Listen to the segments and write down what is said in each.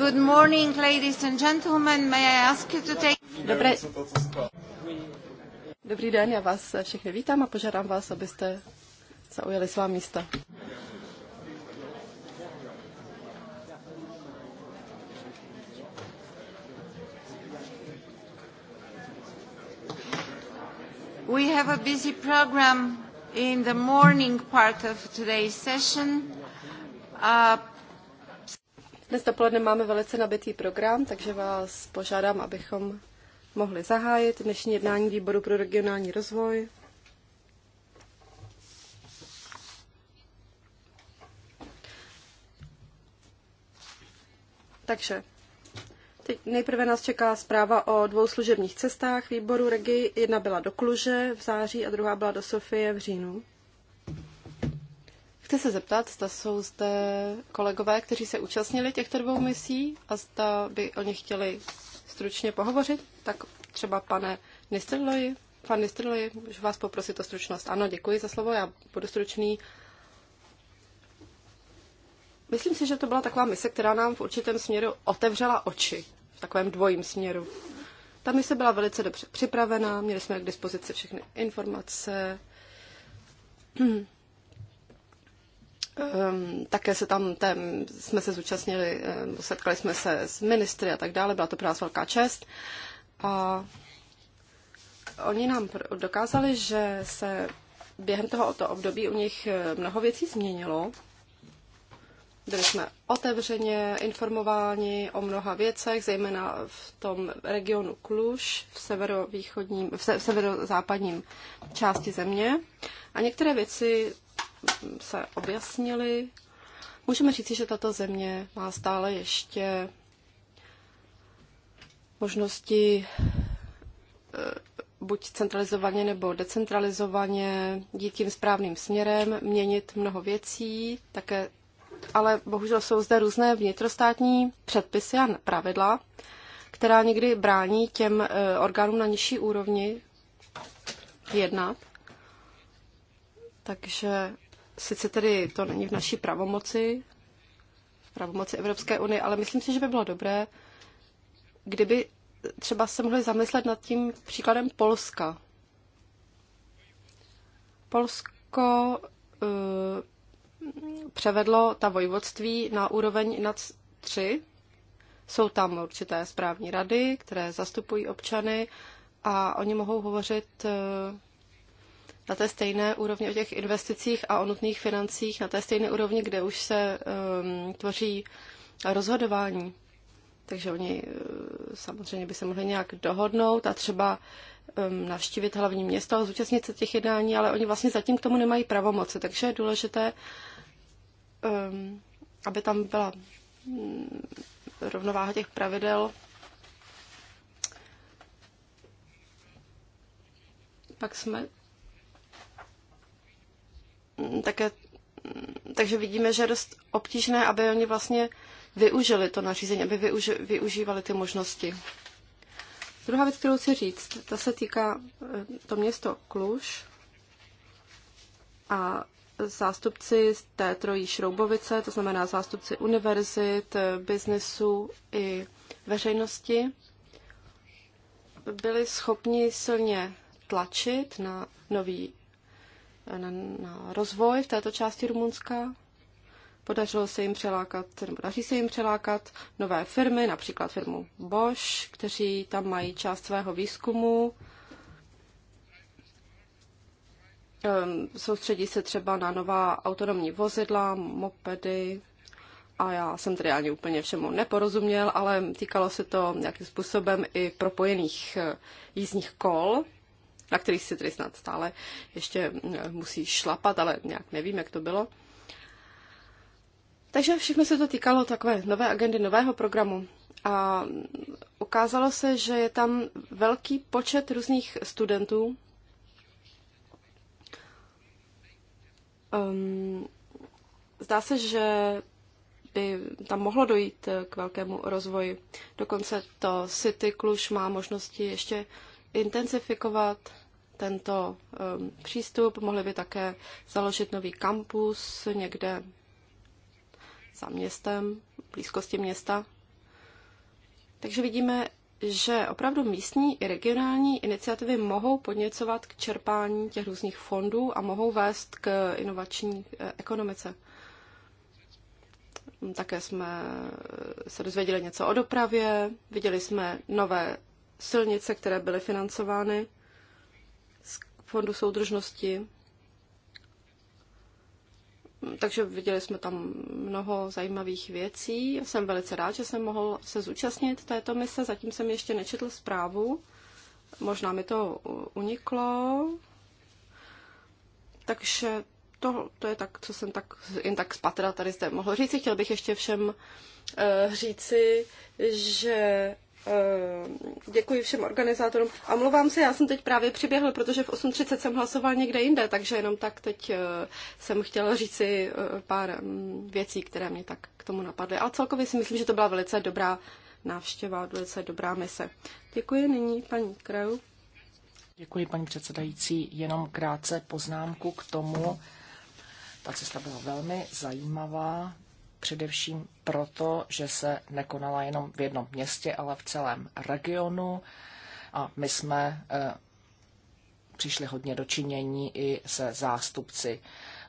Good morning, ladies and gentlemen. May I ask you to take... Dobré... Dobrý den, já vás všechny vítám a požádám vás, abyste zaujali svá místa. We have a busy program in the morning part of today's session. Uh, dnes dopoledne máme velice nabitý program, takže vás požádám, abychom mohli zahájit dnešní jednání výboru pro regionální rozvoj. Takže teď nejprve nás čeká zpráva o dvou služebních cestách výboru Regi. Jedna byla do Kluže v září a druhá byla do Sofie v říjnu. Chci se zeptat, zda jsou zde kolegové, kteří se účastnili těchto dvou misí a zda by o nich chtěli stručně pohovořit, tak třeba pane Nistrloji. Pan Nistrloji, můžu vás poprosit o stručnost. Ano, děkuji za slovo, já budu stručný. Myslím si, že to byla taková mise, která nám v určitém směru otevřela oči, v takovém dvojím směru. Ta mise byla velice dobře připravená, měli jsme k dispozici všechny informace. Ehm, také se tam, tém, jsme se zúčastnili, ehm, setkali jsme se s ministry a tak dále, byla to pro nás velká čest. A oni nám dokázali, že se během tohoto období u nich eh, mnoho věcí změnilo. Byli jsme otevřeně informováni o mnoha věcech, zejména v tom regionu Kluž, v, severovýchodním, v, se, v severozápadním části země. A některé věci se objasnili. Můžeme říci, že tato země má stále ještě možnosti eh, buď centralizovaně nebo decentralizovaně jít tím správným směrem, měnit mnoho věcí, také, ale bohužel jsou zde různé vnitrostátní předpisy a pravidla, která někdy brání těm eh, orgánům na nižší úrovni jednat. Takže Sice tedy to není v naší pravomoci, v pravomoci Evropské unie, ale myslím si, že by bylo dobré, kdyby třeba se mohli zamyslet nad tím příkladem Polska. Polsko uh, převedlo ta vojvodství na úroveň nad 3. Jsou tam určité správní rady, které zastupují občany a oni mohou hovořit uh, na té stejné úrovni o těch investicích a o nutných financích, na té stejné úrovni, kde už se um, tvoří rozhodování. Takže oni eh, samozřejmě by se mohli nějak dohodnout a třeba um, navštívit hlavní město a zúčastnit se těch jednání, ale oni vlastně zatím k tomu nemají pravomoce. takže je důležité, um, aby tam byla um, rovnováha těch pravidel. Pak jsme Mm, také, mm, takže vidíme, že je dost obtížné, aby oni vlastně využili to nařízení, aby využi, využívali ty možnosti. Druhá věc, kterou chci říct, ta se týká eh, to město Kluž a zástupci z té trojí šroubovice, to znamená zástupci univerzit, eh, biznesu i veřejnosti, byli schopni silně tlačit na nový na, na rozvoj v této části Rumunska. Podařilo se jim přelákat, nebo daří se jim přelákat nové firmy, například firmu Bosch, kteří tam mají část svého výzkumu. Ehm, soustředí se třeba na nová autonomní vozidla, mopedy, a já jsem tedy ani úplně všemu neporozuměl, ale týkalo se to nějakým způsobem i propojených eh, jízdních kol na kterých si tedy snad stále ještě eh, musí šlapat, ale nějak nevím, jak to bylo. Takže všechno se to týkalo takové nové agendy, nového programu. A ukázalo se, že je tam velký počet různých studentů. Um, zdá se, že by tam mohlo dojít k velkému rozvoji. Dokonce to City Cluj má možnosti ještě intenzifikovat tento um, přístup. Mohli by také založit nový kampus někde za městem, blízkosti města. Takže vidíme, že opravdu místní i regionální iniciativy mohou podněcovat k čerpání těch různých fondů a mohou vést k inovační eh, ekonomice. Také jsme eh, se dozvěděli něco o dopravě, viděli jsme nové silnice, které byly financovány z Fondu soudržnosti. Takže viděli jsme tam mnoho zajímavých věcí. Jsem velice rád, že jsem mohl se zúčastnit této mise. Zatím jsem ještě nečetl zprávu. Možná mi to uniklo. Takže to, to je tak, co jsem tak jen tak spatra tady zde mohl říct. Chtěl bych ještě všem uh, říci, že Eh, děkuji všem organizátorům. A mluvám se, já jsem teď právě přiběhl, protože v 8.30 jsem hlasoval někde jinde, takže jenom tak teď eh, jsem chtěla říci eh, pár mm, věcí, které mě tak k tomu napadly. A celkově si myslím, že to byla velice dobrá návštěva, velice dobrá mise. Děkuji nyní paní Kraju. Děkuji paní předsedající. Jenom krátce poznámku k tomu. Ta cesta byla velmi zajímavá především proto, že se nekonala jenom v jednom městě, ale v celém regionu. A my jsme eh, přišli hodně do činění i se zástupci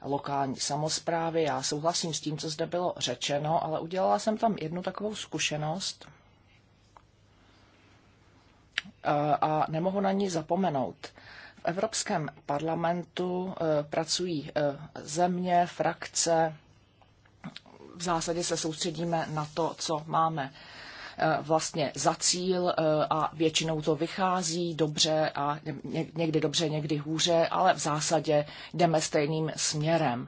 lokální samozprávy. Já souhlasím s tím, co zde bylo řečeno, ale udělala jsem tam jednu takovou zkušenost eh, a nemohu na ní zapomenout. V Evropském parlamentu eh, pracují země, frakce, v zásadě se soustředíme na to, co máme eh, vlastně za cíl eh, a většinou to vychází dobře a někdy dobře, někdy hůře, ale v zásadě jdeme stejným směrem.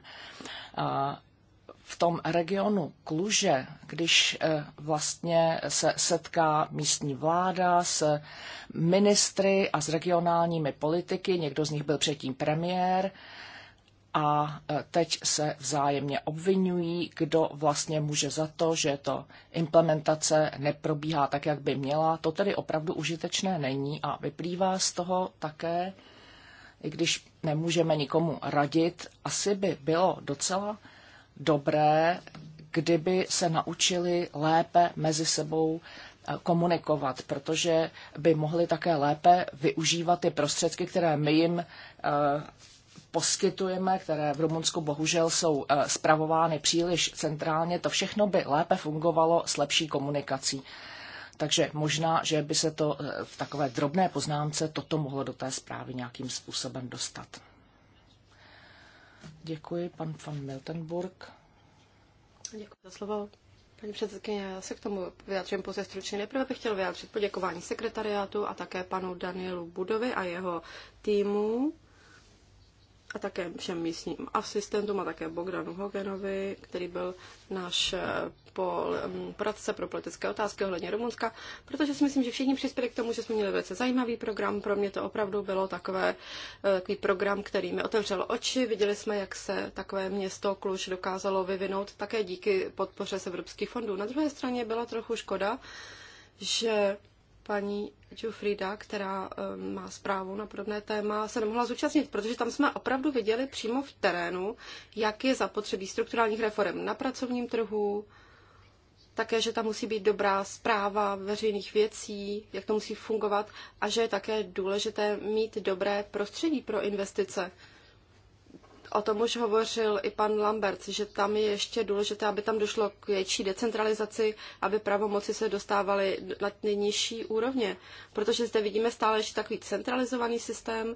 V tom regionu Kluže, když eh, vlastně se setká místní vláda s ministry a s regionálními politiky, někdo z nich byl předtím premiér, a e, teď se vzájemně obvinují, kdo vlastně může za to, že to implementace neprobíhá tak, jak by měla. To tedy opravdu užitečné není a vyplývá z toho také, i když nemůžeme nikomu radit, asi by bylo docela dobré, kdyby se naučili lépe mezi sebou e, komunikovat, protože by mohli také lépe využívat ty prostředky, které my jim e, poskytujeme, které v Rumunsku bohužel jsou zpravovány eh, příliš centrálně, to všechno by lépe fungovalo s lepší komunikací. Takže možná, že by se to eh, v takové drobné poznámce toto mohlo do té zprávy nějakým způsobem dostat. Děkuji, pan van Miltenburg. Děkuji za slovo. Paní předsedkyně, já se k tomu vyjádřím pouze stručně. Nejprve bych chtěl vyjádřit poděkování sekretariátu a také panu Danielu Budovi a jeho týmu a také všem místním asistentům a také Bogdanu Hogenovi, který byl náš eh, pol, mm, poradce pro politické otázky ohledně Rumunska, protože si myslím, že všichni přispěli k tomu, že jsme měli velice zajímavý program. Pro mě to opravdu bylo takové, eh, takový program, který mi otevřel oči. Viděli jsme, jak se takové město Kluž dokázalo vyvinout také díky podpoře z evropských fondů. Na druhé straně byla trochu škoda, že paní Jufrida, která eh, má zprávu na podobné téma, se nemohla zúčastnit, protože tam jsme opravdu viděli přímo v terénu, jak je zapotřebí strukturálních reform na pracovním trhu, také, že tam musí být dobrá zpráva veřejných věcí, jak to musí fungovat a že je také důležité mít dobré prostředí pro investice o tom už hovořil i pan Lambert, že tam je ještě důležité, aby tam došlo k větší decentralizaci, aby pravomoci se dostávaly na nejnižší úrovně, protože zde vidíme stále ještě takový centralizovaný systém,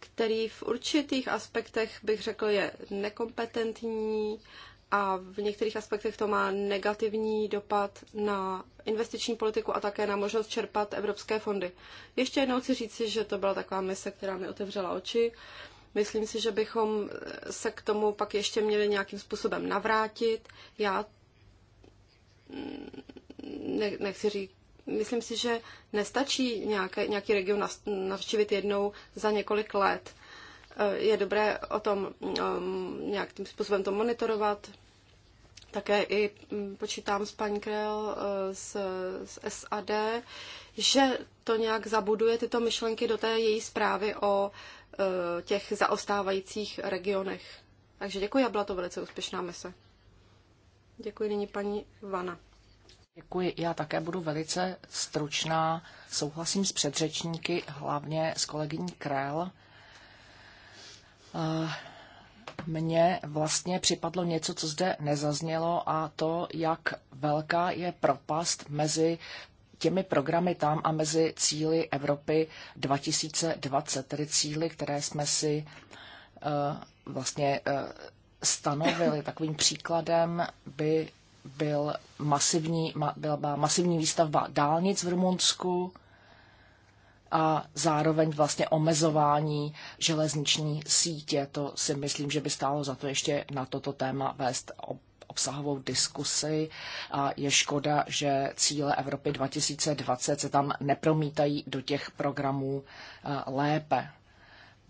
který v určitých aspektech, bych řekl, je nekompetentní a v některých aspektech to má negativní dopad na investiční politiku a také na možnost čerpat evropské fondy. Ještě jednou chci říci, že to byla taková mise, která mi otevřela oči. Myslím si, že bychom se k tomu pak ještě měli nějakým způsobem navrátit. Já mm, ne, nechci říct, myslím si, že nestačí nějaké, nějaký region navštívit jednou za několik let. Eh, je dobré o tom mm, eh, nějakým způsobem to monitorovat. Také i mm, počítám s paní Krell z, eh, z SAD, že to nějak zabuduje tyto myšlenky do té její zprávy o uh, Eh, těch zaostávajících regionech. Takže děkuji a byla to velice úspěšná mise. Děkuji nyní paní Vana. Děkuji. Já také budu velice stručná. Souhlasím s předřečníky, hlavně s kolegyní Krell. Eh, mně vlastně připadlo něco, co zde nezaznělo, a to, jak velká je propast mezi těmi programy tam a mezi cíly Evropy 2020, tedy cíly, které jsme si eh, vlastně eh, stanovili. Takovým příkladem by byl masivní, byla masivní výstavba dálnic v Rumunsku a zároveň vlastně omezování železniční sítě. To si myslím, že by stálo za to ještě na toto téma vést obsahovou diskusi a je škoda, že cíle Evropy 2020 se tam nepromítají do těch programů eh, lépe.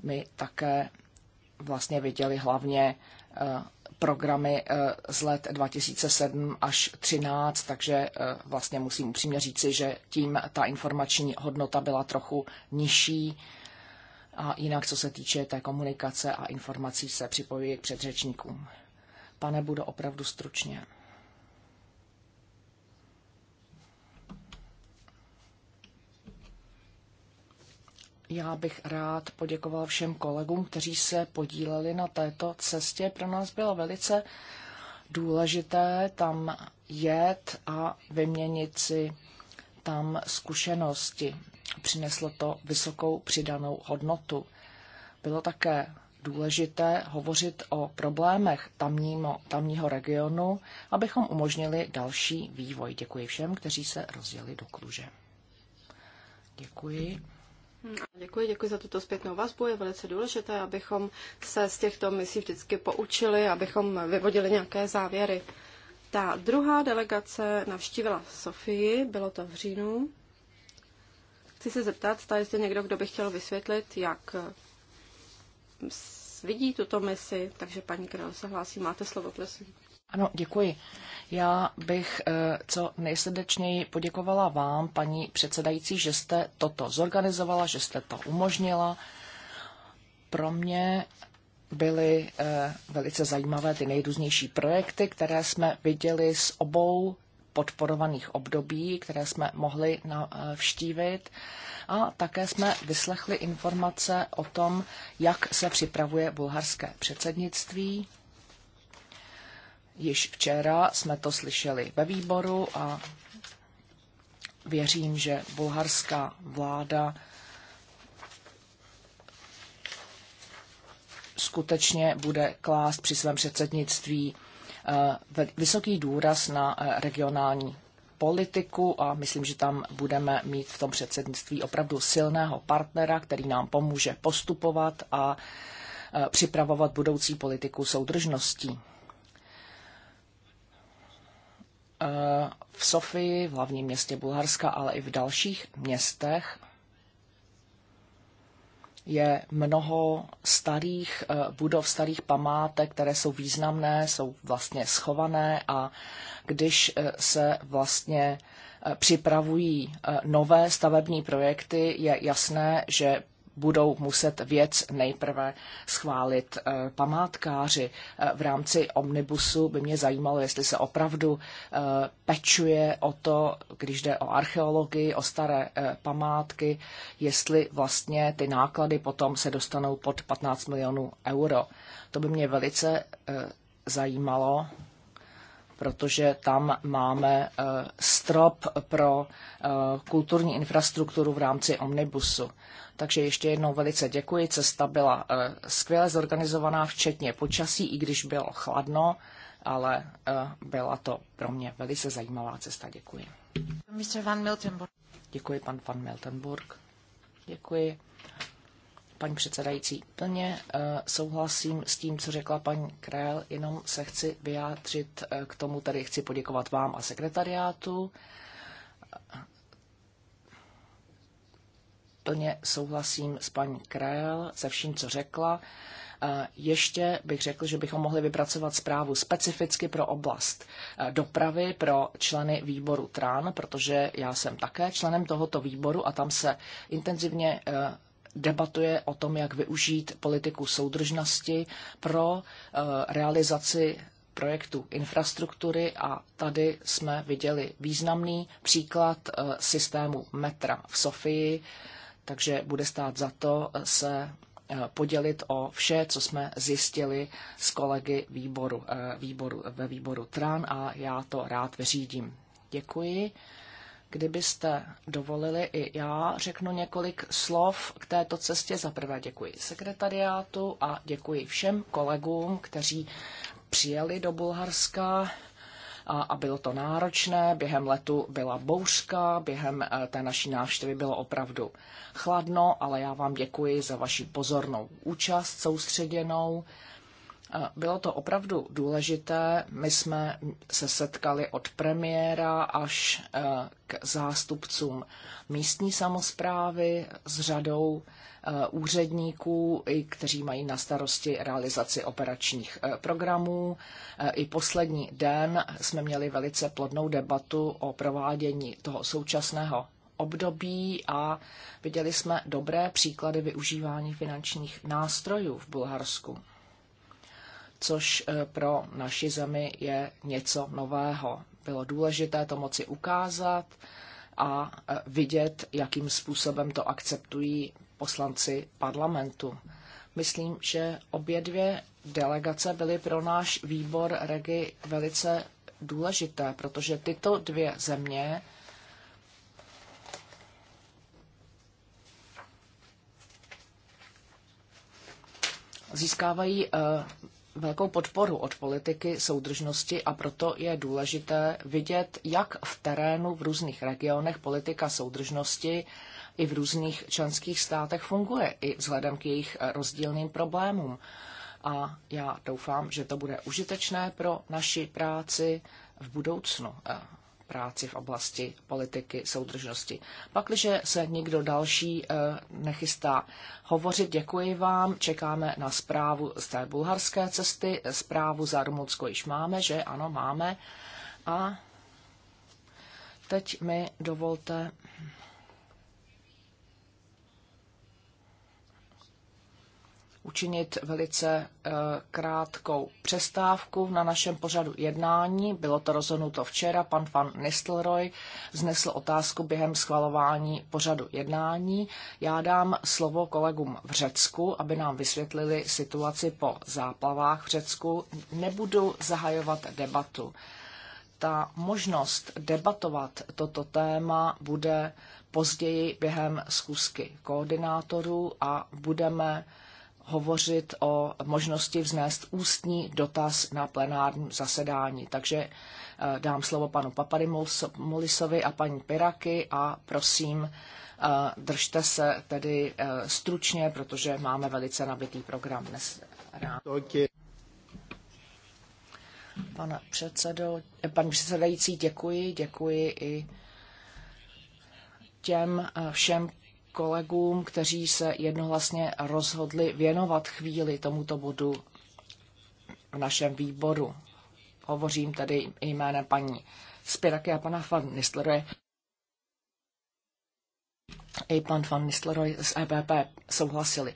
My také vlastně viděli hlavně eh, programy eh, z let 2007 až 2013, takže vlastně musím upřímně říci, že tím ta informační hodnota byla trochu nižší. A jinak, co se týče té komunikace a informací, se připojuji k předřečníkům. Pane, budu opravdu stručně. Já bych rád poděkoval všem kolegům, kteří se podíleli na této cestě. Pro nás bylo velice důležité tam jet a vyměnit si tam zkušenosti. Přineslo to vysokou přidanou hodnotu. Bylo také důležité hovořit o problémech tamnímo, tamního regionu, abychom umožnili další vývoj. Děkuji všem, kteří se rozjeli do Kluže. Děkuji. Děkuji, děkuji za tuto zpětnou vazbu. Je velice důležité, abychom se z těchto misí vždycky poučili, abychom vyvodili nějaké závěry. Ta druhá delegace navštívila Sofii, bylo to v říjnu. Chci se zeptat, zda je někdo, kdo by chtěl vysvětlit, jak vidí tuto misi, takže paní Král se hlásí. Máte slovo, prosím. Ano, děkuji. Já bych eh, co nejsrdečněji poděkovala vám, paní předsedající, že jste toto zorganizovala, že jste to umožnila. Pro mě byly eh, velice zajímavé ty nejrůznější projekty, které jsme viděli z obou podporovaných období, které jsme mohli navštívit. Eh, a také jsme vyslechli informace o tom, jak se připravuje bulharské předsednictví. Již včera jsme to slyšeli ve výboru a věřím, že bulharská vláda skutečně bude klást při svém předsednictví Eh, vysoký důraz na eh, regionální politiku a myslím, že tam budeme mít v tom předsednictví opravdu silného partnera, který nám pomůže postupovat a eh, připravovat budoucí politiku soudržností. V Sofii, v hlavním městě Bulharska, ale i v dalších městech je mnoho starých eh, budov, starých památek, které jsou významné, jsou vlastně schované a když eh, se vlastně eh, připravují nové stavební projekty, je jasné, že budou muset věc nejprve schválit eh, památkáři. Eh, v rámci omnibusu by mě zajímalo, jestli se opravdu eh, pečuje o to, když jde o archeologii, o staré památky, jestli vlastně ty náklady potom se dostanou pod 15 milionů euro. To by mě velice zajímalo, protože tam máme eh, strop pro eh, kulturní infrastrukturu v rámci omnibusu. Takže ještě jednou velice děkuji. Cesta byla eh, skvěle zorganizovaná, včetně počasí, i když bylo chladno, ale byla to pro mě velice zajímavá cesta. Děkuji. Mr. Van Miltenburg. Děkuji, pan Van Miltenburg. Děkuji paní předsedající. Plně eh, souhlasím s tím, co řekla paní Krel, jenom se chci vyjádřit eh, k tomu, tady chci poděkovat vám a sekretariátu. Plně souhlasím s paní Krel, se vším, co řekla. Eh, ještě bych řekl, že bychom mohli vypracovat zprávu specificky pro oblast dopravy pro členy výboru TRAN, protože já jsem také členem tohoto výboru a tam se intenzivně debatuje o tom, jak využít politiku soudržnosti pro eh, realizaci projektu infrastruktury a tady jsme viděli významný příklad eh, systému metra v Sofii, takže bude stát za to eh, se podělit o vše, co jsme zjistili s kolegy výboru, výboru, ve výboru TRAN a já to rád vyřídím. Děkuji. Kdybyste dovolili, i já řeknu několik slov k této cestě. Za prvé děkuji sekretariátu a děkuji všem kolegům, kteří přijeli do Bulharska a, a bylo to náročné. Během letu byla bouřka, během e, té naší návštěvy bylo opravdu chladno, ale já vám děkuji za vaši pozornou účast, soustředěnou bylo to opravdu důležité. My jsme se setkali od premiéra až eh, k zástupcům místní samozprávy s řadou eh, úředníků, kteří mají na starosti realizaci operačních eh, programů. I poslední den jsme měli velice plodnou debatu o provádění toho současného období a viděli jsme dobré příklady využívání finančních nástrojů v Bulharsku což eh, pro naši zemi je něco nového. Bylo důležité to moci ukázat a eh, vidět, jakým způsobem to akceptují poslanci parlamentu. Myslím, že obě dvě delegace byly pro náš výbor Regi velice důležité, protože tyto dvě země získávají eh, velkou podporu od politiky soudržnosti a proto je důležité vidět, jak v terénu v různých regionech politika soudržnosti i v různých členských státech funguje, i vzhledem k jejich rozdílným problémům. A já doufám, že to bude užitečné pro naši práci v budoucnu práci v oblasti politiky soudržnosti. Pakliže se nikdo další eh, nechystá hovořit, děkuji vám. Čekáme na zprávu z té bulharské cesty. Zprávu za Rumunsko již máme, že ano, máme. A teď mi dovolte učinit velice eh, krátkou přestávku na našem pořadu jednání. Bylo to rozhodnuto včera. Pan van Nistelrooy znesl otázku během schvalování pořadu jednání. Já dám slovo kolegům v Řecku, aby nám vysvětlili situaci po záplavách v Řecku. Nebudu zahajovat debatu. Ta možnost debatovat toto téma bude později během zkusky koordinátorů a budeme hovořit o možnosti vznést ústní dotaz na plenárním zasedání. Takže eh, dám slovo panu Mulisovi a paní Piraky a prosím, eh, držte se tedy eh, stručně, protože máme velice nabitý program dnes ráno. Pane předsedo, paní předsedající, děkuji, děkuji i těm všem kolegům, kteří se jednohlasně rozhodli věnovat chvíli tomuto bodu v našem výboru. Hovořím tedy jménem paní Spiraky a pana van Nistleroy. I pan van Nistleroy z EPP souhlasili.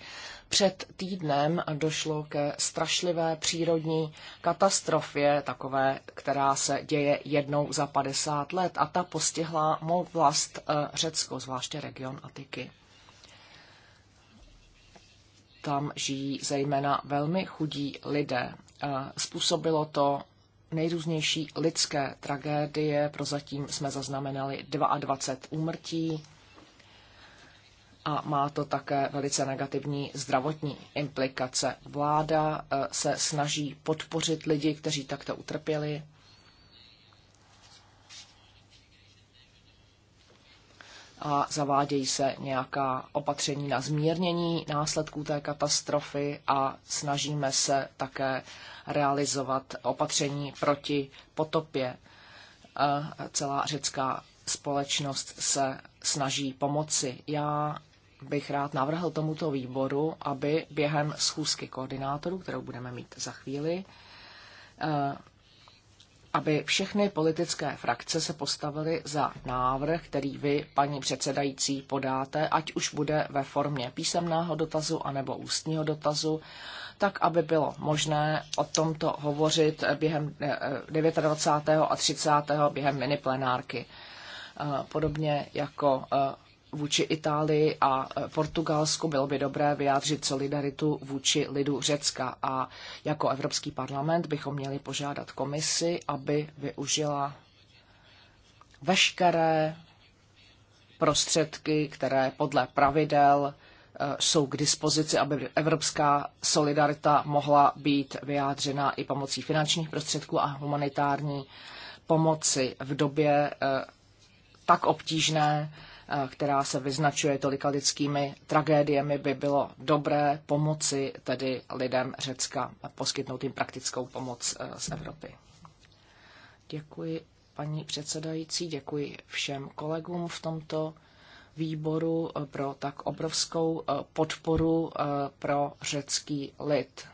Před týdnem došlo ke strašlivé přírodní katastrofě, takové, která se děje jednou za 50 let, a ta postihla mou vlast eh, Řecko, zvláště region Atiky. Tam žijí zejména velmi chudí lidé. Eh, způsobilo to nejrůznější lidské tragédie. Prozatím jsme zaznamenali 22 úmrtí, a má to také velice negativní zdravotní implikace. Vláda eh, se snaží podpořit lidi, kteří takto utrpěli. A zavádějí se nějaká opatření na zmírnění následků té katastrofy a snažíme se také realizovat opatření proti potopě. Eh, celá řecká společnost se snaží pomoci. Já bych rád navrhl tomuto výboru, aby během schůzky koordinátorů, kterou budeme mít za chvíli, eh, aby všechny politické frakce se postavily za návrh, který vy, paní předsedající, podáte, ať už bude ve formě písemného dotazu anebo ústního dotazu, tak aby bylo možné o tomto hovořit během 29. Eh, a 30. během miniplenárky. Eh, podobně jako vůči Itálii a e, Portugalsku. Bylo by dobré vyjádřit solidaritu vůči lidu Řecka a jako Evropský parlament bychom měli požádat komisi, aby využila veškeré prostředky, které podle pravidel e, jsou k dispozici, aby evropská solidarita mohla být vyjádřena i pomocí finančních prostředků a humanitární pomoci v době e, tak obtížné, Eh, která se vyznačuje tolika lidskými tragédiemi, by bylo dobré pomoci tedy lidem Řecka, poskytnout jim praktickou pomoc eh, z Evropy. Děkuji paní předsedající, děkuji všem kolegům v tomto výboru eh, pro tak obrovskou podporu pro řecký lid.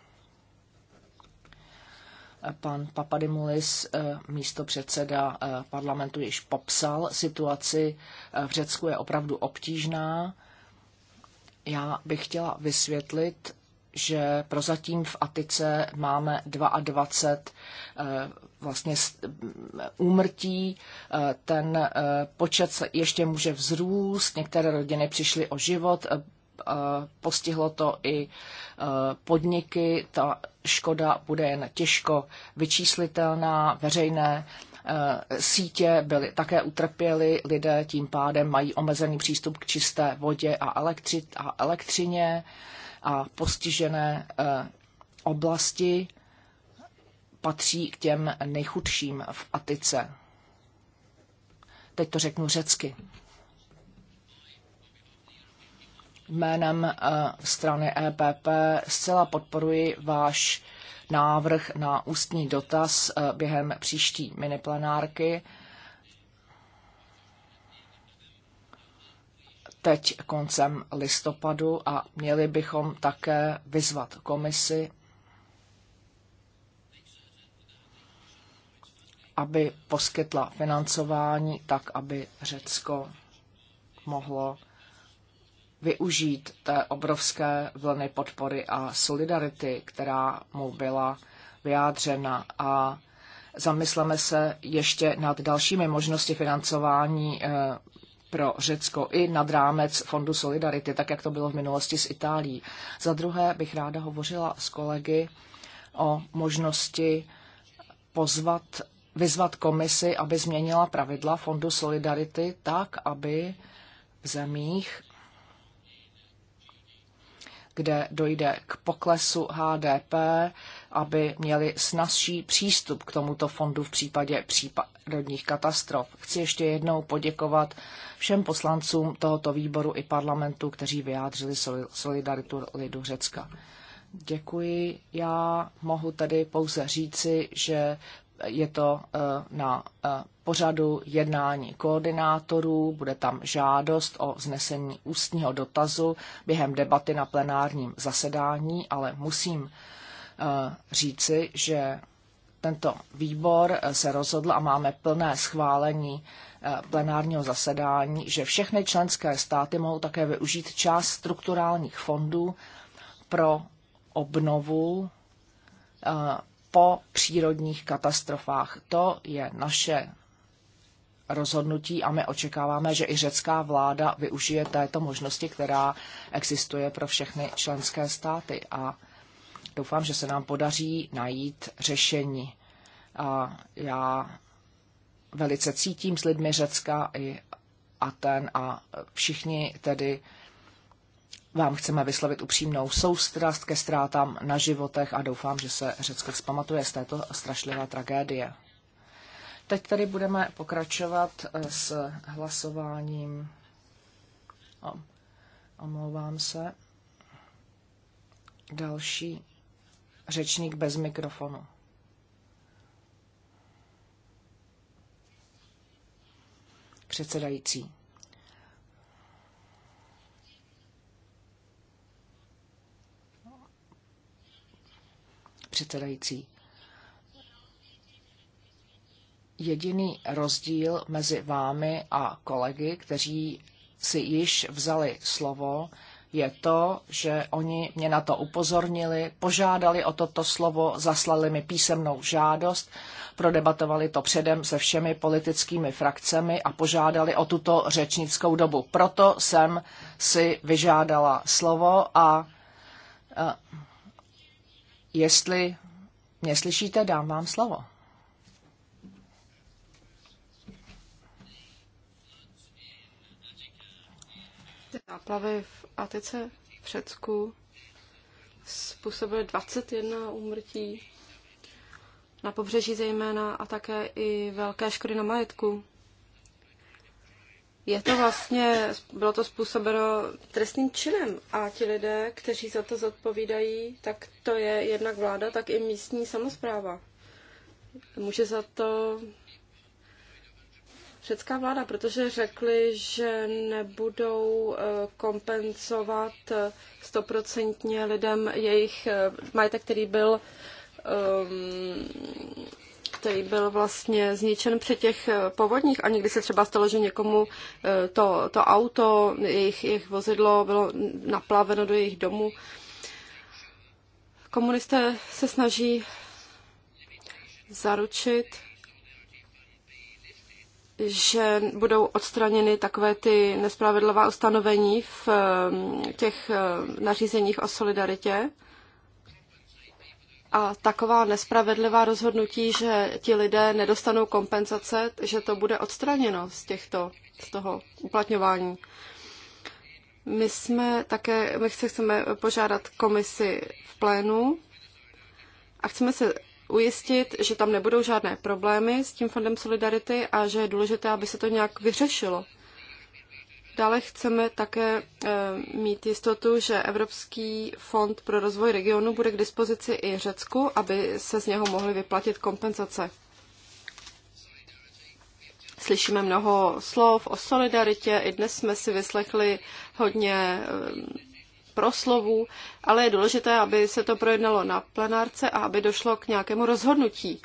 Pan Papadimulis, eh, místo předseda eh, parlamentu, již popsal situaci eh, v Řecku je opravdu obtížná. Já bych chtěla vysvětlit, že prozatím v Atice máme 22 vlastně mm, úmrtí. Ten počet ještě může vzrůst. Některé rodiny přišly o život. Eh, postihlo to i eh, podniky, ta škoda bude jen těžko vyčíslitelná, veřejné eh, sítě byly, také utrpěly, lidé tím pádem mají omezený přístup k čisté vodě a, elektři, a elektřině a postižené oblasti patří k těm nejchudším v Atice. Teď to řeknu řecky. jménem eh, strany EPP zcela podporuji váš návrh na ústní dotaz eh, během příští miniplenárky. Teď koncem listopadu a měli bychom také vyzvat komisi, aby poskytla financování tak, aby Řecko mohlo využít té obrovské vlny podpory a solidarity, která mu byla vyjádřena a zamysleme se ještě nad dalšími možnosti financování eh, pro Řecko i nad rámec Fondu Solidarity, tak jak to bylo v minulosti s Itálií. Za druhé bych ráda hovořila s kolegy o možnosti pozvat, vyzvat komisi, aby změnila pravidla Fondu Solidarity tak, aby v zemích, kde dojde k poklesu HDP, aby měli snazší přístup k tomuto fondu v případě případních katastrof. Chci ještě jednou poděkovat všem poslancům tohoto výboru i parlamentu, kteří vyjádřili solidaritu lidu Řecka. Děkuji. Já mohu tedy pouze říci, že je to eh, na eh, pořadu jednání koordinátorů, bude tam žádost o vznesení ústního dotazu během debaty na plenárním zasedání, ale musím eh, říci, že tento výbor se rozhodl a máme plné schválení plenárního zasedání, že všechny členské státy mohou také využít část strukturálních fondů pro obnovu po přírodních katastrofách. To je naše rozhodnutí a my očekáváme, že i řecká vláda využije této možnosti, která existuje pro všechny členské státy. A doufám, že se nám podaří najít řešení. A já velice cítím s lidmi Řecka i Aten a všichni tedy vám chceme vyslovit upřímnou soustrast ke ztrátám na životech a doufám, že se Řecko zpamatuje z této strašlivé tragédie. Teď tady budeme pokračovat eh, s hlasováním. omlouvám se. Další řečník bez mikrofonu. Předsedající. předsedající. Jediný rozdíl mezi vámi a kolegy, kteří si již vzali slovo, je to, že oni mě na to upozornili, požádali o toto slovo, zaslali mi písemnou žádost, prodebatovali to předem se všemi politickými frakcemi a požádali o tuto řečnickou dobu. Proto jsem si vyžádala slovo a, a Jestli mě slyšíte, dám vám slovo. Záplavy v Atice v Řecku způsobily 21 úmrtí na pobřeží zejména a také i velké škody na majetku je to vlastně, bylo to způsobeno trestným činem a ti lidé, kteří za to zodpovídají, tak to je jednak vláda, tak i místní samozpráva. Může za to řecká vláda, protože řekli, že nebudou eh, kompenzovat eh, stoprocentně lidem jejich eh, majetek, který byl um, který byl vlastně zničen při těch eh, povodních a někdy se třeba stalo, že někomu eh, to, to auto, jejich, jejich vozidlo bylo naplaveno do jejich domu. Komunisté se snaží zaručit, že budou odstraněny takové ty nespravedlivá ustanovení v eh, těch nařízeních o solidaritě a taková nespravedlivá rozhodnutí, že ti lidé nedostanou kompenzace, že to bude odstraněno z, těchto, z toho uplatňování. My jsme také, my se chceme požádat komisi v plénu a chceme se ujistit, že tam nebudou žádné problémy s tím fondem Solidarity a že je důležité, aby se to nějak vyřešilo. Dále chceme také eh, mít jistotu, že Evropský fond pro rozvoj regionu bude k dispozici i Řecku, aby se z něho mohly vyplatit kompenzace. Slyšíme mnoho slov o solidaritě, i dnes jsme si vyslechli hodně eh, proslovů, ale je důležité, aby se to projednalo na plenárce a aby došlo k nějakému rozhodnutí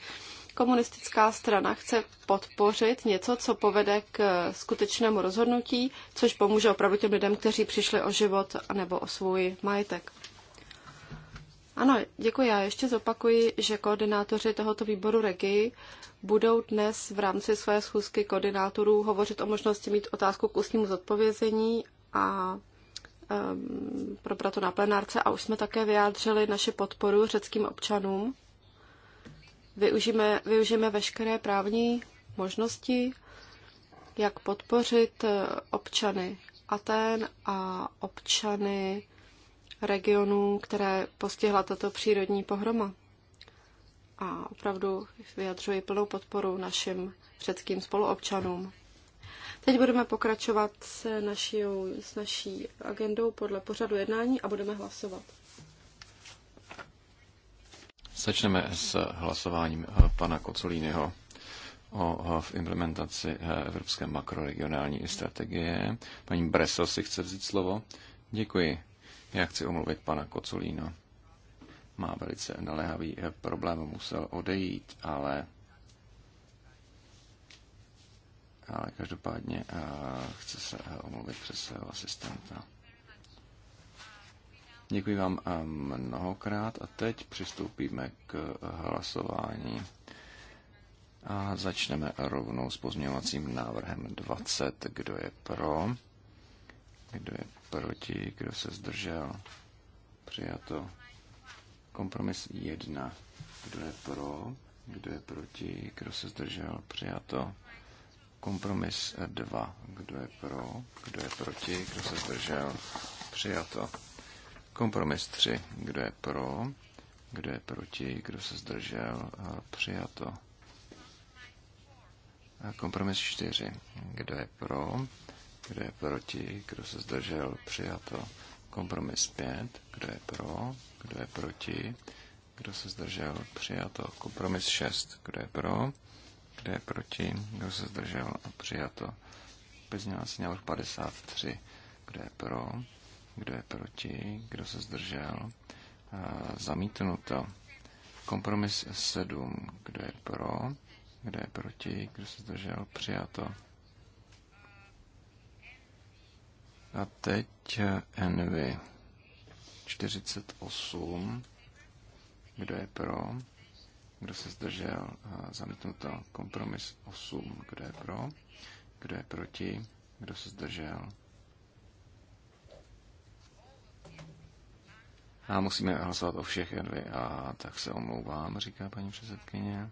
komunistická strana chce podpořit něco, co povede k skutečnému rozhodnutí, což pomůže opravdu těm lidem, kteří přišli o život nebo o svůj majetek. Ano, děkuji. Já ještě zopakuji, že koordinátoři tohoto výboru REGI budou dnes v rámci své schůzky koordinátorů hovořit o možnosti mít otázku k ústnímu zodpovězení a um, probrat to na plenárce. A už jsme také vyjádřili naši podporu řeckým občanům využijeme, využijeme veškeré právní možnosti, jak podpořit eh, občany Aten a občany regionů, které postihla tato přírodní pohroma. A opravdu vyjadřuji plnou podporu našim řeckým spoluobčanům. Teď budeme pokračovat s naší, s naší agendou podle pořadu jednání a budeme hlasovat. Začneme s hlasováním eh, pana Kocolínyho o v implementaci eh, Evropské makroregionální strategie. Paní Breso si chce vzít slovo. Děkuji. Já chci omluvit pana Kocolína. Má velice naléhavý eh, problém, musel odejít, ale ale každopádně chce se omluvit přes svého asistenta. Děkuji vám eh, mnohokrát a teď přistoupíme k eh, hlasování a začneme rovnou s pozměňovacím návrhem 20. Kdo je pro? Kdo je proti? Kdo se zdržel? Přijato. Kompromis 1. Kdo je pro? Kdo je proti? Kdo se zdržel? Přijato. Kompromis 2. Kdo je pro? Kdo je proti? Kdo se zdržel? Přijato. Kompromis 3. Kdo je pro? Kdo je proti? Kdo se zdržel? Přijato. A kompromis 4. Kdo je pro? Kdo je proti? Kdo se zdržel? Přijato. Kompromis 5. Kdo je pro? Kdo je proti? Kdo se zdržel? Přijato. Kompromis 6. Kdo je pro? Kdo je proti? Kdo se zdržel? A Přijato. Pozměňovací návrh 53. Kdo je pro? kdo je proti, kdo se zdržel, zamítnuto. Kompromis 7, kdo je pro, kdo je proti, kdo se zdržel, přijato. A teď Envy 48, kdo je pro, kdo se zdržel, zamítnuto. Kompromis 8, kdo je pro, kdo je proti, kdo se zdržel, A musíme hlasovat o všech dvě A tak se omlouvám, říká paní předsedkyně.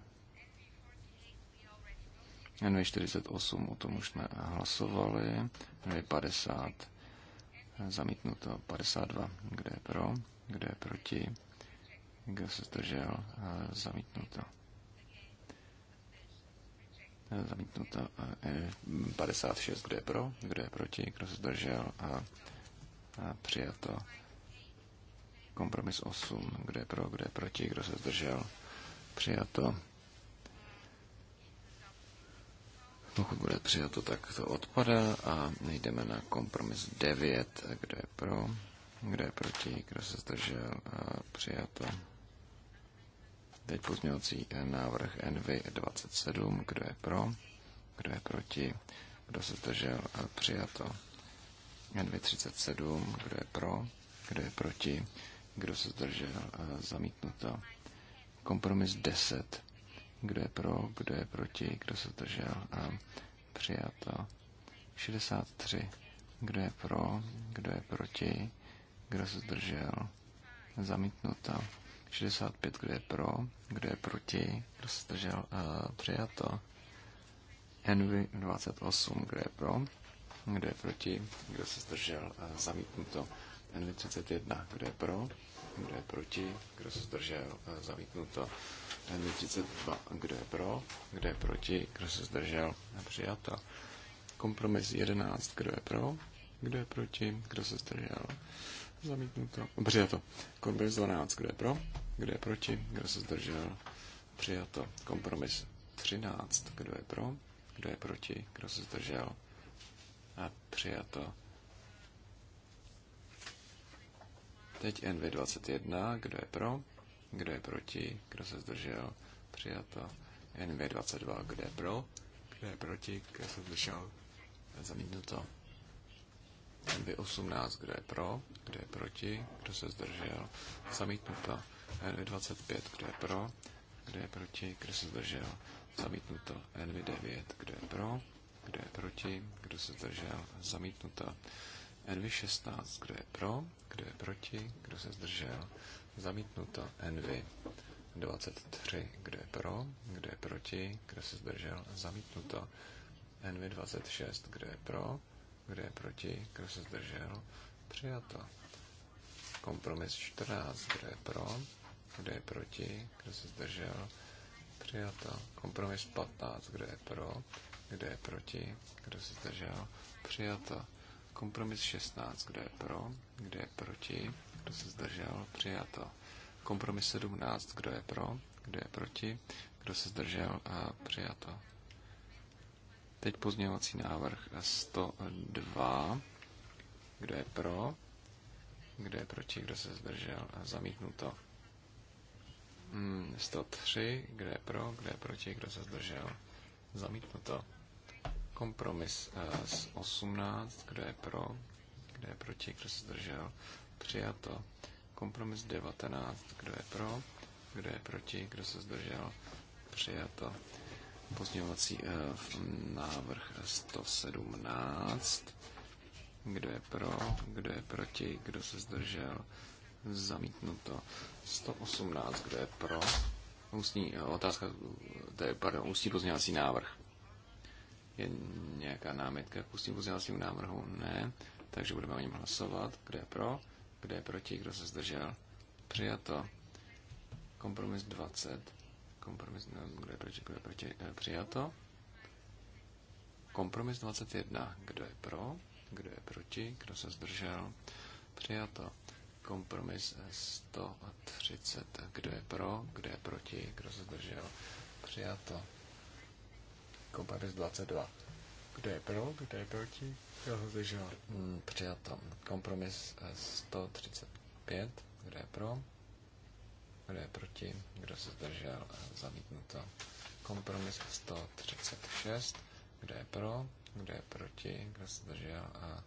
Envy 48, o tom už jsme hlasovali. Envy 50, zamítnuto 52. Kde je pro, kde je proti, kdo se zdržel, e, zamítnuto. E, zamítnuto 56, e, kde je pro, kde je proti, kdo se zdržel a, a přijato Kompromis 8. Kdo je pro, kdo je proti, kdo se zdržel? Přijato. Pokud bude přijato, tak to odpadá a jdeme na kompromis 9. Kdo je pro, kdo je proti, kdo se zdržel? A přijato. Teď pozměňovací návrh NV27. Kdo je pro, kdo je proti, kdo se zdržel? A přijato. NV37. Kdo je pro, kdo je proti, kdo se zdržel? Zamítnuto. Kompromis 10. Kdo je pro? Kdo je proti? Kdo se zdržel? Přijato. 63. Kdo je pro? Kdo je proti? Kdo se zdržel? Zamítnuto. 65, kdo je pro, kdo je proti, kdo se zdržel, uh, přijato. Envy 28, kdo je pro, kdo je proti, kdo se zdržel, uh, zamítnuto. NV31. Kdo je pro? Kdo je proti? Kdo se zdržel? Zamítnuto. NV32. Kdo je pro? Kdo je proti? Kdo se zdržel? Přijato. Kompromis 11. Kdo je pro? Kdo je proti? Kdo se zdržel? Zamítnuto. Přijato. Kompromis 12. Kdo je pro? Kdo je proti? Kdo se zdržel? Přijato. Kompromis 13. Kdo je pro? Kdo je proti? Kdo se zdržel? A přijato. Teď NV21, kdo je pro, kdo je proti, kdo se zdržel, přijato. NV22, kdo je pro, kdo je proti, kdo se zdržel, zamítnuto. NV18, kdo je pro, kdo je proti, kdo se zdržel, zamítnuto. NV25, kdo je pro, kdo je proti, kdo se zdržel, zamítnuto. NV9, kdo je pro, kdo je proti, kdo se zdržel, zamítnuto. NV16, kdo je pro, kdo je proti, kdo se zdržel, zamítnuto NV23, kdo je pro, kdo je proti, kdo se zdržel, zamítnuto NV26, kdo je pro, kdo je proti, kdo se zdržel, přijato. Kompromis 14, kdo je pro, kdo je proti, kdo se zdržel, přijato. Kompromis 15, kdo je pro, kdo je proti, kdo se zdržel, přijato. Kompromis 16, kdo je pro, kdo je proti, kdo se zdržel, přijato. Kompromis 17, kdo je pro, kdo je proti, kdo se zdržel a přijato. Teď pozměňovací návrh 102. Hmm, kdo je pro? Kdo je proti? Kdo se zdržel? Zamítnuto. 103. Kdo je pro? Kdo je proti? Kdo se zdržel? Zamítnuto. Kompromis z eh, 18, kdo je pro, kdo je proti, kdo se zdržel, přijato. Kompromis 19, kdo je pro, kdo je proti, kdo se zdržel, přijato. Pozměňovací eh, návrh 117, kdo je pro, kdo je proti, kdo se zdržel, zamítnuto. 118, kdo je pro, ústní eh, otázka, to je, pardon, ústní pozměňovací návrh. Je nějaká námitka k ústním pozměňovacímu návrhu? Ne. Takže budeme o něm hlasovat. Kde je pro? Kde je proti? Kdo se zdržel? Přijato. Kompromis 20. Kompromis, kdo je proti? Kdo je proti? Přijato. Kompromis 21. Kdo je pro? Kdo je proti? Kdo se zdržel? Přijato. Kompromis 130. No, eh, kdo je pro? Kdo je proti? Kdo se zdržel? Přijato. Hmm, Kompromis 22. Eh, kdo je pro, kdo je proti? Kdo se zdržel? Hmm, eh, přijato. Kompromis 135. Kdo je pro? Kdo je proti? Kdo se zdržel? Zamítnuto. Kompromis 136. Kdo je pro? Kdo je proti? Kdo se zdržel? A eh,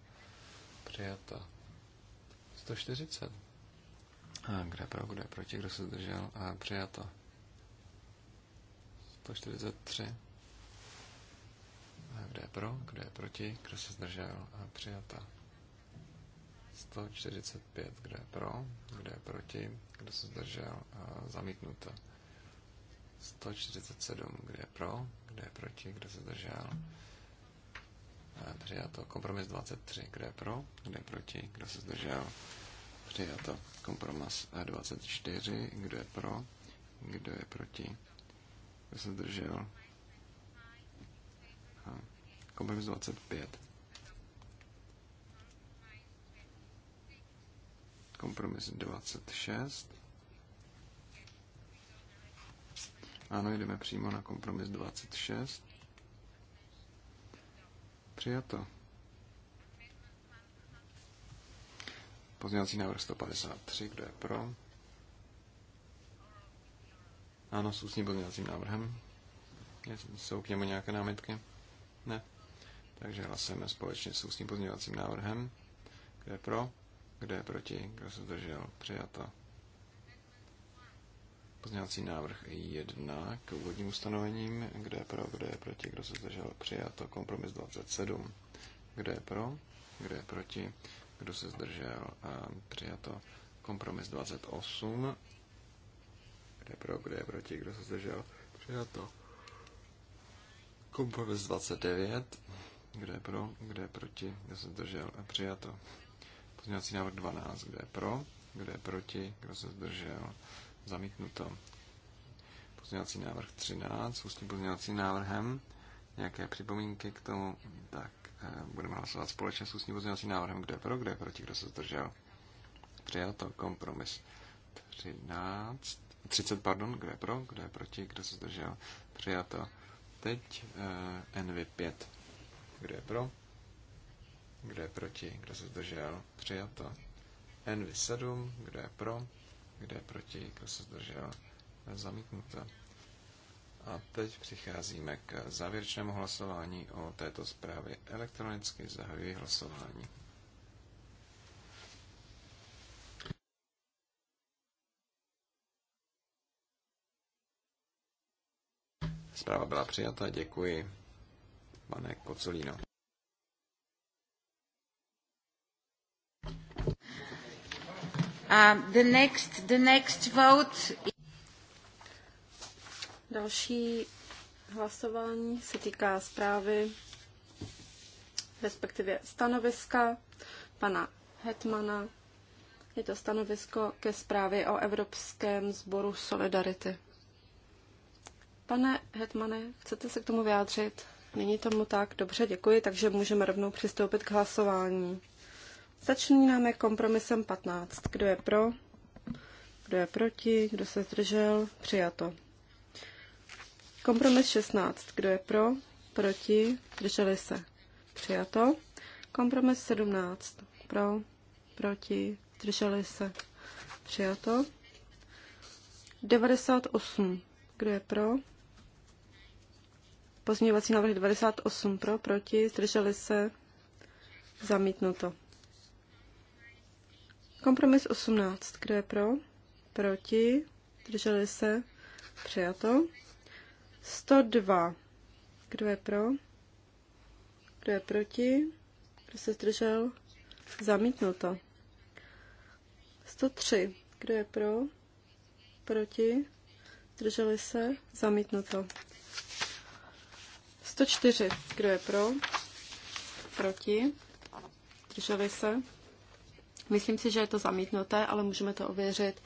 přijato. 140. A kdo je pro? Kdo je proti? Kdo se zdržel? A přijato. 143. Kdo je pro, kdo je proti, kdo se zdržel a přijata. 145, kdo je pro, kdo je proti, kdo se zdržel a zamítnuta. 147, kdo je pro, kdo je proti, kdo se zdržel. A přijato. Kompromis 23, kdo je pro, kdo je proti, kdo se zdržel. Přijato. Kompromis 24, kdo je pro, kdo je proti, kdo se zdržel kompromis 25. Kompromis 26. Ano, jdeme přímo na kompromis 26. Přijato. Pozměňovací návrh 153, kdo je pro? Ano, s ústním pozměňovacím návrhem. Jsou k němu nějaké námitky? Takže hlasujeme společně s ústním pozměňovacím návrhem. Kde je pro? Kde je proti? Kdo se zdržel? Přijato. Pozměňovací návrh 1 k úvodním ustanovením. Kde je pro? Kde je proti? Kdo se zdržel? Přijato. Kompromis 27. Kde je pro? Kde je proti? Kdo se zdržel? přijato. Kompromis 28. Kde je pro? Kde je proti? Kdo se zdržel? Přijato. Kompromis 29 kdo je pro? Kdo je proti? Kdo se zdržel? A přijato. Pozměňovací návrh 12. Kdo je pro? Kdo je proti? Kdo se zdržel? Zamítnuto. Pozměňovací návrh 13 s ústním pozměňovacím návrhem. Nějaké připomínky k tomu? Tak eh, budeme hlasovat společně s ústním pozměňovacím návrhem. Kdo je pro? Kdo je proti? Kdo se zdržel? Přijato. Kompromis 13. 30, pardon. Kdo je pro? Kdo je proti? Kdo se zdržel? Přijato. Teď eh, NV5. Kdo je pro? Kdo je proti? Kdo se zdržel? Přijato. Envy 7. Kdo je pro? Kdo je proti? Kdo se zdržel? Zamítnuto. A teď přicházíme k závěrečnému hlasování o této zprávě. Elektronicky zahajuji hlasování. Zpráva byla přijata, děkuji pane Kocolíno. Uh, the next, the next vote... Další hlasování se týká zprávy, respektive stanoviska pana Hetmana. Je to stanovisko ke zprávě o Evropském sboru Solidarity. Pane Hetmane, chcete se k tomu vyjádřit? Není tomu tak? Dobře, děkuji, takže můžeme rovnou přistoupit k hlasování. Začínáme kompromisem 15. Kdo je pro? Kdo je proti? Kdo se zdržel? Přijato. Kompromis 16. Kdo je pro? Proti? Drželi se? Přijato. Kompromis 17. Pro? Proti? Drželi se? Přijato. 98. Kdo je pro? Pozměňovací návrh 98 pro, proti, zdrželi se, zamítnuto. Kompromis 18, kdo je pro, proti, zdrželi se, přijato. 102, kdo je pro, kdo je proti, kdo se zdržel, zamítnuto. 103, kdo je pro, proti, zdrželi se, zamítnuto. 104. Kdo je pro? Proti? Drželi se? Myslím si, že je to zamítnuté, ale můžeme to ověřit.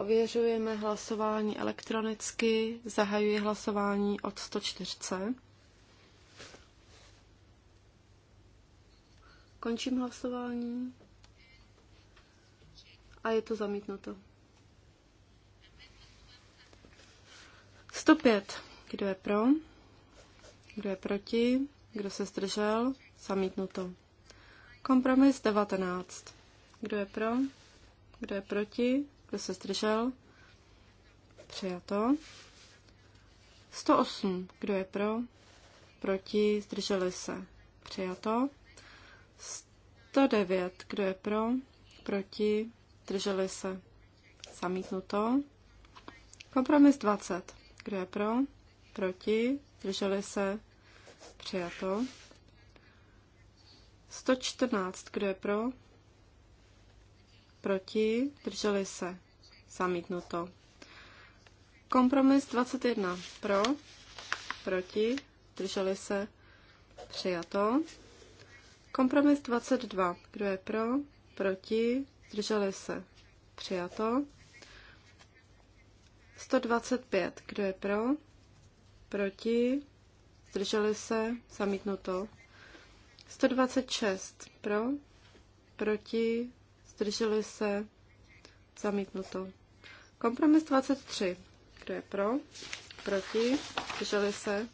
Ověřujeme hlasování elektronicky. Zahajuji hlasování od 104. Končím hlasování. A je to zamítnuto. 105. Kdo je pro? Kdo je proti? Kdo se zdržel? Zamítnuto. Kompromis 19. Kdo je pro? Kdo je proti? Kdo se zdržel? Přijato. 108. Kdo je pro? Proti? Zdrželi se. Přijato. 109. Kdo je pro? Proti? Zdrželi se. Zamítnuto. Kompromis 20. Kdo je pro? Proti? Zdrželi se. Přijato. 114. Kdo je pro? Proti? Drželi se. Zamítnuto. Kompromis 21. Pro? Proti? Drželi se. Přijato. Kompromis 22. Kdo je pro? Proti? Drželi se. Přijato. 125. Kdo je pro? Proti? zdrželi se, zamítnuto. 126 pro, proti, zdrželi se, zamítnuto. Kompromis 23, kdo je pro, proti, zdrželi se,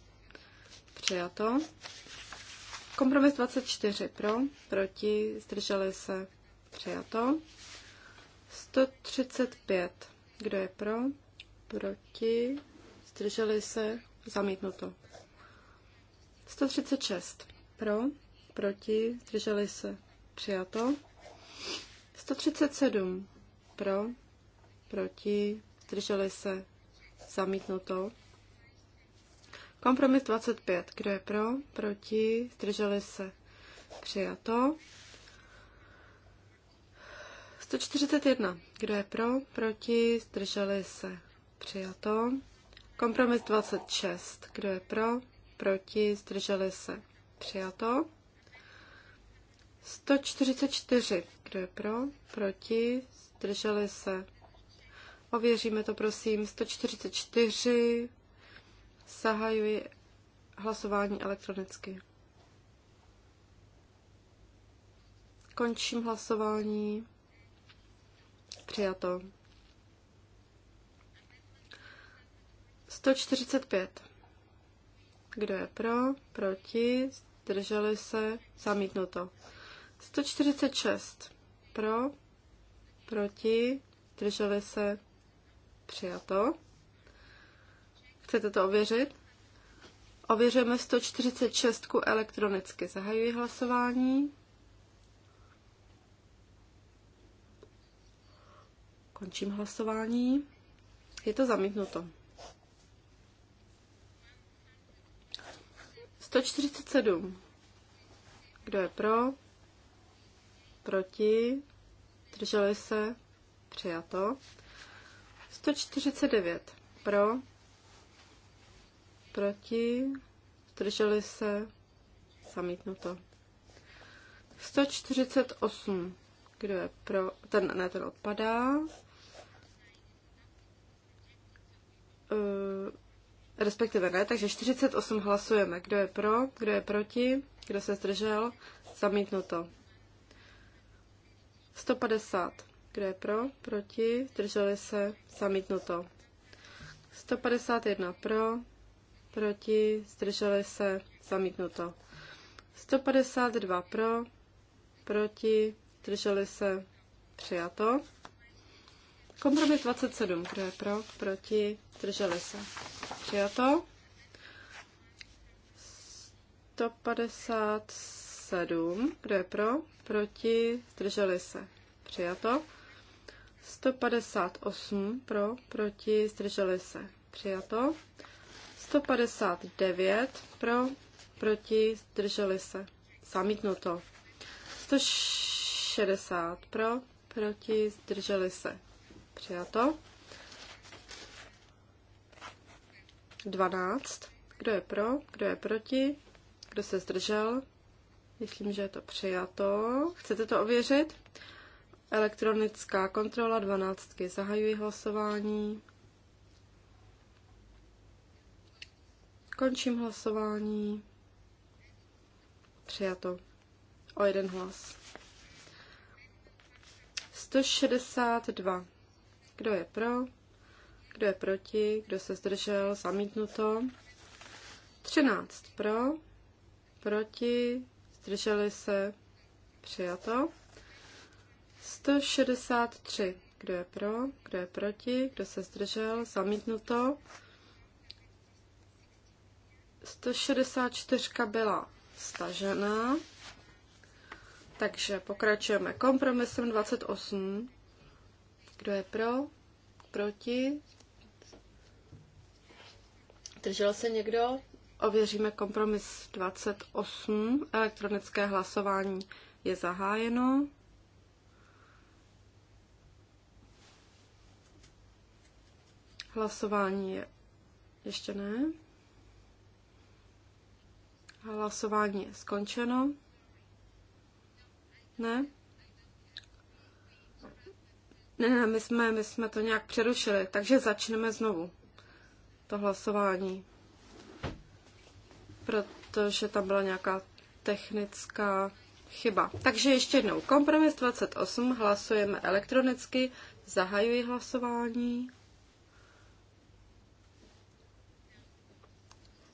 přijato. Kompromis 24 pro, proti, zdrželi se, přijato. 135, kdo je pro, proti, zdrželi se, zamítnuto. 136 pro, proti, zdrželi se, přijato. 137 pro, proti, zdrželi se, zamítnuto. Kompromis 25, kdo je pro, proti, zdrželi se, přijato. 141, kdo je pro, proti, zdrželi se, přijato. Kompromis 26, kdo je pro, proti, zdrželi se. Přijato. 144. Kdo je pro? Proti? Zdrželi se. Ověříme to, prosím. 144. Sahajuji hlasování elektronicky. Končím hlasování. Přijato. 145. Kdo je pro? Proti? Zdrželi se? Zamítnuto. 146. Pro? Proti? Zdrželi se? Přijato. Chcete to ověřit? Ověřujeme 146 elektronicky. Zahajuji hlasování. Končím hlasování. Je to zamítnuto. 147. Kdo je pro? Proti? Drželi se? Přijato. 149. Pro? Proti? Drželi se? Zamítnuto. 148. Kdo je pro? Ten, ne, ten odpadá. Ehm, respektive ne, takže 48 hlasujeme. Kdo je pro, kdo je proti, kdo se zdržel, zamítnuto. 150. Kdo je pro, proti, zdrželi se, zamítnuto. 151 pro, proti, zdrželi se, zamítnuto. 152 pro, proti, zdrželi se, přijato. Kompromis 27, kdo je pro, proti, drželi se. Přijato. 157, kdo je pro, proti, drželi se. Přijato. 158 pro, proti, zdrželi se. Přijato. 159 pro, proti, zdrželi se. Zamítnuto. 160 pro, proti, zdrželi se. Přijato. 12. Kdo je pro? Kdo je proti? Kdo se zdržel? Myslím, že je to přijato. Chcete to ověřit? Elektronická kontrola 12. Zahajuji hlasování. Končím hlasování. Přijato. O jeden hlas. 162. Kdo je pro? Kdo je proti? Kdo se zdržel? Zamítnuto. 13 pro, proti, zdrželi se, přijato. 163. Kdo je pro? Kdo je proti? Kdo se zdržel? Zamítnuto. 164 byla stažená. Takže pokračujeme kompromisem 28. Kdo je pro? Proti? Držel se někdo? Ověříme kompromis 28. Elektronické hlasování je zahájeno. Hlasování je ještě ne. Hlasování je skončeno. Ne? Ne, ne, my jsme, my jsme to nějak přerušili, takže začneme znovu to hlasování. Protože tam byla nějaká technická chyba. Takže ještě jednou. Kompromis 28 hlasujeme elektronicky. Zahajuji hlasování.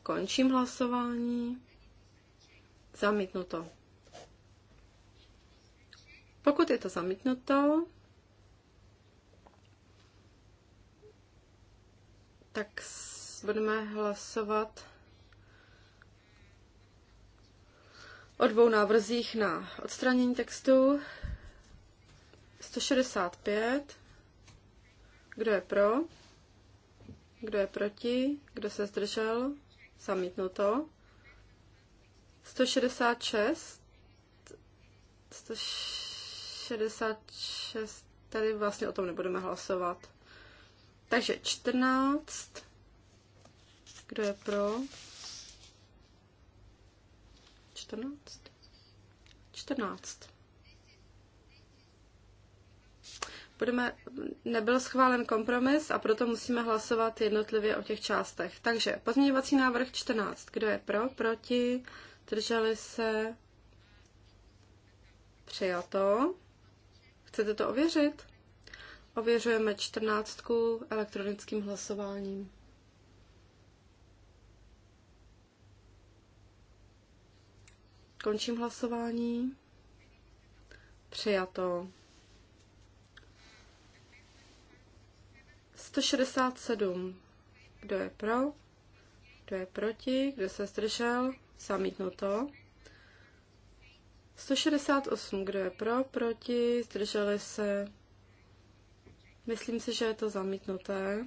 Končím hlasování. Zamítnuto. Pokud je to zamítnuto, tak budeme hlasovat o dvou návrzích na odstranění textu. 165. Kdo je pro? Kdo je proti? Kdo se zdržel? Zamítnuto. 166. 166. Tady vlastně o tom nebudeme hlasovat. Takže 14. Kdo je pro? 14. 14. Budeme, nebyl schválen kompromis a proto musíme hlasovat jednotlivě o těch částech. Takže pozměňovací návrh 14. Kdo je pro? Proti? Drželi se? Přijato. Chcete to ověřit? Ověřujeme čtrnáctku elektronickým hlasováním. Končím hlasování. Přijato. 167. Kdo je pro? Kdo je proti? Kdo se zdržel? Zamítnuto. 168. Kdo je pro? Proti? Zdrželi se? Myslím si, že je to zamítnuté.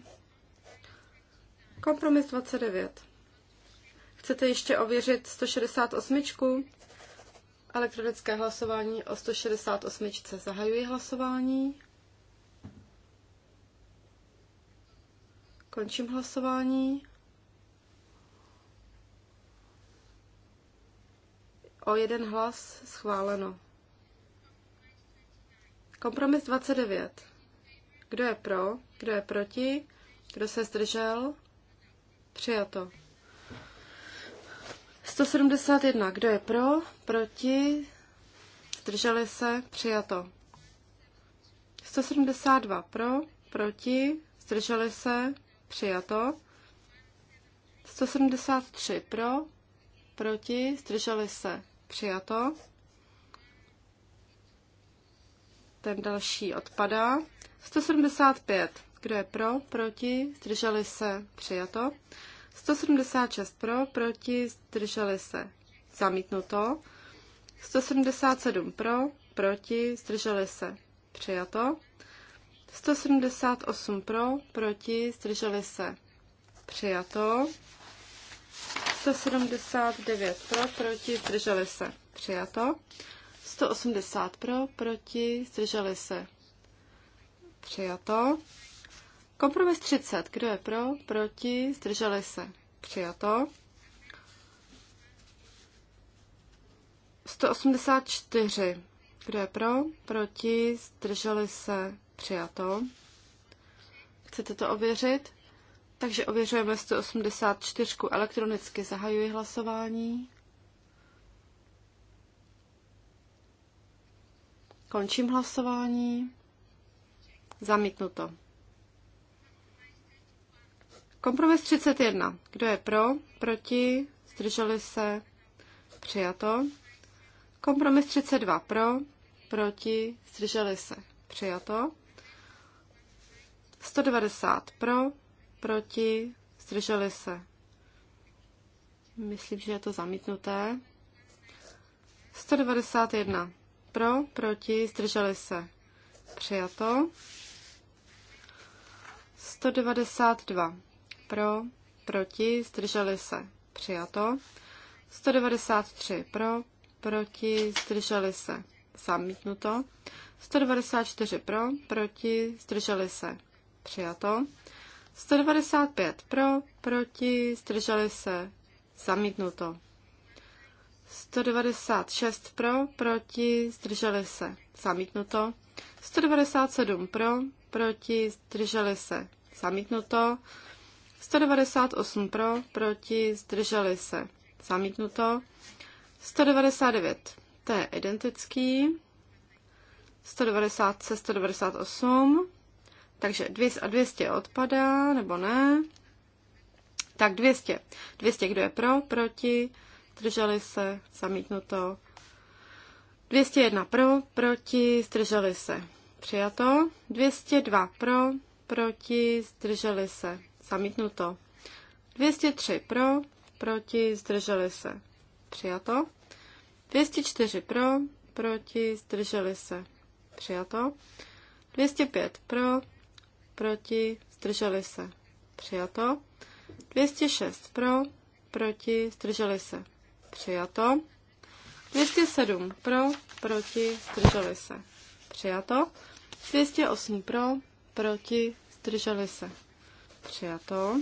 Kompromis 29. Chcete ještě ověřit 168? Elektronické hlasování o 168. Zahajuji hlasování. Končím hlasování. O jeden hlas schváleno. Kompromis 29. Kdo je pro? Kdo je proti? Kdo se zdržel? Přijato. 171. Kdo je pro? Proti? Zdrželi se? Přijato. 172. Pro? Proti? Zdrželi se? Přijato. 173. Pro? Proti? Zdrželi se? Přijato. Ten další odpadá. 175. Kdo je pro? Proti? Zdrželi se? Přijato. 176 pro, proti, zdrželi se. Zamítnuto. 177 pro, proti, zdrželi se. Přijato. 178 pro, proti, zdrželi se. Přijato. 179 pro, proti, zdrželi se. Přijato. 180 pro, proti, zdrželi se. Přijato. Kompromis 30. Kdo je pro? Proti? Zdrželi se? Přijato. 184. Kdo je pro? Proti? Zdrželi se? Přijato. Chcete to ověřit? Takže ověřujeme 184. Elektronicky zahajuji hlasování. Končím hlasování. Zamítnuto. Kompromis 31. Kdo je pro? Proti? Zdrželi se? Přijato. Kompromis 32. Pro? Proti? Zdrželi se? Přijato. 190 pro, proti, zdrželi se. Myslím, že je to zamítnuté. 191 pro, proti, zdrželi se. Přijato. 192 pro, proti, zdrželi se, přijato. 193 pro, proti, zdrželi se, zamítnuto. 194 pro, proti, zdrželi se, přijato. 195 pro, proti, zdrželi se, zamítnuto. 196 pro, proti, zdrželi se, zamítnuto. 197 pro, proti, zdrželi se. Zamítnuto. 198 pro, proti, zdrželi se. Zamítnuto. 199, to je identický. 190 se 198, takže 200 a 200 odpadá, nebo ne. Tak 200. 200, kdo je pro, proti, zdrželi se, zamítnuto. 201 pro, proti, zdrželi se. Přijato. 202 pro, proti, zdrželi se. Zamítnuto. 203 pro, proti, zdrželi se. Přijato. 204 pro, proti, zdrželi se. Přijato. 205 pro, proti, zdrželi se. Přijato. 206 pro, proti, zdrželi se. Přijato. 207 pro, proti, zdrželi se. Přijato. 208 pro, proti, zdrželi se. Přijato.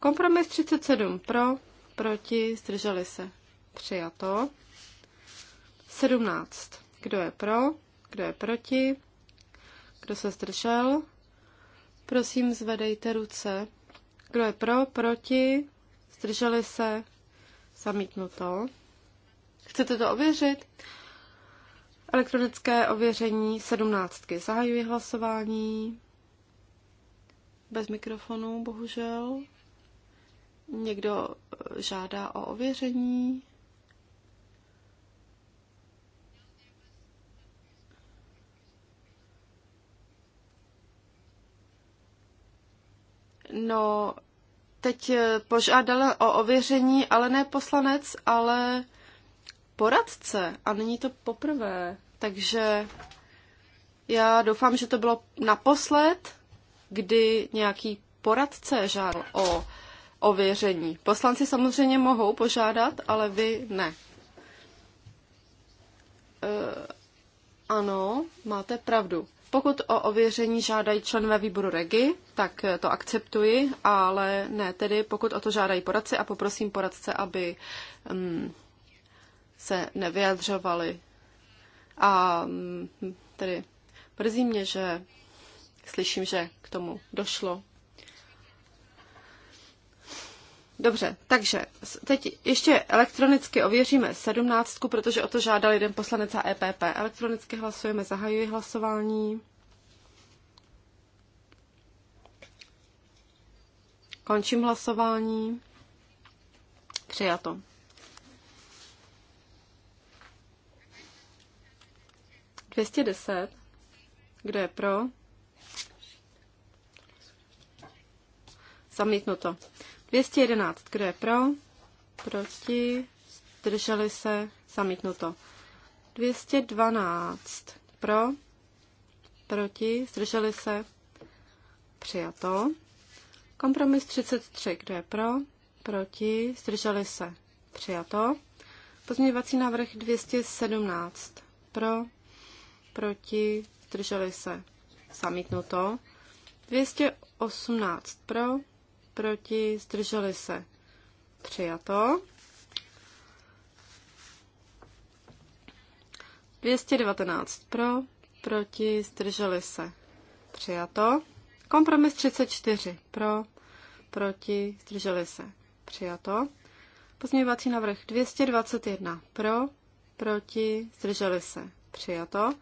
Kompromis 37 pro, proti, zdrželi se. Přijato. 17. Kdo je pro, kdo je proti, kdo se zdržel? Prosím, zvedejte ruce. Kdo je pro, proti, zdrželi se, zamítnuto. Chcete to ověřit? Elektronické ověření sedmnáctky. Zahajuji hlasování. Bez mikrofonu, bohužel. Někdo eh, žádá o ověření. No, teď eh, požádala o ověření, ale ne poslanec, ale poradce a není to poprvé, takže já doufám, že to bylo naposled, kdy nějaký poradce žádal o ověření. Poslanci samozřejmě mohou požádat, ale vy ne. E, ano, máte pravdu. Pokud o ověření žádají členové výboru REGI, tak to akceptuji, ale ne tedy, pokud o to žádají poradci a poprosím poradce, aby um, se nevyjadřovali. A mm, tedy mrzí mě, že slyším, že k tomu došlo. Dobře, takže teď ještě elektronicky ověříme sedmnáctku, protože o to žádal jeden poslanec a EPP. Elektronicky hlasujeme, zahajuji hlasování. Končím hlasování. Přijato. 210. Kdo je pro? Zamítnuto. 211. Kdo je pro? Proti? Zdrželi se? Zamítnuto. 212. Pro? Proti? Zdrželi se? Přijato. Kompromis 33. Kdo je pro? Proti? Zdrželi se? Přijato. Pozměňovací návrh 217. Pro? proti, zdrželi se, zamítnuto. 218 pro, proti, zdrželi se, přijato. 219 pro, proti, zdrželi se, přijato. Kompromis 34 pro, proti, zdrželi se, přijato. Pozměňovací návrh 221 pro, proti, zdrželi se, přijato.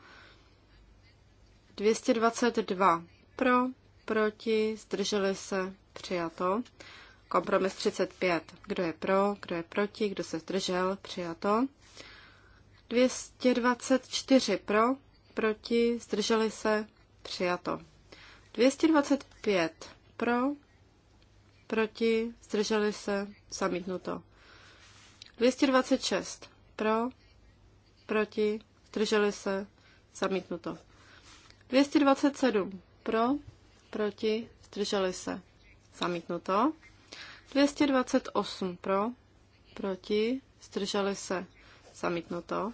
222 pro, proti, zdrželi se, přijato. Kompromis 35. Kdo je pro, kdo je proti, kdo se zdržel, přijato. 224 pro, proti, zdrželi se, přijato. 225 pro, proti, zdrželi se, zamítnuto. 226 pro, proti, zdrželi se, zamítnuto. 227 pro, proti, zdrželi se. Zamítnuto. 228 pro, proti, zdrželi se. Zamítnuto.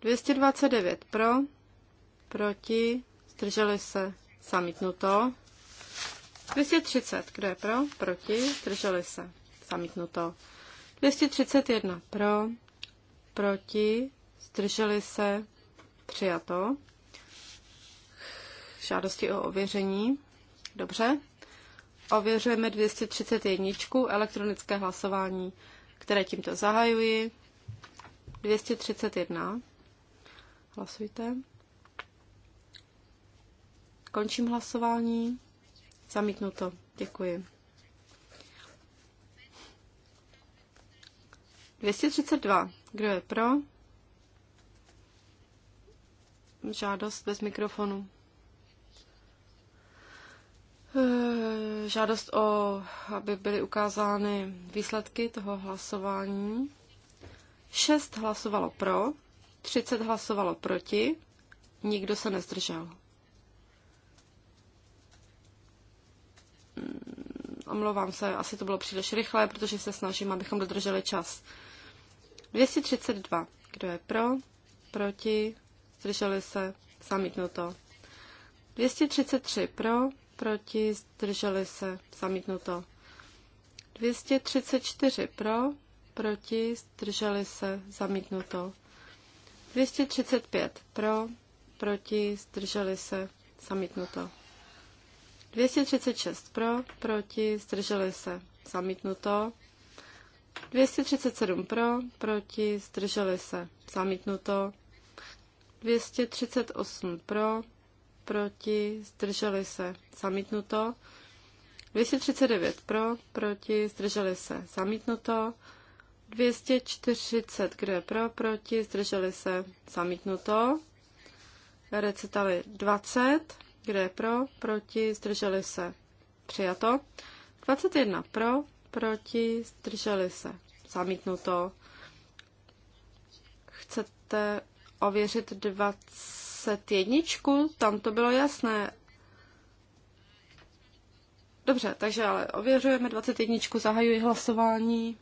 229 pro, proti, zdrželi se. Zamítnuto. 230, kdo je pro, proti, zdrželi se. Zamítnuto. 231 pro, proti, zdrželi se. Přijato žádosti o ověření. Dobře. Ověřujeme 231. Elektronické hlasování, které tímto zahajuji. 231. Hlasujte. Končím hlasování. Zamítnuto. Děkuji. 232. Kdo je pro? Žádost bez mikrofonu. Eh, žádost o, aby byly ukázány výsledky toho hlasování. Šest hlasovalo pro, 30 hlasovalo proti, nikdo se nezdržel. Mm, omlouvám se, asi to bylo příliš rychlé, protože se snažím, abychom dodrželi čas. 232. Kdo je pro? Proti? Zdrželi se? Zamítnuto. 233 pro, proti, zdrželi se, zamítnuto. 234 pro, proti, zdrželi se, zamítnuto. 235 pro, proti, zdrželi se, zamítnuto. 236 pro, proti, zdrželi se, zamítnuto. 237 pro, proti, zdrželi se, zamítnuto. 238 pro, proti, zdrželi se, zamítnuto. 239 pro, proti, zdrželi se, zamítnuto. 240, kdo je pro, proti, zdrželi se, zamítnuto. Recitali 20, kdo je pro, proti, zdrželi se, přijato. 21 pro, proti, zdrželi se, zamítnuto. Chcete ověřit 20? jedničku, tam to bylo jasné. Dobře, takže ale ověřujeme 21, zahajuji hlasování,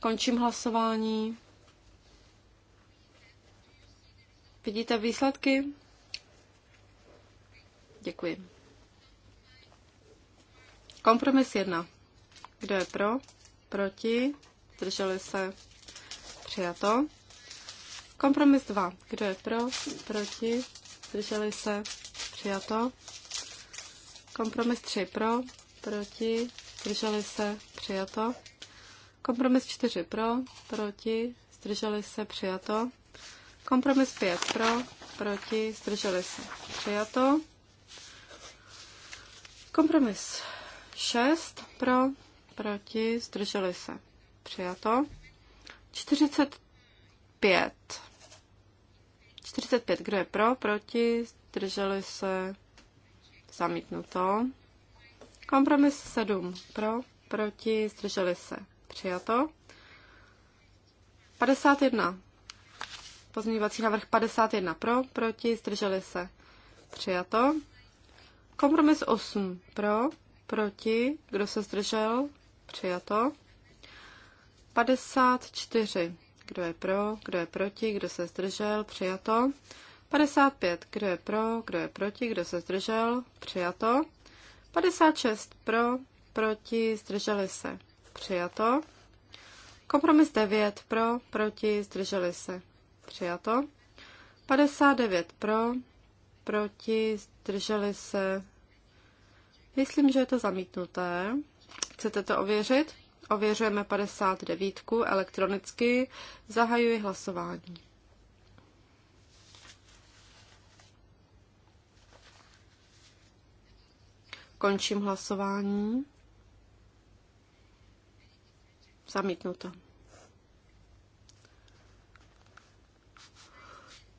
končím hlasování. Vidíte výsledky? Děkuji. Kompromis 1. Kdo je pro? Proti? Drželi se? Přijato. Kompromis 2. Kdo je pro? Proti? Zdrželi se? Přijato. Kompromis 3. Pro? Proti? Zdrželi se? Přijato. Kompromis 4. Pro? Proti? Zdrželi se? Přijato. Kompromis 5. Pro? Proti? Zdrželi se? Přijato. Kompromis 6. Pro? Proti? Zdrželi se? Přijato. 43. 45. 45, kdo je pro, proti, zdrželi se, zamítnuto. Kompromis 7, pro, proti, zdrželi se, přijato. 51, pozměňovací návrh 51 pro, proti, zdrželi se, přijato. Kompromis 8 pro, proti, kdo se zdržel, přijato. 54 kdo je pro? Kdo je proti? Kdo se zdržel? Přijato. 55. Kdo je pro? Kdo je proti? Kdo se zdržel? Přijato. 56. Pro? Proti? Zdrželi se? Přijato. Kompromis 9. Pro? Proti? Zdrželi se? Přijato. 59. Pro? Proti? Zdrželi se? Myslím, že je to zamítnuté. Chcete to ověřit? Ověřujeme 59 elektronicky. Zahajuji hlasování. Končím hlasování. Zamítnuto.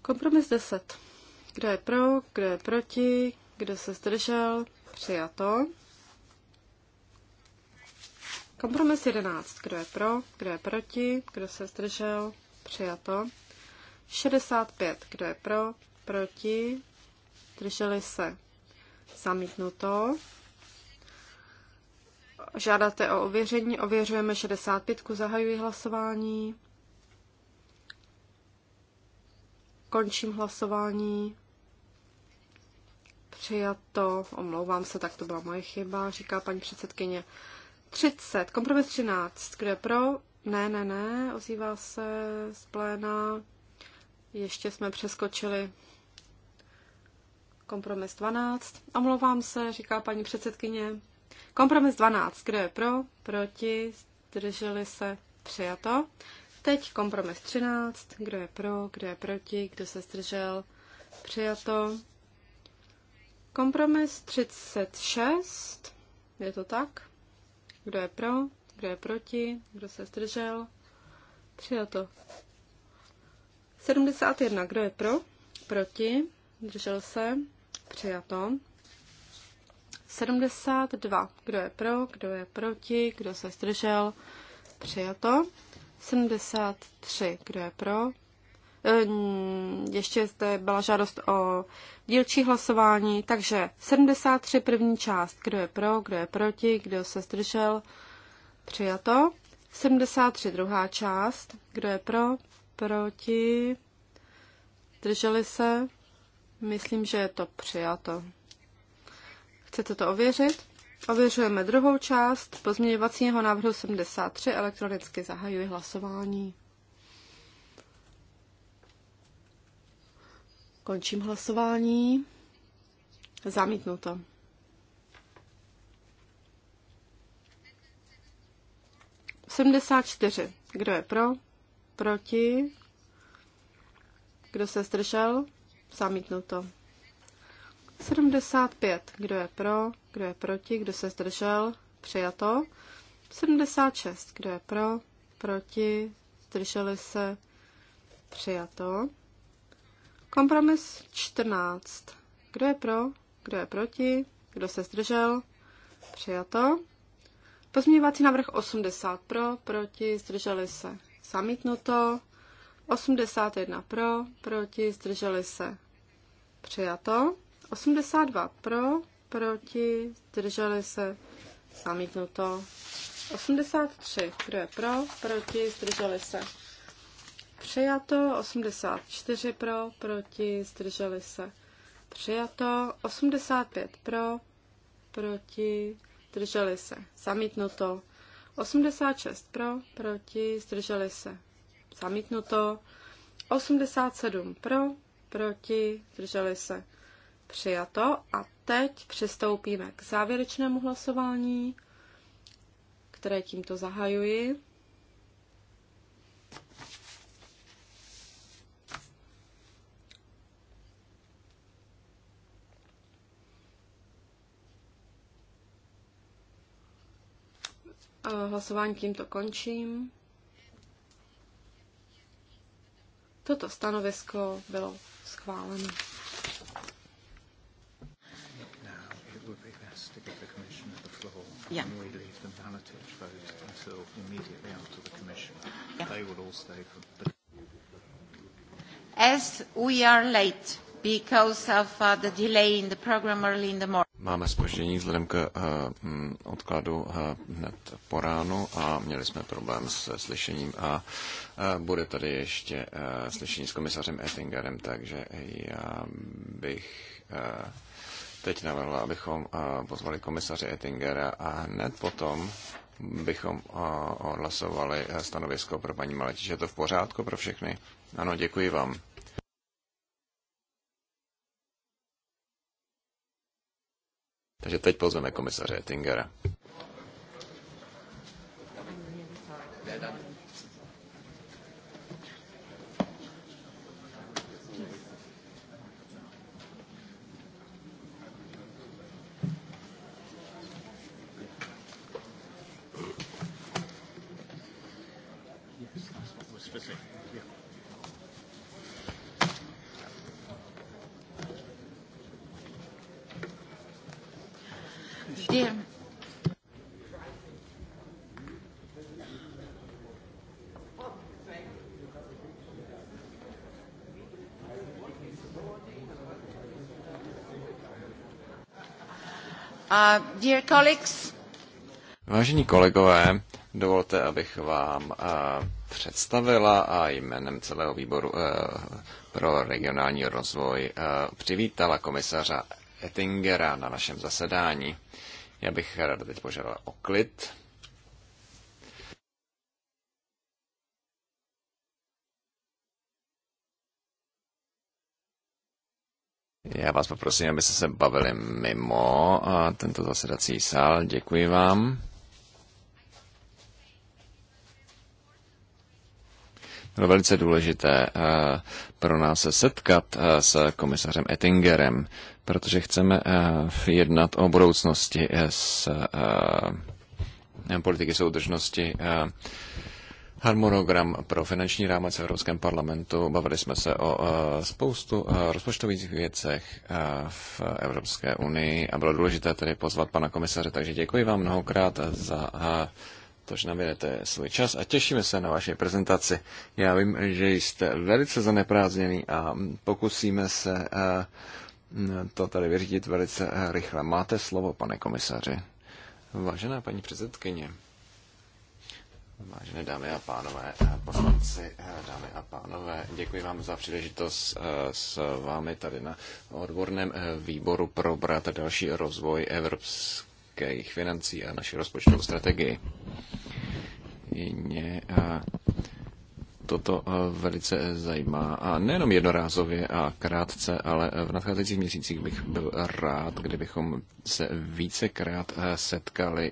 Kompromis 10. Kdo je pro, kdo je proti, kdo se zdržel, přijato. Kompromis 11. Kdo je pro? Kdo je proti? Kdo se zdržel? Přijato. 65. Kdo je pro? Proti? Drželi se? Zamítnuto. Žádáte o ověření. Ověřujeme 65. Zahajuji hlasování. Končím hlasování. Přijato. Omlouvám se, tak to byla moje chyba, říká paní předsedkyně. 30. Kompromis 13. Kdo je pro? Ne, ne, ne. Ozývá se z pléna. Ještě jsme přeskočili kompromis 12. Omlouvám se, říká paní předsedkyně. Kompromis 12. Kdo je pro? Proti? Zdrželi se? Přijato. Teď kompromis 13. Kdo je pro? Kdo je proti? Kdo se zdržel? Přijato. Kompromis 36. Je to tak? Kdo je pro? Kdo je proti? Kdo se zdržel? Přijato. 71. Kdo je pro? Proti? Držel se? Přijato. 72. Kdo je pro? Kdo je proti? Kdo se zdržel? Přijato. 73. Kdo je pro? Ehm, ještě zde byla žádost o dílčí hlasování, takže 73 první část, kdo je pro, kdo je proti, kdo se zdržel, přijato. 73 druhá část, kdo je pro, proti, zdrželi se, myslím, že je to přijato. Chcete to ověřit? Ověřujeme druhou část pozměňovacího návrhu 73, elektronicky zahajuji hlasování. Končím hlasování. Zamítnuto. to. 74. Kdo je pro? Proti? Kdo se zdržel? Zamítnuto. 75. Kdo je pro? Kdo je proti? Kdo se zdržel? Přijato. 76. Kdo je pro? Proti? Zdrželi se? Přijato. Kompromis 14. Kdo je pro? Kdo je proti? Kdo se zdržel? Přijato. Pozměňovací návrh 80 pro, proti, zdrželi se. Zamítnuto. 81 pro, proti, zdrželi se. Přijato. 82 pro, proti, zdrželi se. Zamítnuto. 83. Kdo je pro? Proti, zdrželi se přijato, 84 pro, proti, zdrželi se přijato, 85 pro, proti, zdrželi se zamítnuto, 86 pro, proti, zdrželi se zamítnuto, 87 pro, proti, zdrželi se přijato a teď přistoupíme k závěrečnému hlasování, které tímto zahajuji. hlasování tímto končím. Toto stanovisko bylo schváleno. As we are late. Máme spoždění vzhledem k uh, odkladu uh, hned po ránu a měli jsme problém s slyšením a uh, bude tady ještě uh, slyšení s komisařem Ettingerem, takže já bych uh, teď navrhl, abychom uh, pozvali komisaře Ettingera a hned potom bychom odhlasovali stanovisko pro paní Maletiš. Je to v pořádku pro všechny? Ano, děkuji vám. Takže teď pozveme komisaře Tingera. Hm. Dear colleagues. Vážení kolegové, dovolte, abych vám eh, představila a jménem celého výboru eh, pro regionální rozvoj eh, přivítala komisaře Ettingera na našem zasedání. Já bych ráda teď požádala o klid. Já vás poprosím, abyste se bavili mimo tento zasedací sál. Děkuji vám. Bylo velice důležité eh, pro nás se setkat eh, s komisařem Ettingerem, protože chceme eh, jednat o budoucnosti s politiky soudržnosti harmonogram pro finanční rámec v Evropském parlamentu. Bavili jsme se o eh, spoustu eh, rozpočtových věcech eh, v Evropské unii a bylo důležité tedy pozvat pana komisaře, takže děkuji vám mnohokrát za to, že nám svůj čas a těšíme se na vaši prezentaci. Já vím, že jste velice zaneprázdněný a pokusíme se to tady vyřídit velice rychle. Máte slovo, pane komisaři. Vážená paní předsedkyně. Vážené dámy a pánové, eh, poslanci, eh, dámy a pánové, děkuji vám za příležitost eh, s vámi tady na odborném výboru probrat další rozvoj evropských financí a naší rozpočtovou strategii. a toto eh, velice eh, zajímá. A nejenom jednorázově a krátce, ale eh, v nadcházejících měsících bych byl rád, kdybychom se vícekrát setkali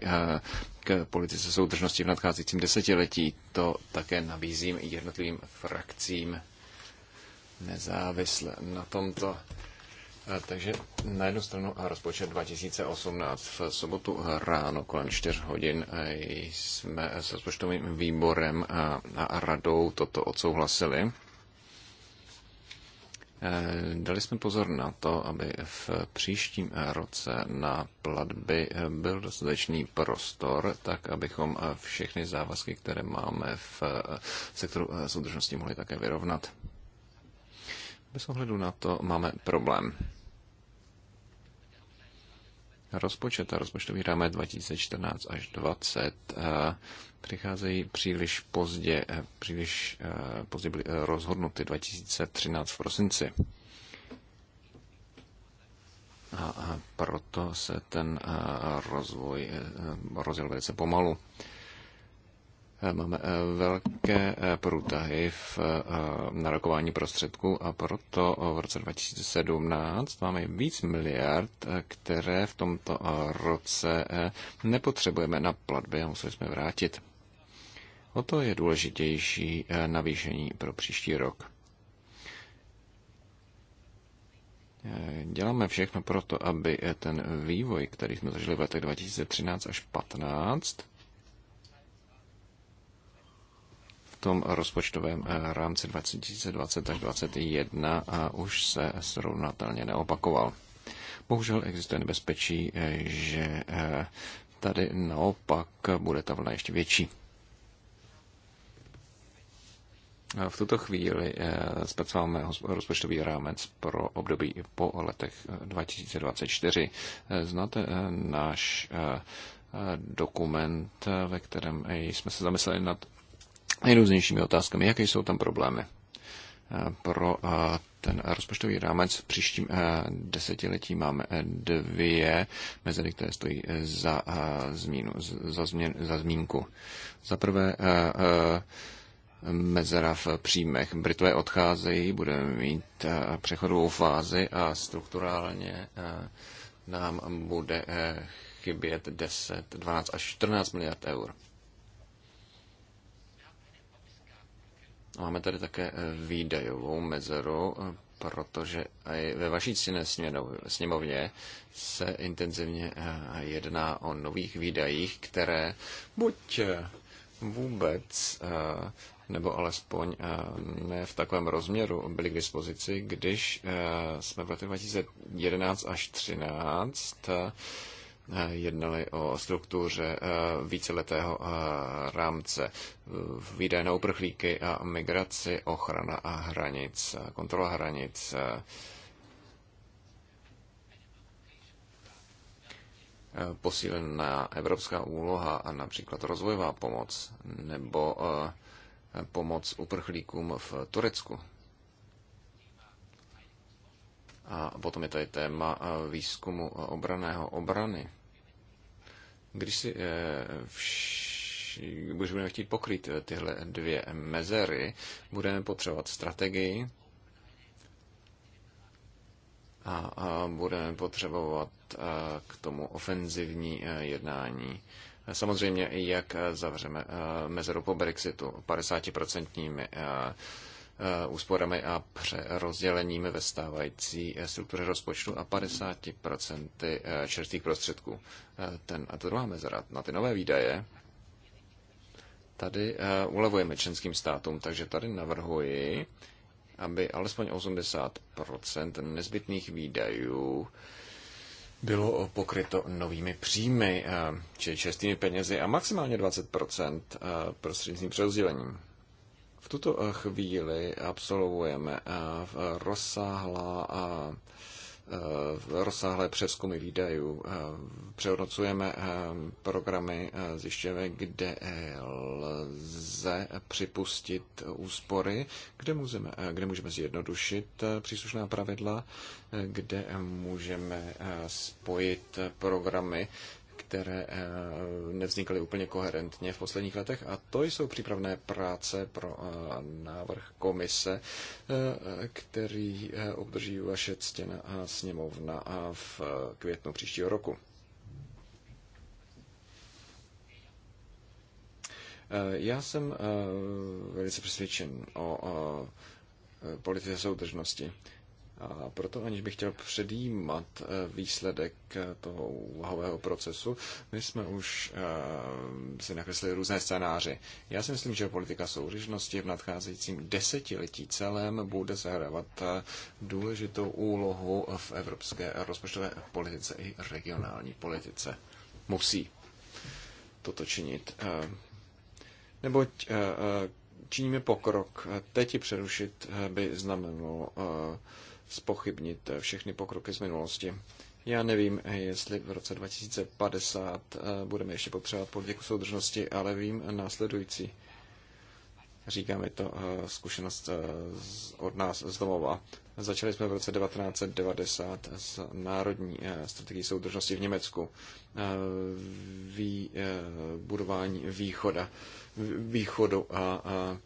k politice soudržnosti v nadcházejícím desetiletí. To také nabízím jednotlivým frakcím nezávisle na tomto. Takže na jednu stranu rozpočet 2018 v sobotu ráno kolem 4 hodin e, jsme s rozpočtovým výborem a radou toto odsouhlasili. E, dali jsme pozor na to, aby v příštím roce na platby byl dostatečný prostor, tak abychom všechny závazky, které máme v e, sektoru soudržnosti, mohli také vyrovnat. Bez ohledu na to máme problém rozpočet a rozpočtový rámec 2014 až 2020 eh, přicházejí příliš pozdě, eh, příliš eh, pozdě byly rozhodnuty 2013 v prosinci. A proto se ten rozvoj rozjel velice pomalu. Eh, máme eh, velké eh, průtahy v narokování prostředků a proto v roce 2017 máme víc miliard, které v tomto roce nepotřebujeme na platby a museli jsme vrátit. O to je důležitější navýšení pro příští rok. Děláme všechno proto, aby ten vývoj, který jsme zažili v letech 2013 až 2015, tom rozpočtovém eh, rámci 2020 až 2021 a už se srovnatelně neopakoval. Bohužel existuje nebezpečí, eh, že eh, tady naopak bude ta vlna ještě větší. V tuto chvíli zpracováme rozpočtový rámec pro období po letech 2024. Znáte náš dokument, ve kterém jsme se zamysleli nad nejrůznějšími otázkami, jaké jsou tam problémy eh, pro eh, ten rozpočtový rámec. V příštím eh, desetiletí máme dvě mezery, které stojí za, zmínu, za, změn, za zmínku. Za prvé mezera v příjmech. Britové odcházejí, budeme mít přechodovou fázi a strukturálně nám bude chybět 10, 12 až 14 miliard eur. Máme tady také eh, výdajovou mezeru, eh, protože i ve vaší cíné sněmovně se intenzivně eh, jedná o nových výdajích, které buď vůbec nebo alespoň ne v takovém rozměru byly k dispozici, když jsme v roce 2011 až 2013 Eh, jednali o struktuře eh, víceletého eh, rámce výdaje na uprchlíky a migraci, ochrana a hranic, kontrola hranic, posílená evropská úloha a například rozvojová pomoc nebo pomoc uprchlíkům v Turecku. A potom je tady téma eh, výzkumu eh, obraného obrany. Když si eh, vš... když budeme chtít pokrýt tyhle dvě mezery, budeme potřebovat strategii a budeme potřebovat k tomu ofenzivní jednání. Samozřejmě, jak zavřeme mezeru po Brexitu 50% Eh, úsporami a přerozděleními ve stávající eh, struktuře rozpočtu a 50% eh, čerstvých prostředků. Ten, a to druhá mezera na ty nové výdaje, tady ulevujeme členským státům, takže tady navrhuji, aby alespoň 80% nezbytných výdajů bylo pokryto novými příjmy, či čestými penězi a maximálně 20% prostřednictvím přerozdělením. V tuto eh, chvíli absolvujeme eh, eh, rozsáhlá a rozsáhlé přeskumy výdajů. Přehodnocujeme programy, zjišťujeme, kde lze připustit úspory, kde můžeme, kde můžeme zjednodušit příslušná pravidla, kde můžeme spojit programy které eh, nevznikly úplně koherentně v posledních letech a to jsou přípravné práce pro eh, návrh komise, eh, který obdrží vaše ctěna sněmovna v květnu příštího roku. Já jsem velice přesvědčen o politice soudržnosti. A proto, aniž bych chtěl předjímat eh, výsledek eh, toho úvahového procesu, my jsme už eh, si nakreslili různé scénáře. Já si myslím, že politika souřižnosti v nadcházejícím desetiletí celém bude zahrávat důležitou úlohu v evropské rozpočtové politice i regionální politice. Musí toto činit. Neboť činíme pokrok. Teď ji přerušit by znamenalo spochybnit všechny pokroky z minulosti. Já nevím, jestli v roce 2050 eh, budeme ještě potřebovat politiku soudržnosti, ale vím následující. říkáme to eh, zkušenost eh, od nás z domova. Začali jsme v roce 1990 s národní strategií soudržnosti v Německu. Vý, budování východa, východu a, a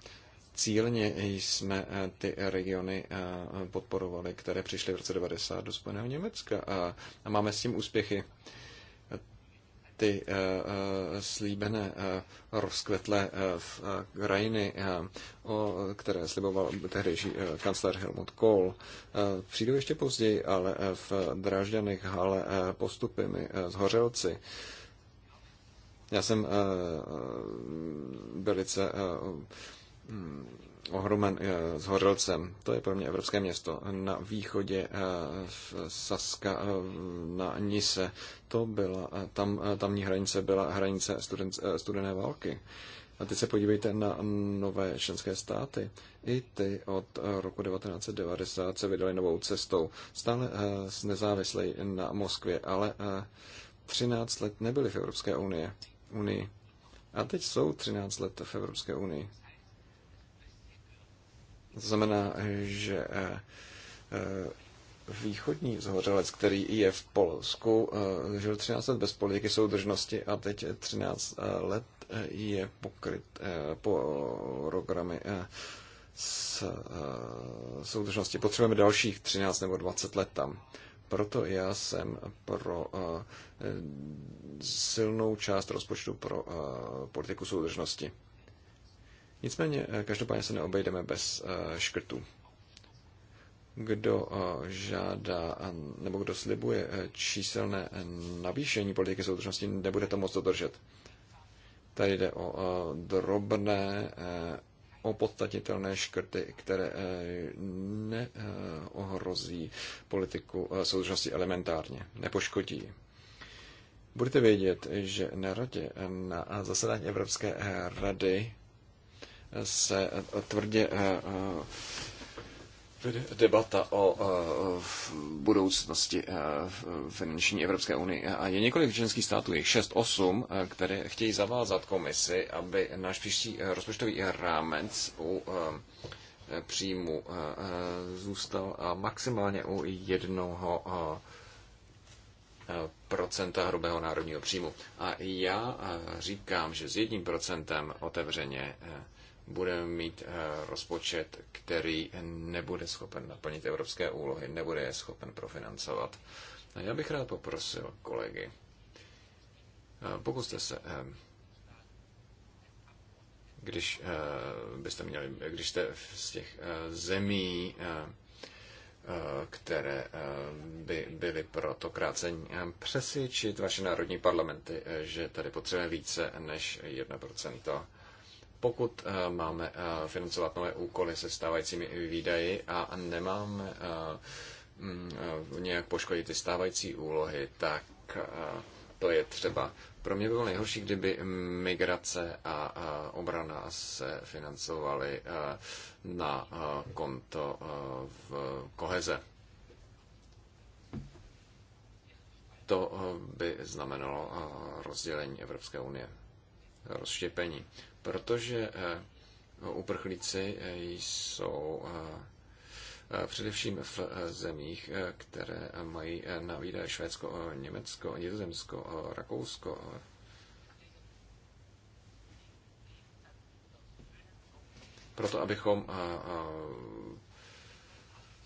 cílně jsme eh, ty regiony eh, podporovali, které přišly v roce 90 do Spojeného Německa a máme s tím úspěchy ty eh, slíbené rozkvetlé krajiny, které sliboval tehdejší kancler Helmut Kohl. Přijdou ještě později, ale v Dražďanech, hale postupy mi zhořelci. Já jsem velice Mm, ohromen zhořelcem. Eh, to je pro mě evropské město. Na východě eh, v Saska eh, na Nise. To byla, tam, tamní hranice byla hranice studen, studené války. A teď se podívejte na nové členské státy. I ty od roku 1990 se vydali novou cestou. Stále nezávislej na Moskvě, ale 13 let nebyli v Evropské unie. unii. A teď jsou 13 let v Evropské unii. To znamená, že eh, eh, východní zhořelec, který je v Polsku, eh, žil 13 let bez politiky soudržnosti a teď 13 let je pokryt po programy s soudržnosti. Potřebujeme dalších 13 nebo 20 let tam. Proto já jsem pro silnou část rozpočtu pro politiku soudržnosti. Nicméně, eh, každopádně se neobejdeme bez eh, škrtů. Kdo eh, žádá nebo kdo slibuje číselné navýšení politiky soudržnosti, nebude to moc dodržet. Tady jde o drobné opodstatnitelné škrty, které neohrozí politiku soudržnosti elementárně, nepoškodí. Budete vědět, že na radě, na zasedání Evropské rady se eh, tvrdě eh, eh, debata o budoucnosti finanční Evropské unie. A je několik členských států, jejich 6-8, které chtějí zavázat komisi, aby náš příští rozpočtový rámec u příjmu zůstal maximálně u jednoho procenta hrubého národního příjmu. A já říkám, že s jedním procentem otevřeně budeme mít eh, rozpočet, který nebude schopen naplnit evropské úlohy, nebude je schopen profinancovat. A já bych rád poprosil kolegy, eh, pokuste se, eh, když byste měli, když jste z těch zemí, které by byly pro to krácení, přesvědčit vaše národní parlamenty, že tady potřebujeme více než 1% pokud eh, máme eh, financovat nové úkoly se stávajícími výdaji a nemáme eh, mm, nějak poškodit ty stávající úlohy, tak to je třeba. Pro mě bylo nejhorší, kdyby migrace a obrana se financovaly na konto v koheze. To by znamenalo rozdělení Evropské unie, rozštěpení protože eh, uprchlíci eh, jsou eh, především v zemích, které mají na výdaje Švédsko, Německo, Nizozemsko, Rakousko. Proto, abychom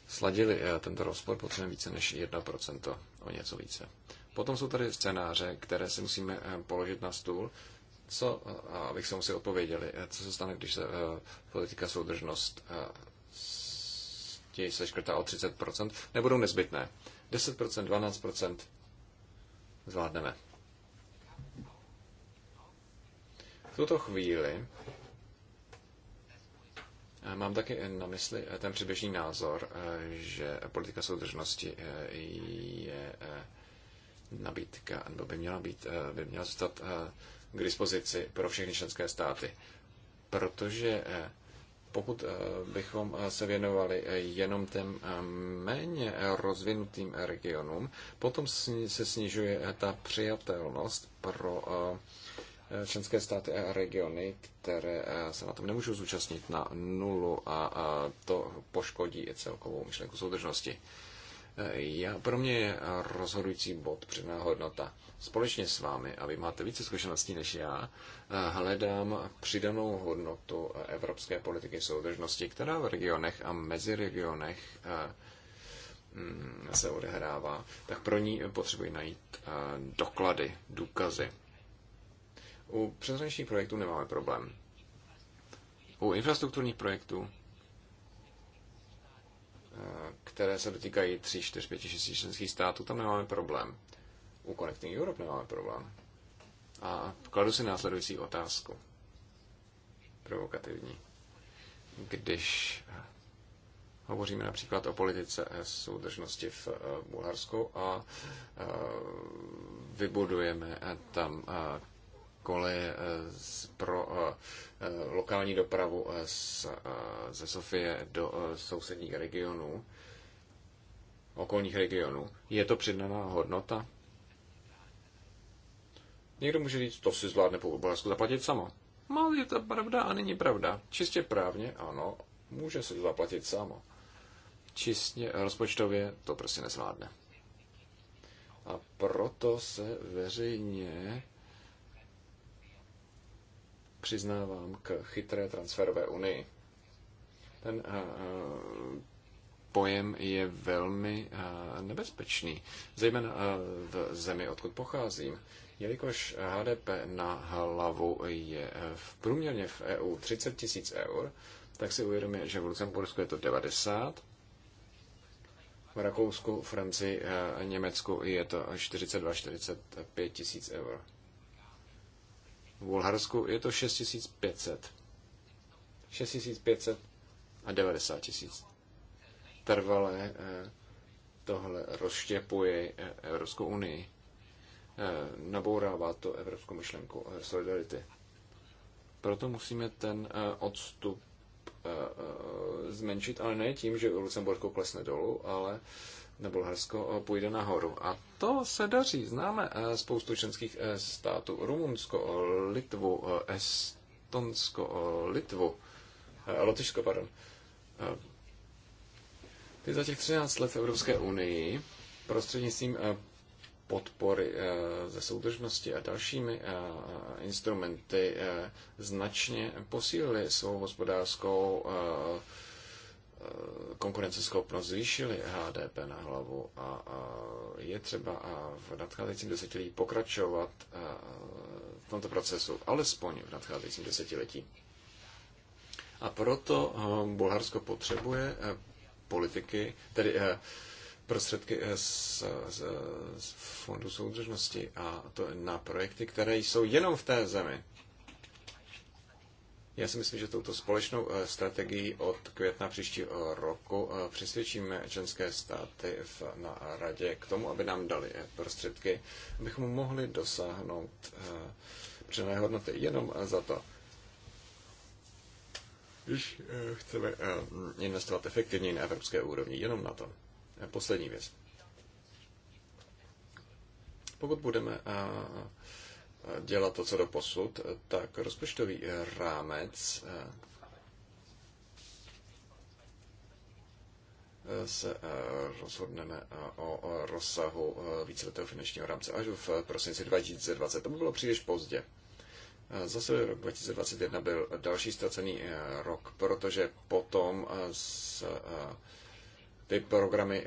sladili tento rozpor, potřebujeme více než 1%, o něco více. Potom jsou tady scénáře, které si musíme položit na stůl. Co, abych se musel odpověděli, eh, co se stane, když se eh, politika soudržnost eh, se škrtá o 30%, nebudou nezbytné. 10%, 12% zvládneme. V tuto chvíli mám taky na mysli ten předběžný názor, že politika soudržnosti je nabídka, nebo by měla být, by měla zůstat k dispozici pro všechny členské státy. Protože eh, pokud eh, bychom eh, se věnovali jenom těm méně rozvinutým regionům, potom se snižuje ta přijatelnost pro členské státy a regiony, které se na tom nemůžou zúčastnit na nulu a to poškodí celkovou myšlenku soudržnosti. Já, pro mě je rozhodující bod předná hodnota. Společně s vámi, a vy máte více zkušeností než já, hledám přidanou hodnotu evropské politiky soudržnosti, která v regionech a mezi regionech eh, mm, se odehrává, tak pro ní potřebuji najít eh, doklady, důkazy. U přeshraničních projektů nemáme problém. U infrastrukturních projektů Eh, které se dotýkají 3, 4, 5, 6 členských států, tam nemáme problém. U Connecting Europe nemáme problém. A kladu si následující otázku. Provokativní. Když eh, hovoříme například o politice eh, soudržnosti v Bulharsku a vybudujeme tam koleje eh, pro eh, eh, lokální dopravu z, ze Sofie do sousedních regionů, okolních regionů. Je to přidaná hodnota? Někdo může říct, to si zvládne po obrázku zaplatit samo. No, je to pravda a není pravda. Čistě právně, ano, může se zaplatit samo. Čistě rozpočtově to prostě nezvládne. A proto se veřejně přiznávám k chytré transferové unii. Ten eh, eh, pojem je velmi eh, nebezpečný, zejména v zemi, odkud pocházím. Jelikož HDP na hlavu je v průměrně v EU 30 tisíc eur, tak si uvědomuje, že v Lucembursku je to 90, v Rakousku, Francii a Německu je to 42-45 tisíc eur v Bulharsku je to 6500. 6500 a 90 tisíc. Trvalé eh, tohle rozštěpuje eh, Evropskou unii. Eh, nabourává to evropskou myšlenku solidarity. Proto musíme ten odstup zmenšit, ale ne tím, že Lucembursko klesne dolů, ale na Bulharsko eh, půjde nahoru. A to se daří. Známe eh, spoustu členských eh, států. Rumunsko, Litvu, Estonsko, Litvu, Lotyšsko, pardon. Ty za těch 13 let v Evropské unii prostřednictvím podpory ze soudržnosti a dalšími instrumenty značně posílili svou hospodářskou konkurenceschopnost zvýšily HDP na hlavu a, a je třeba a v nadcházejícím desetiletí pokračovat v tomto procesu, alespoň v nadcházejícím desetiletí. A proto eh, Bulharsko potřebuje eh, politiky, tedy eh, prostředky z, z, z Fondu soudržnosti a to na projekty, které jsou jenom v té zemi. Já si myslím, že touto společnou eh, strategií od května příštího roku eh, přesvědčíme členské státy v, na radě k tomu, aby nám dali eh, prostředky, abychom mohli dosáhnout přidané hodnoty jenom za to, když chceme investovat efektivně na evropské úrovni, jenom na to. Poslední věc. Pokud budeme dělat to, co do posud, tak rozpočtový rámec eh, se eh, rozhodneme eh, o rozsahu víceletého finančního rámce až v prosinci 2020. To by bylo příliš pozdě. Zase rok 2021 byl další ztracený rok, protože potom s, ty programy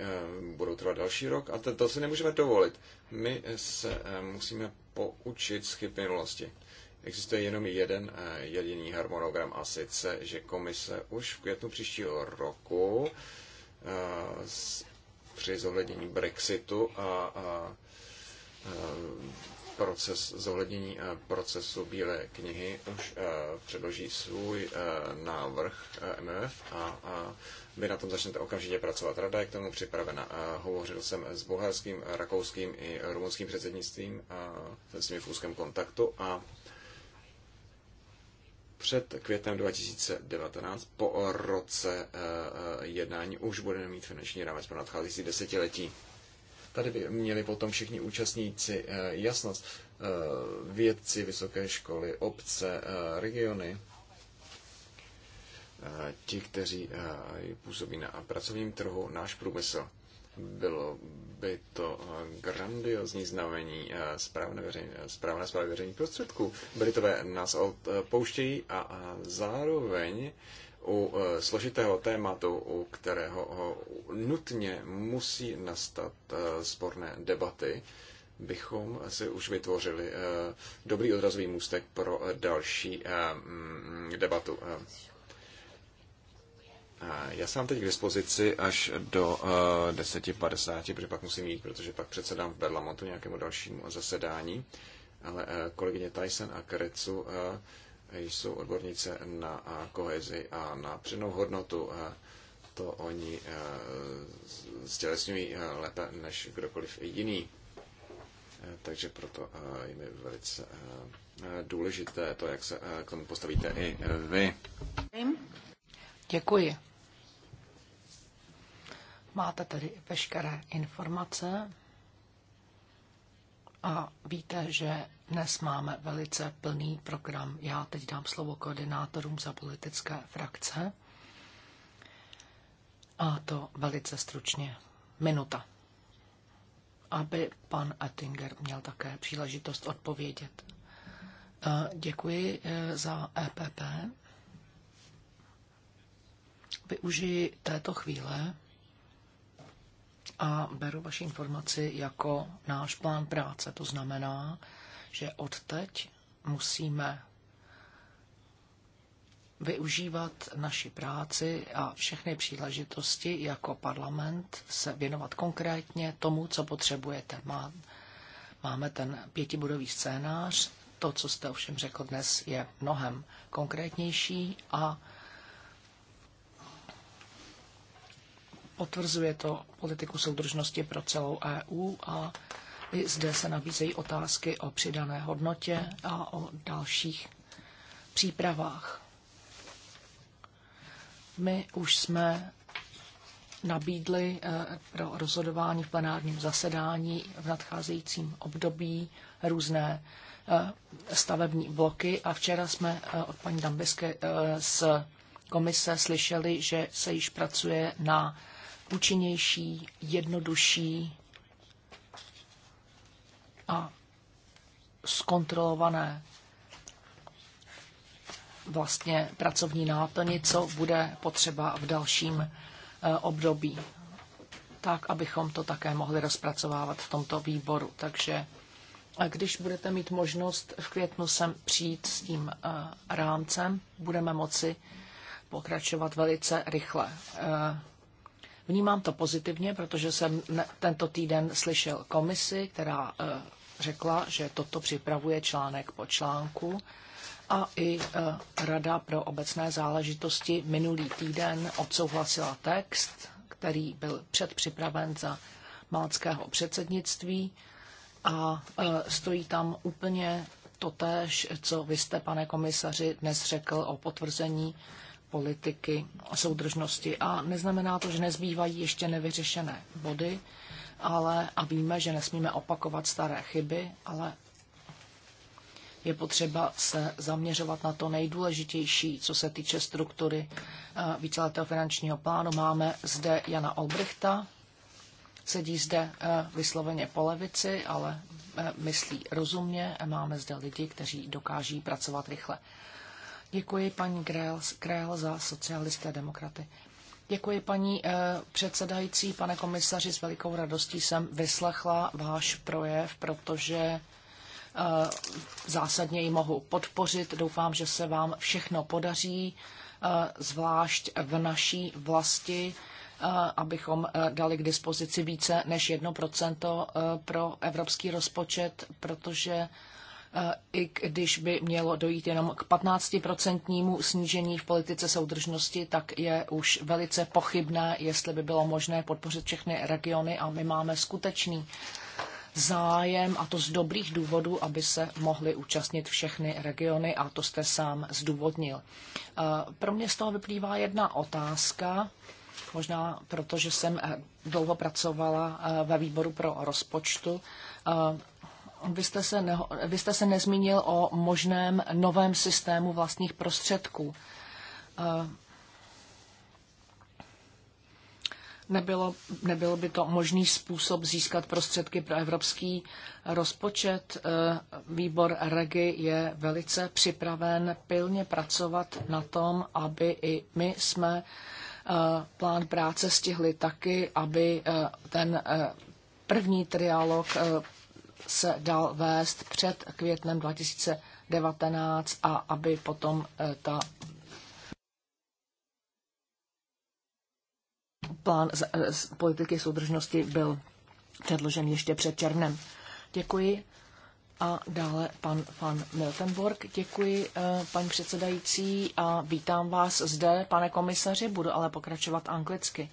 budou trvat další rok a to, to si nemůžeme dovolit. My se musíme poučit z chyb minulosti. Existuje jenom jeden eh, jediný harmonogram a sice, že komise už v květnu příštího roku eh, při zohlednění Brexitu a, a, a eh, proces zohlednění eh, procesu Bílé knihy už eh, předloží svůj eh, návrh MF a vy na tom začnete okamžitě pracovat. Rada je k tomu připravena. Hovořil jsem s bulharským, rakouským i rumunským předsednictvím, s nimi v úzkém kontaktu a před květem 2019, po roce jednání, už budeme mít finanční rámec pro nadcházející desetiletí. Tady by měli potom všichni účastníci eh, jasnost, eh, vědci, vysoké školy, obce, eh, regiony, ti, kteří působí na pracovním trhu, náš průmysl. Bylo by to grandiozní znamení správné, veřejné, správné zprávy veřejných prostředků. Britové nás odpouštějí a zároveň u eh, složitého tématu, u kterého eh, nutně musí nastat eh, sporné debaty, bychom si už vytvořili dobrý odrazový můstek pro další mm, debatu. Já jsem teď k dispozici až do 10.50, protože pak musím jít, protože pak předsedám v Berlamontu nějakému dalšímu zasedání. Ale kolegyně Tyson a Krecu jsou odbornice na kohezi a na přednou hodnotu. To oni stělesňují lépe než kdokoliv jiný. Takže proto jim je velice důležité to, jak se k tomu postavíte i vy. Děkuji. Máte tady veškeré informace. A víte, že dnes máme velice plný program. Já teď dám slovo koordinátorům za politické frakce. A to velice stručně. Minuta. Aby pan Ettinger měl také příležitost odpovědět. E, děkuji e, za EPP. Využiji této chvíle a beru vaši informaci jako náš plán práce. To znamená, že od teď musíme využívat naši práci a všechny příležitosti jako parlament se věnovat konkrétně tomu, co potřebujete. máme ten pětibodový scénář, to, co jste ovšem řekl dnes, je mnohem konkrétnější a potvrzuje to politiku soudržnosti pro celou EU a i zde se nabízejí otázky o přidané hodnotě a o dalších přípravách. My už jsme nabídli eh, pro rozhodování v plenárním zasedání v nadcházejícím období různé eh, stavební bloky a včera jsme eh, od paní Dambeské z komise slyšeli, že se již pracuje na účinnější, jednodušší a zkontrolované vlastně pracovní náplni, co bude potřeba v dalším eh, období, tak abychom to také mohli rozpracovávat v tomto výboru. Takže eh, když budete mít možnost v květnu sem přijít s tím eh, rámcem, budeme moci pokračovat velice rychle. Vnímám to pozitivně, protože jsem tento týden slyšel komisi, která eh, řekla, že toto připravuje článek po článku a i eh, Rada pro obecné záležitosti minulý týden odsouhlasila text, který byl předpřipraven za malckého předsednictví a eh, stojí tam úplně totéž, co vy jste, pane komisaři, dnes řekl o potvrzení politiky soudržnosti. A neznamená to, že nezbývají ještě nevyřešené body, ale a víme, že nesmíme opakovat staré chyby, ale je potřeba se zaměřovat na to nejdůležitější, co se týče struktury eh, víceletého finančního plánu. Máme zde Jana Olbrichta, sedí zde eh, vysloveně po levici, ale eh, myslí rozumně. Máme zde lidi, kteří dokáží pracovat rychle. Děkuji paní Grell, Grell za socialisté demokraty. Děkuji paní eh, předsedající, pane komisaři, s velikou radostí jsem vyslechla váš projev, protože eh, zásadně ji mohu podpořit. Doufám, že se vám všechno podaří, eh, zvlášť v naší vlasti, abychom dali k dispozici více než 1% pro evropský rozpočet, protože E, i když by mělo dojít jenom k 15% snížení v politice soudržnosti, tak je už velice pochybné, jestli by bylo možné podpořit všechny regiony a my máme skutečný zájem, a to z dobrých důvodů, aby se mohly účastnit všechny regiony, a to jste sám zdůvodnil. E, pro mě z toho vyplývá jedna otázka, možná protože jsem e, dlouho pracovala ve výboru pro rozpočtu vy jste, se neho, vy jste se nezmínil o možném novém systému vlastních prostředků. Eh, nebylo, nebyl by to možný způsob získat prostředky pro evropský rozpočet. Eh, výbor REGI je velice připraven pilně pracovat na tom, aby i my jsme eh, plán práce stihli taky, aby ten první trialog se dal vést před květnem 2019 a aby potom eh, ta plán z, eh, z politiky soudržnosti byl předložen ještě před červnem. Děkuji. A dále pan van Miltenborg. Děkuji, eh, paní předsedající, a vítám vás zde, pane komisaři. Budu ale pokračovat anglicky.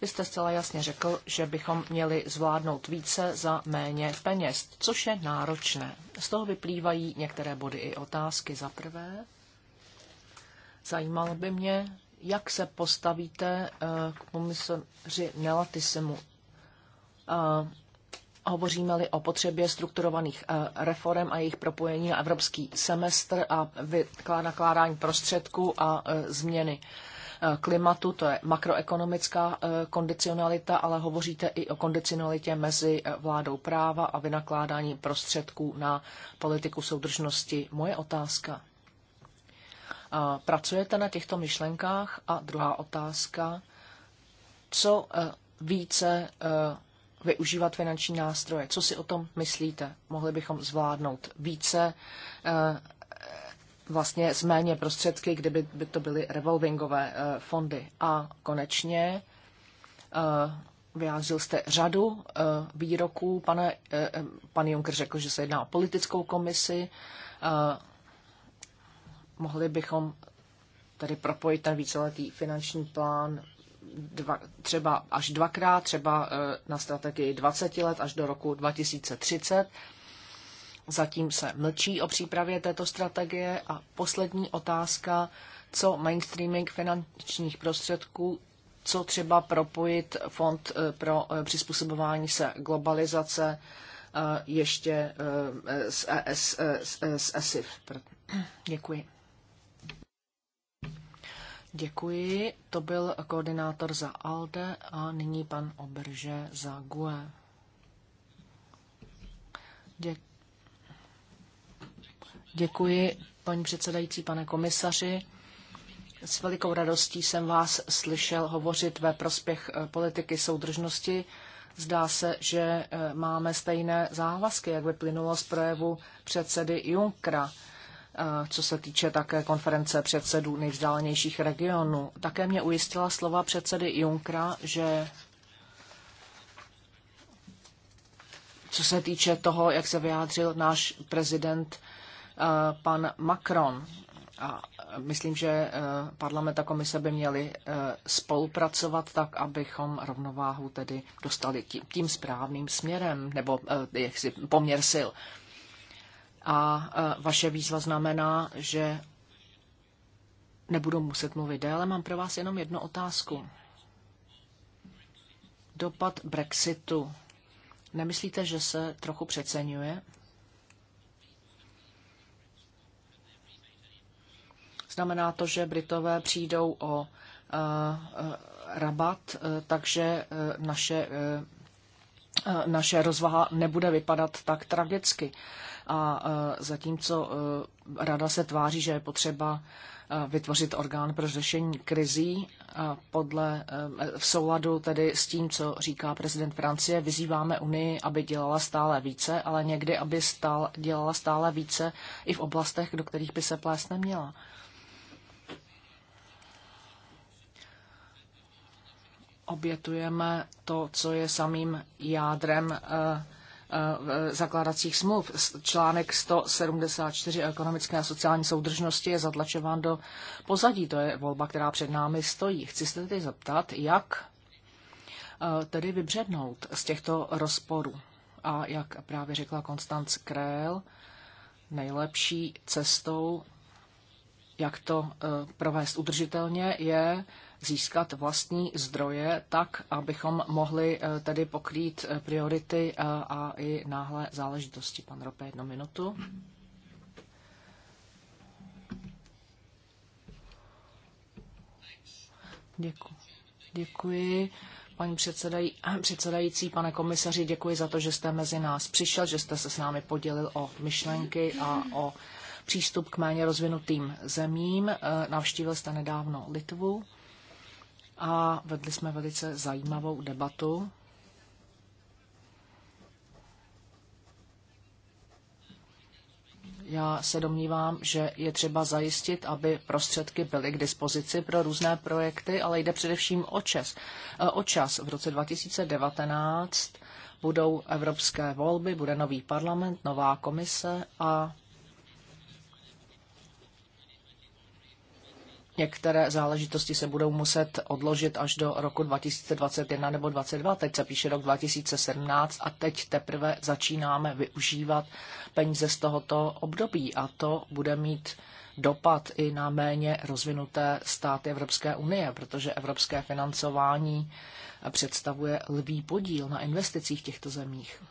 Vy jste zcela jasně řekl, že bychom měli zvládnout více za méně peněz, což je náročné. Z toho vyplývají některé body i otázky. Za prvé, zajímalo by mě, jak se postavíte eh, k pomysleři Nelatisemu. Eh, hovoříme-li o potřebě strukturovaných eh, reform a jejich propojení na evropský semestr a nakládání prostředků a změny Eh, klimatu, to je makroekonomická eh, kondicionalita, ale hovoříte i o kondicionalitě mezi eh, vládou práva a vynakládání prostředků na politiku soudržnosti. Moje otázka. Pracujete na těchto myšlenkách? A druhá otázka. Co více využívat finanční nástroje. Co si o tom myslíte? Mohli bychom zvládnout více vlastně s méně prostředky, kdyby by to byly revolvingové eh, fondy. A konečně eh, vyjádřil jste řadu eh, výroků. Pane, pan Juncker řekl, že se jedná o politickou komisi. Mohli bychom tady propojit ten víceletý finanční plán dva, třeba až dvakrát, třeba na strategii 20 let až do roku 2030 Zatím se mlčí o přípravě této strategie a poslední otázka, co mainstreaming finančních prostředků, co třeba propojit fond eh, pro eh, přizpůsobování se globalizace eh, ještě s, ES, e s ESIF. Děkuji. Děkuji. To byl koordinátor za ALDE a nyní pan Oberže za GUE. Děkuji. Děkuji, paní předsedající, pane komisaři. S velikou radostí jsem vás slyšel hovořit ve prospěch eh, politiky soudržnosti. Zdá se, že eh, máme stejné závazky, jak vyplynulo z projevu předsedy Junckera, eh, co se týče také konference předsedů nejvzdálenějších regionů. Také mě ujistila slova předsedy Junckera, že co se týče toho, jak se vyjádřil náš prezident Eh, pan Macron. A myslím, že eh, parlament a komise by měli eh, spolupracovat tak, abychom rovnováhu tedy dostali tím, tím správným směrem, nebo jaksi poměr sil. A vaše výzva znamená, že nebudu muset mluvit déle, mám pro vás jenom jednu otázku. Dopad Brexitu. Nemyslíte, že se trochu přeceňuje? Znamená to, že Britové přijdou o eh, eh, rabat, eh, takže naše naše rozvaha nebude vypadat tak tragicky. A zatímco rada se tváří, že je potřeba vytvořit orgán pro řešení krizí podle, v souladu tedy s tím, co říká prezident Francie, vyzýváme Unii, aby dělala stále více, ale někdy, aby stál, dělala stále více i v oblastech, do kterých by se plést neměla. obětujeme to, co je samým jádrem eh, eh, zakládacích smluv. Článek 174 o ekonomické a sociální soudržnosti je zatlačován do pozadí. To je volba, která před námi stojí. Chci se tedy zeptat, jak eh, tedy vybřednout z těchto rozporů. A jak právě řekla Konstanc Krél, nejlepší cestou, jak to provést udržitelně, je získat vlastní zdroje tak, abychom mohli eh, tedy pokrýt eh, priority eh, a i náhle záležitosti. Pan Rope, jednu minutu. Děkuji. Děkuji. Paní předsedaj, předsedající, pane komisaři, děkuji za to, že jste mezi nás přišel, že jste se s námi podělil o myšlenky a o přístup k méně rozvinutým zemím. Navštívil jste nedávno Litvu a vedli jsme velice zajímavou debatu. Já se domnívám, že je třeba zajistit, aby prostředky byly k dispozici pro různé projekty, ale jde především o čas. Eh, o čas. V roce 2019 budou evropské volby, bude nový parlament, nová komise a Některé záležitosti se budou muset odložit až do roku 2021 nebo 2022. Teď se píše rok 2017 a teď teprve začínáme využívat peníze z tohoto období a to bude mít dopad i na méně rozvinuté státy Evropské unie, protože evropské financování představuje lvý podíl na investicích těchto zemích.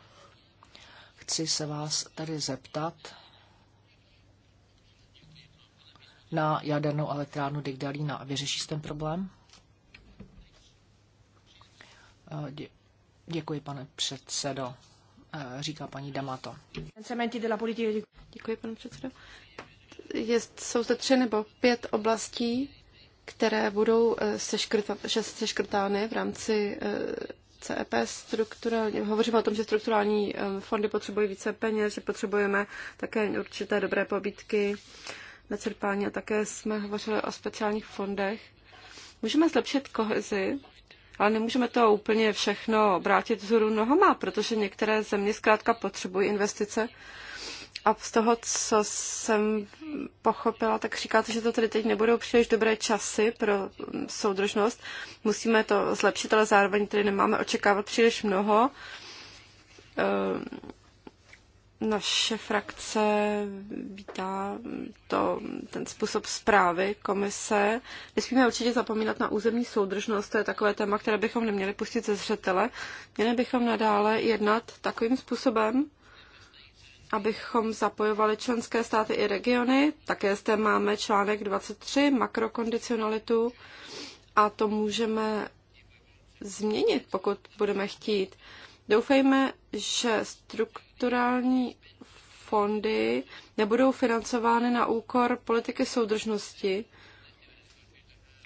Chci se vás tedy zeptat, na jadernou elektrárnu Digdalína. vyřeší ten problém? Eh, děkuji, pane předsedo, eh, říká paní Damato. Děkuji, pane předsedo. Je, jsou zde tři nebo pět oblastí, které budou eh, seškrta, seškrtány v rámci CEP strukturálně, hovoříme o tom, že strukturální fondy potřebují více peněz, že potřebujeme také určité dobré pobídky na čerpání a také jsme hovořili o speciálních fondech. Můžeme zlepšit kohezi, ale nemůžeme to úplně všechno obrátit vzhůru nohama, protože některé země zkrátka potřebují investice. A z toho, co jsem pochopila, tak říkáte, že to tedy teď nebudou příliš dobré časy pro mm, soudržnost. Musíme to zlepšit, ale zároveň tedy nemáme očekávat příliš mnoho. Ehm, naše frakce vítá to, ten způsob zprávy komise. Nesmíme určitě zapomínat na územní soudržnost, to je takové téma, které bychom neměli pustit ze zřetele. Měli bychom nadále jednat takovým způsobem, abychom zapojovali členské státy i regiony. Také zde máme článek 23, makrokondicionalitu, a to můžeme změnit, pokud budeme chtít. Doufejme, že struktura strukturální fondy nebudou financovány na úkor politiky soudržnosti.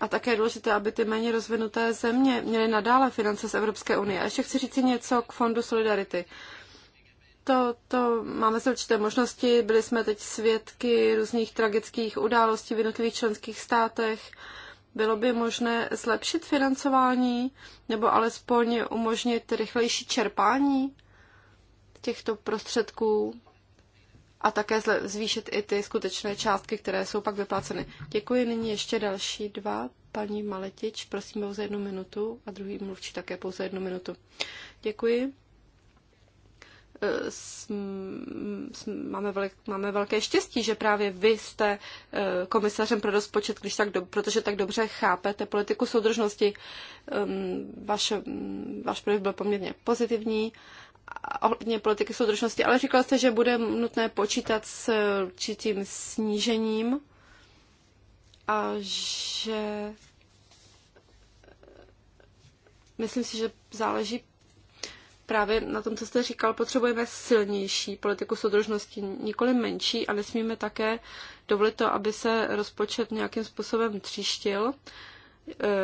A také je důležité, aby ty méně rozvinuté země měly nadále finance z Evropské unie. A ještě chci říct něco k Fondu Solidarity. To, to máme z určité možnosti. Byli jsme teď svědky různých tragických událostí v jednotlivých členských státech. Bylo by možné zlepšit financování nebo alespoň umožnit rychlejší čerpání? těchto prostředků a také zvýšit i ty skutečné částky, které jsou pak vypláceny. Děkuji. Nyní ještě další dva. Paní Maletič, prosím pouze jednu minutu a druhý mluvčí také pouze jednu minutu. Děkuji. E, máme, velik, máme velké štěstí, že právě vy jste e, komisařem pro rozpočet, když tak do, protože tak dobře chápete politiku soudržnosti. Ehm, Vaš, váš projev byl poměrně pozitivní ohledně politiky soudržnosti, ale říkal jste, že bude nutné počítat s určitým snížením a že myslím si, že záleží právě na tom, co jste říkal, potřebujeme silnější politiku soudržnosti, nikoli menší a nesmíme také dovolit to, aby se rozpočet nějakým způsobem tříštil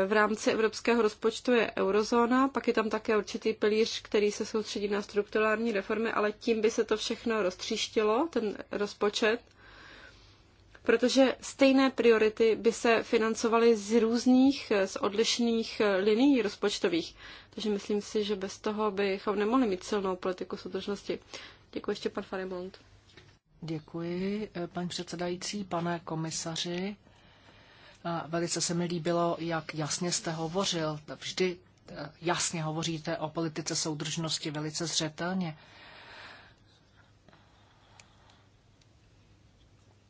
v rámci evropského rozpočtu je eurozóna, pak je tam také určitý pilíř, který se soustředí na strukturální reformy, ale tím by se to všechno roztříštilo, ten rozpočet, protože stejné priority by se financovaly z různých, z odlišných linií rozpočtových. Takže myslím si, že bez toho bychom nemohli mít silnou politiku soudržnosti. Děkuji ještě pan Farimont. Děkuji, eh, paní předsedající, pane komisaři. Velice se mi líbilo, jak jasně jste hovořil. Vždy eh, jasně hovoříte o politice soudržnosti velice zřetelně.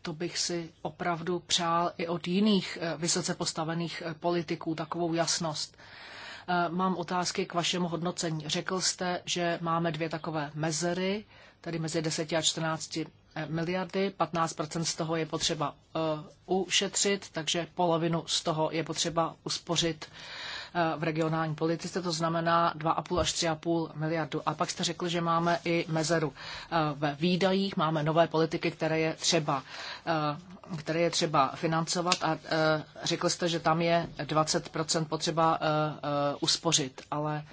To bych si opravdu přál i od jiných eh, vysoce postavených eh, politiků, takovou jasnost. Mám otázky k vašemu hodnocení. Řekl jste, že máme dvě takové mezery, tedy mezi 10 a 14 miliardy, 15 z toho je potřeba eh, ušetřit, takže polovinu z toho je potřeba uspořit eh, v regionální politice, to znamená 2,5 až 3,5 miliardu. A pak jste řekl, že máme i mezeru eh, ve výdajích, máme nové politiky, které je třeba, které je třeba financovat a řekl jste, že tam je 20 potřeba uspořit, ale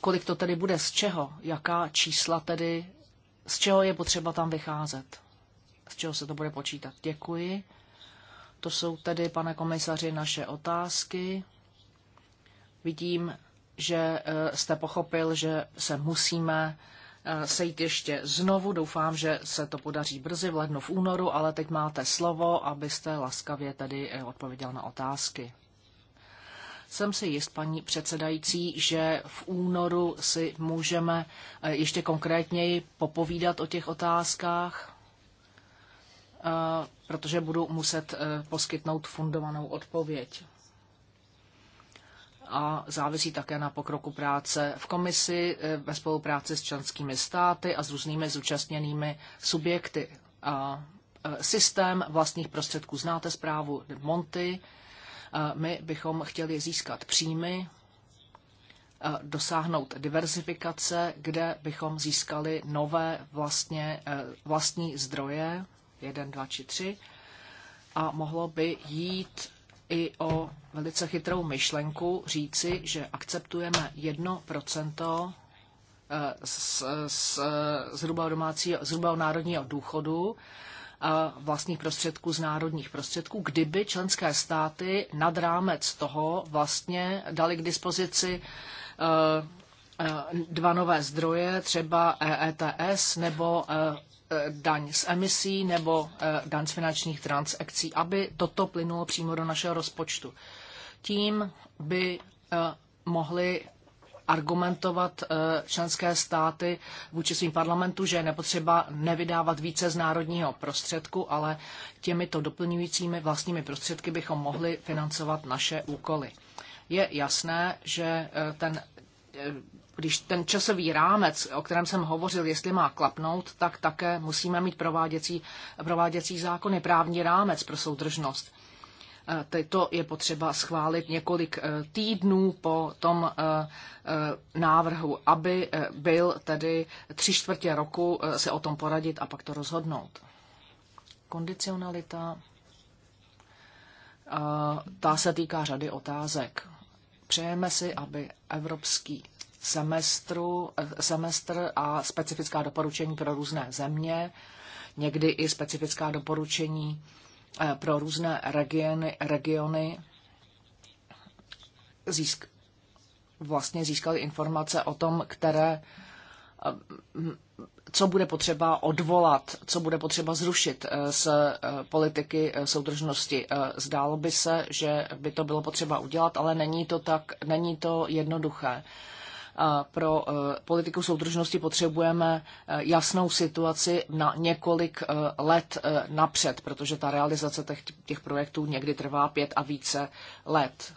kolik to tedy bude, z čeho, jaká čísla tedy, z čeho je potřeba tam vycházet? z čeho se to bude počítat. Děkuji. To jsou tedy, pane komisaři, naše otázky. Vidím, že eh, jste pochopil, že se musíme eh, sejít ještě znovu. Doufám, že se to podaří brzy v lednu v únoru, ale teď máte slovo, abyste laskavě tedy eh, odpověděl na otázky. Jsem si jist, paní předsedající, že v únoru si můžeme ještě konkrétněji popovídat o těch otázkách protože budu muset e, poskytnout fundovanou odpověď. A závisí také na pokroku práce v komisi e, ve spolupráci s členskými státy a s různými zúčastněnými subjekty. A e, systém vlastních prostředků znáte zprávu Monty. My bychom chtěli získat příjmy, dosáhnout diverzifikace, kde bychom získali nové vlastně, vlastní zdroje 1, 2 či 3 a mohlo by jít i o velice chytrou myšlenku říci, že akceptujeme 1% eh, z, z, zhruba, domácího, zhruba národního důchodu a eh, vlastních prostředků z národních prostředků, kdyby členské státy nad rámec toho vlastně dali k dispozici eh, dva nové zdroje, třeba EETS nebo Eh, daň z emisí nebo eh, daň z finančních transakcí, aby toto plynulo přímo do našeho rozpočtu. Tím by eh, mohli argumentovat členské státy vůči svým parlamentu, že je nepotřeba nevydávat více z národního prostředku, ale těmito doplňujícími vlastními prostředky bychom mohli financovat naše úkoly. Je jasné, že ten Eh, když ten časový rámec, o kterém jsem hovořil, jestli má klapnout, tak také musíme mít prováděcí, prováděcí zákony, právní rámec pro soudržnost. Eh, to je potřeba schválit několik eh, týdnů po tom návrhu, aby byl tedy tři čtvrtě roku se o tom poradit a pak to rozhodnout. Kondicionalita, ta se týká řady otázek Přejeme si, aby evropský semestru, semestr a specifická doporučení pro různé země, někdy i specifická doporučení eh, pro různé regiony, regiony získ, vlastně získali informace o tom, které eh, co bude potřeba odvolat, co bude potřeba zrušit eh, z eh, politiky eh, soudržnosti. Zdálo by se, že by to bylo potřeba udělat, ale není to tak, není to jednoduché pro e, politiku soudržnosti potřebujeme e, jasnou situaci na několik e, let napřed, protože ta realizace těch, těch projektů někdy trvá pět a více let.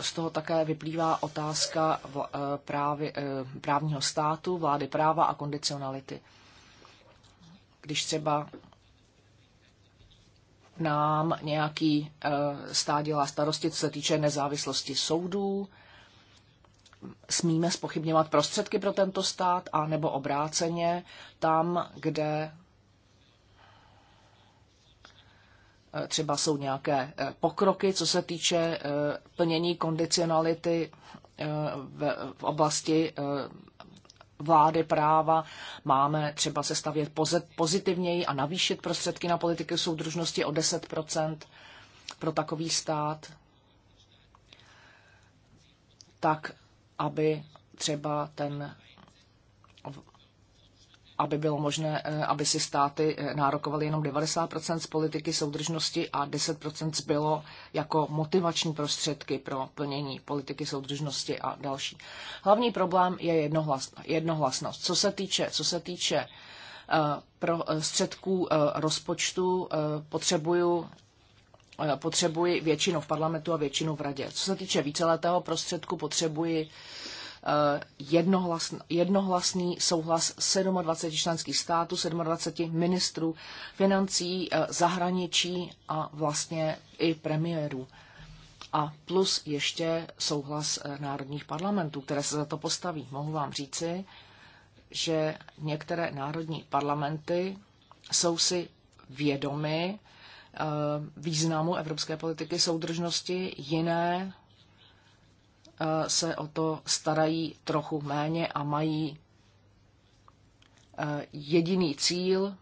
Z toho také vyplývá otázka právě, právního státu, vlády práva a kondicionality. Když třeba nám nějaký stát dělá starosti, co se týče nezávislosti soudů, smíme spochybňovat prostředky pro tento stát, a nebo obráceně tam, kde eh, třeba jsou nějaké eh, pokroky, co se týče eh, plnění kondicionality v oblasti vlády práva, máme třeba se stavět pozitivněji a navýšit prostředky na politiky soudržnosti o 10 pro takový stát, tak aby třeba ten aby bylo možné, eh, aby si státy eh, nárokovaly jenom 90% z politiky soudržnosti a 10% zbylo jako motivační prostředky pro plnění politiky soudržnosti a další. Hlavní problém je jednohlasnost. Co se týče, co se týče eh, pro středků rozpočtu potřebuju Eh, potřebuji většinu v parlamentu a většinu v radě. Co se týče víceletého prostředku, potřebuji eh, jednohlasný, jednohlasný souhlas 27 členských států, 27 ministrů financí, eh, zahraničí a vlastně i premiérů. A plus ještě souhlas národních parlamentů, které se za to postaví. Mohu vám říci, že některé národní parlamenty jsou si vědomy Eh, významu evropské politiky soudržnosti, jiné eh, se o to starají trochu méně a mají eh, jediný cíl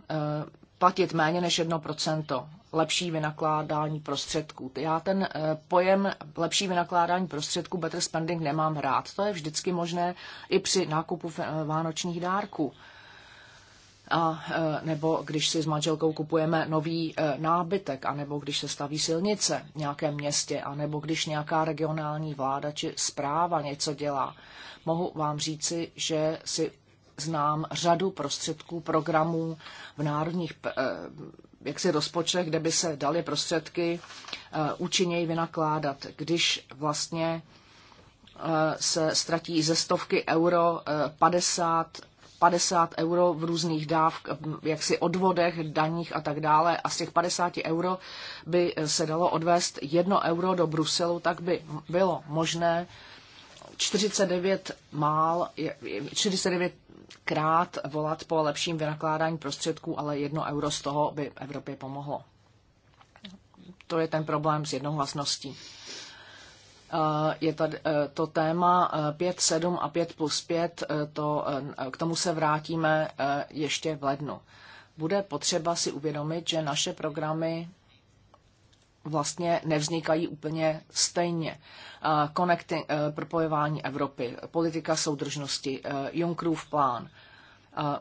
platit méně než 1%, lepší vynakládání prostředků. Já ten pojem lepší vynakládání prostředků, better spending, nemám rád. To je vždycky možné i při nákupu vánočních dárků a, e, nebo když si s manželkou kupujeme nový e, nábytek, a nebo když se staví silnice v nějakém městě, nebo když nějaká regionální vláda či zpráva něco dělá. Mohu vám říci, že si znám řadu prostředků, programů v národních e, jaksi rozpočtech, kde by se daly prostředky účinněji vynakládat, když vlastně se ztratí ze stovky euro 50 50 euro v různých dáv, jaksi odvodech, daních a tak dále. A z těch 50 euro by se dalo odvést 1 euro do Bruselu, tak by bylo možné 49 mál, 49 krát volat po lepším vynakládání prostředků, ale jedno euro z toho by Evropě pomohlo. To je ten problém s jednohlasností. Eh, je tady eh, to téma 5, eh, 7 a 5 plus 5, to, k tomu se vrátíme ještě v lednu. Bude potřeba si uvědomit, že naše programy vlastně nevznikají úplně stejně. Connecting, propojování Evropy, politika soudržnosti, Junckerův plán.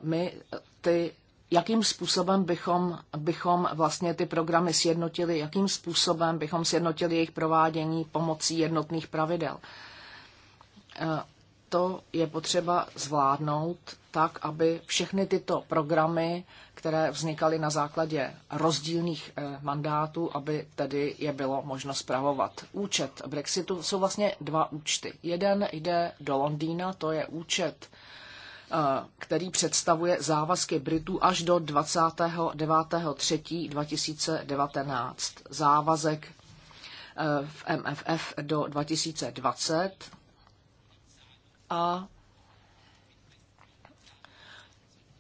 My ty jakým způsobem bychom, bychom vlastně ty programy sjednotili, jakým způsobem bychom sjednotili jejich provádění pomocí jednotných pravidel. E, to je potřeba zvládnout tak, aby všechny tyto programy, které vznikaly na základě rozdílných e, mandátů, aby tedy je bylo možno zpravovat. Účet Brexitu jsou vlastně dva účty. Jeden jde do Londýna, to je účet Eh, který představuje závazky Britů až do 29.3.2019. Závazek eh, v MFF do 2020 a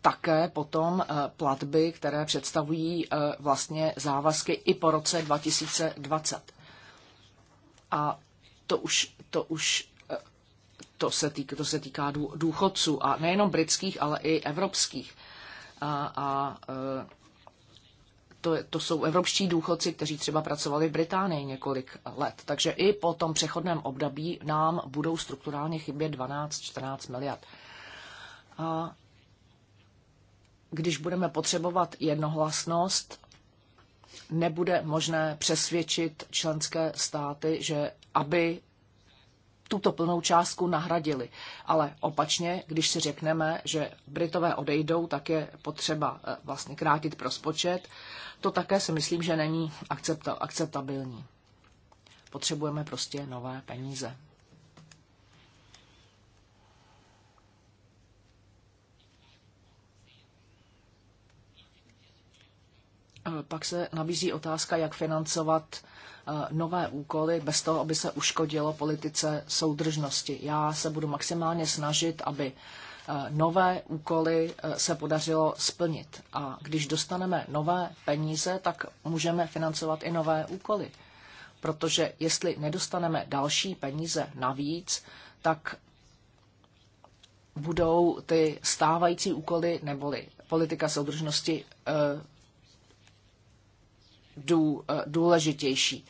také potom eh, platby, které představují vlastně závazky i po roce 2020. A to už, to už to se, týk, to se týká důchodců a nejenom britských, ale i evropských. A, a e, to, to jsou evropští důchodci, kteří třeba pracovali v Británii několik let. Takže i po tom přechodném období nám budou strukturálně chybět 12-14 miliard. A když budeme potřebovat jednohlasnost, nebude možné přesvědčit členské státy, že aby tuto plnou částku nahradili. Ale opačně, když si řekneme, že Britové odejdou, tak je potřeba eh, vlastně krátit prospočet. to také si myslím, že není akceptabilní. Potřebujeme prostě nové peníze. Eh, pak se nabízí otázka, jak financovat Eh, nové úkoly bez toho, aby se uškodilo politice soudržnosti. Já se budu maximálně snažit, aby eh, nové úkoly eh, se podařilo splnit. A když dostaneme nové peníze, tak můžeme financovat i nové úkoly. Protože jestli nedostaneme další peníze navíc, tak budou ty stávající úkoly neboli politika soudržnosti důležitější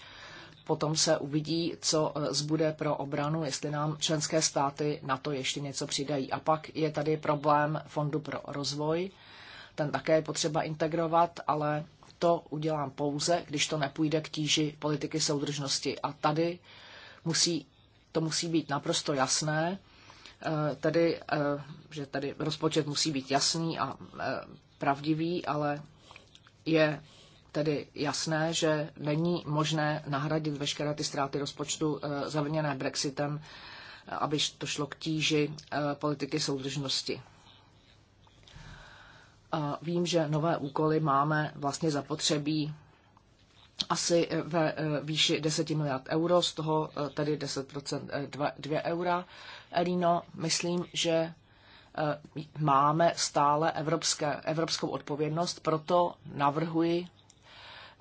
potom se uvidí, co e, zbude pro obranu, jestli nám členské státy na to ještě něco přidají. A pak je tady problém Fondu pro rozvoj. Ten také je potřeba integrovat, ale to udělám pouze, když to nepůjde k tíži politiky soudržnosti. A tady musí, to musí být naprosto jasné, e, tedy, e, že tady rozpočet musí být jasný a pravdivý, ale je tedy jasné, že není možné nahradit veškeré ty ztráty rozpočtu eh, zavrněné Brexitem, eh, aby to šlo k tíži eh, politiky soudržnosti. vím, že nové úkoly máme vlastně zapotřebí asi ve výši 10 miliard euro, z toho tedy 10% 2, 2 eura. Elino, myslím, že máme stále evropské, evropskou odpovědnost, proto navrhuji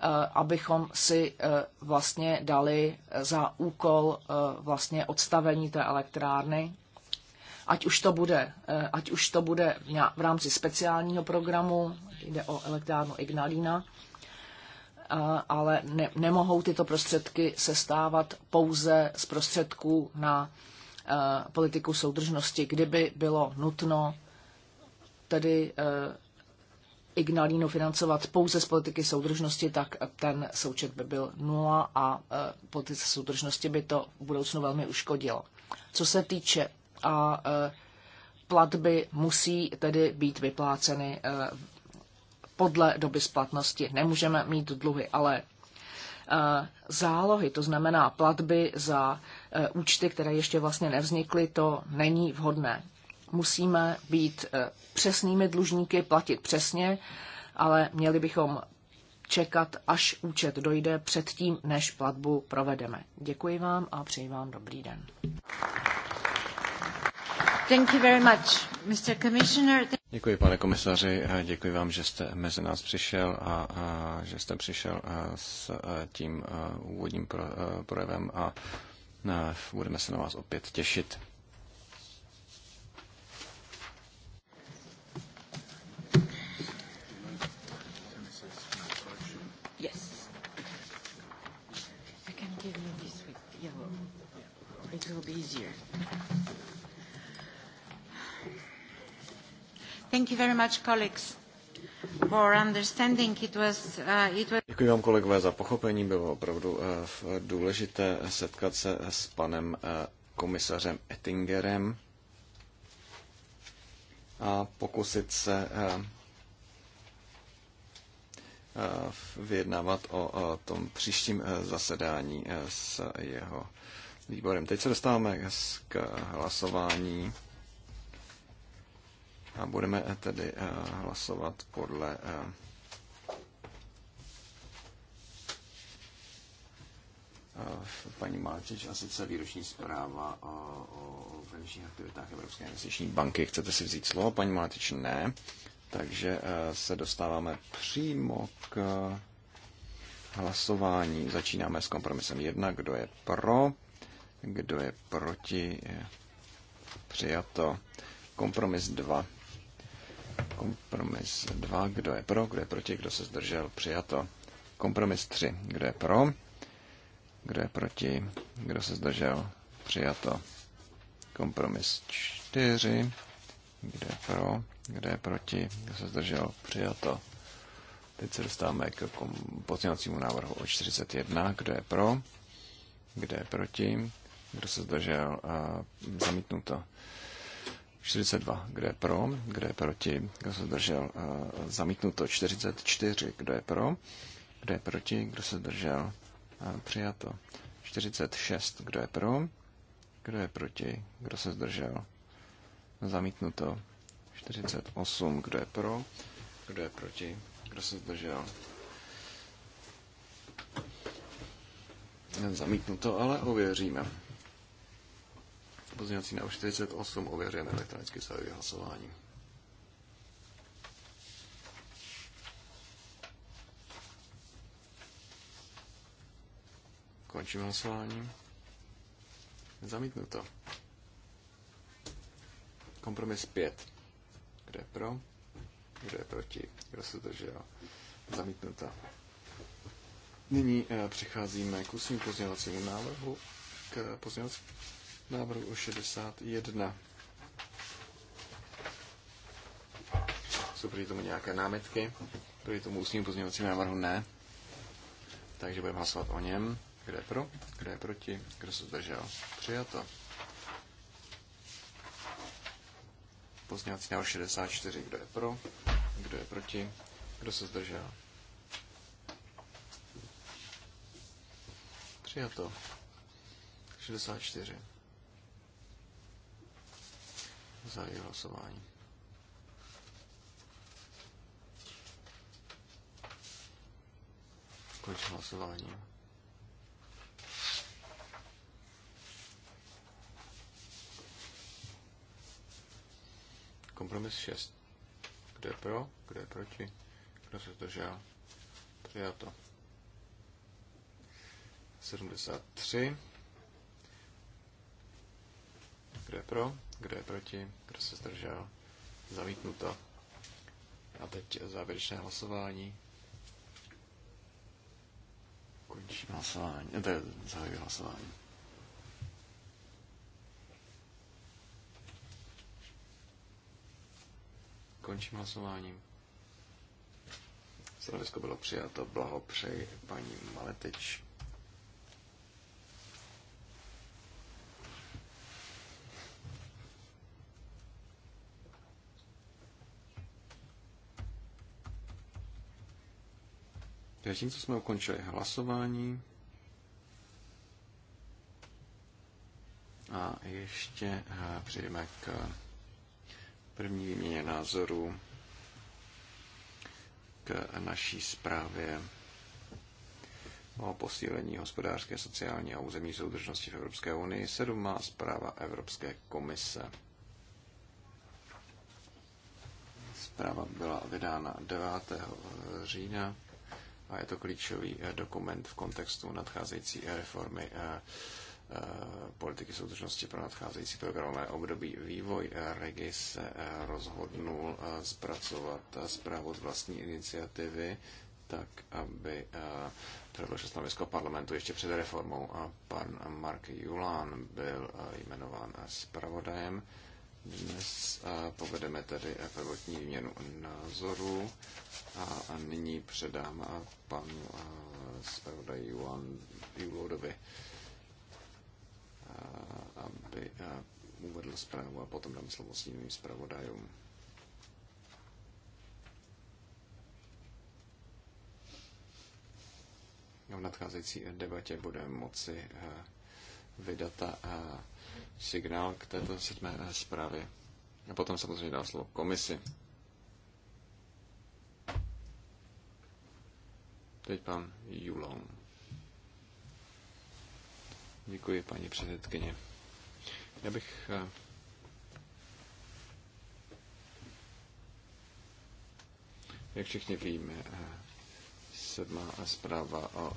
Eh, abychom si eh, vlastně dali za úkol eh, vlastně odstavení té elektrárny. Ať už to bude, ať už to bude v rámci speciálního programu, jde o elektrárnu Ignalina, ale ne, nemohou tyto prostředky se stávat pouze z prostředků na politiku soudržnosti, kdyby bylo nutno tedy Ignalínu financovat pouze z politiky soudržnosti, tak ten součet by byl nula a e, politice soudržnosti by to v budoucnu velmi uškodilo. Co se týče a e, platby musí tedy být vypláceny e, podle doby splatnosti. Nemůžeme mít dluhy, ale zálohy, to znamená platby za účty, které ještě vlastně nevznikly, to není vhodné. Musíme být eh, přesnými dlužníky, platit přesně, ale měli bychom čekat, až účet dojde předtím, než platbu provedeme. Děkuji vám a přeji vám dobrý den. Thank you very much, Mr. Commissioner. Děkuji, pane komisaři, eh, děkuji vám, že jste mezi nás přišel a, a že jste přišel eh, s tím úvodním projevem a budeme se na vás opět těšit. Děkuji vám, kolegové, za pochopení. Bylo opravdu uh, důležité setkat se s panem uh, komisařem Ettingerem a pokusit se uh, vyjednávat o tom příštím zasedání s jeho výborem. Teď se dostáváme k hlasování. A budeme tedy eh, hlasovat podle eh, eh, paní Malčič a sice výroční zpráva o, o finančních aktivitách Evropské investiční banky. Chcete si vzít slovo, paní Malčič? Ne. Takže se dostáváme přímo k hlasování. Začínáme s kompromisem 1. Kdo je pro? Kdo je proti? Přijato. Kompromis 2. Kompromis 2, kdo je pro, kdo je proti, kdo se zdržel, přijato. Kompromis 3, kdo je pro, kdo je proti, kdo se zdržel, přijato. Kompromis 4, kdo je pro, kdo je proti, kdo se zdržel, přijato. Teď se dostáváme k pozměňovacímu návrhu o 41, kdo je pro, kdo je proti, kdo se zdržel, a zamítnuto. 42. Eh, eh, Kdo je pro? Kdo je proti? Kdo se zdržel? Zamítnuto. 44. Kdo je pro? Kdo je proti? Kdo se zdržel? Přijato. 46. Kdo je pro? Kdo je proti? Kdo se zdržel? Zamítnuto. 48. Kdo je pro? Kdo je proti? Kdo se zdržel? Zamítnuto, ale ověříme. Pozměňovací návrh 48 ověřujeme elektronicky zahajuje hlasování. Končím hlasování. Zamítnuto. Kompromis 5. Kdo je pro? Kdo je proti? Kdo se držel? Zamítnuto. Nyní eh, přicházíme k ústním pozměňovacímu návrhu k pozměňovacímu návrhu 61. Jsou proti tomu nějaké námitky? Proti tomu ústnímu pozměňovacímu návrhu ne. Takže budeme hlasovat o něm. Kdo je pro? Kdo je proti? Kdo se zdržel? Přijato. Pozměňovací návrh 64. Kdo je pro? Kdo je proti? Kdo se zdržel? Přijato. 64. Zahajuji hlasování. Končí hlasování. Kompromis 6. Kdo je pro, kdo je proti, kdo se zdržel. Přijato. 73. Kdo je pro? Kdo je proti? Kdo se zdržel? Zamítnuto. A teď závěrečné hlasování. Končím hlasování. Eh, to je zahajuji hlasování. Končím hlasováním. Stanovisko bylo přijato. Blahopřeji paní Maletič. Takže tím, co jsme ukončili hlasování, a ještě eh, přejdeme k první výměně názorů k naší zprávě o posílení hospodářské, sociální a územní soudržnosti v Evropské unii. Sedmá zpráva Evropské komise. Zpráva byla vydána 9. října a je to klíčový eh, dokument v kontextu nadcházející eh, reformy eh, politiky soudržnosti pro nadcházející programové období. Vývoj Regi se rozhodnul zpracovat zprávu z vlastní iniciativy tak, aby předložil stanovisko parlamentu ještě před reformou. A pan Mark Julán byl jmenován zpravodajem dnes povedeme tedy prvotní výměnu názorů a nyní předám panu zpravodaji Julodovi, aby uvedl zprávu a potom dám slovo s jiným zpravodajům. V nadcházející debatě budeme moci vydat a signál k této sedmé eh, zprávě. A potom samozřejmě dá slovo komisi. Teď pan Julon. Děkuji, paní předsedkyně. Já bych eh, jak všichni víme, eh, sedmá zpráva o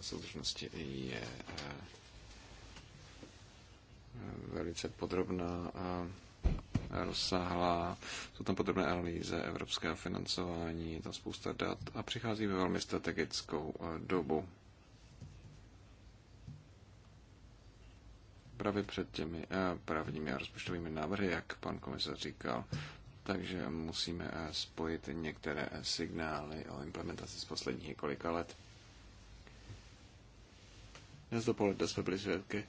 soudržnosti je velice podrobná a rozsáhlá. Jsou tam podrobné analýze evropského financování, je tam spousta dat a přichází ve velmi strategickou eh, dobu. Právě před těmi eh, právními a rozpočtovými návrhy, jak pan komisař říkal, takže musíme eh, spojit některé signály o implementaci z posledních několika let. Dnes dopoledne jsme byli svědky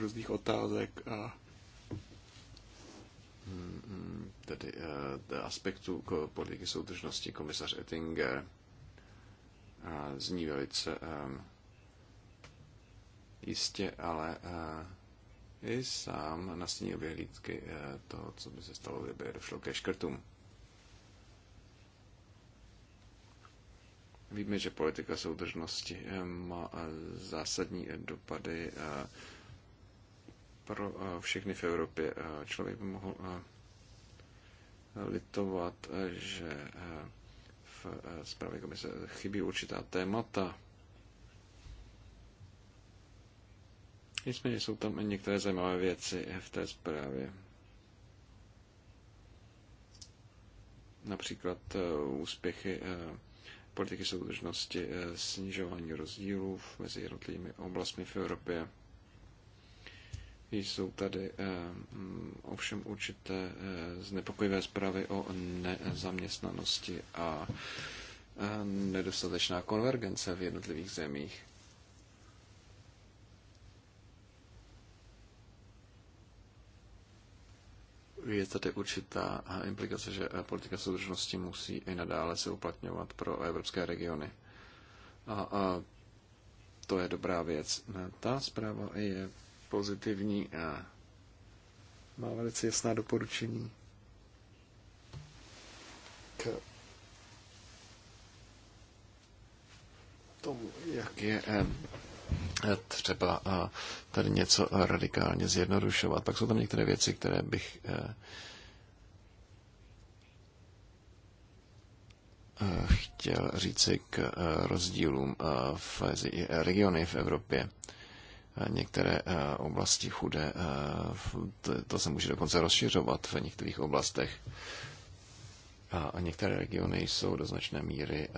různých otázek a tedy eh, aspektu politiky soudržnosti komisař Ettinger eh, zní velice eh, jistě, ale i sám na sní oběhlídky toho, co by se stalo, kdyby došlo ke škrtům. Víme, že politika soudržnosti má zásadní dopady pro eh, všechny v Evropě. Eh, člověk by mohl eh, litovat, že v zprávě komise chybí určitá témata. Nicméně jsou tam některé zajímavé věci v té zprávě. Například úspěchy politiky soudržnosti, snižování rozdílů mezi jednotlivými oblastmi v Evropě. Jsou tady eh, ovšem určité eh, znepokojivé zprávy o nezaměstnanosti a eh, nedostatečná konvergence v jednotlivých zemích. je tady určitá implikace, že politika soudržnosti musí i nadále se uplatňovat pro evropské regiony. A, a to je dobrá věc. Ta zpráva je pozitivní a má velice jasná doporučení k tomu, jak je eh, eh, třeba eh, tady něco radikálně zjednodušovat. Pak jsou tam některé věci, které bych chtěl říci k rozdílům v regiony v Evropě. Eh, některé eh, oblasti chudé, eh, to se může dokonce rozšiřovat v některých oblastech. A některé regiony jsou do značné míry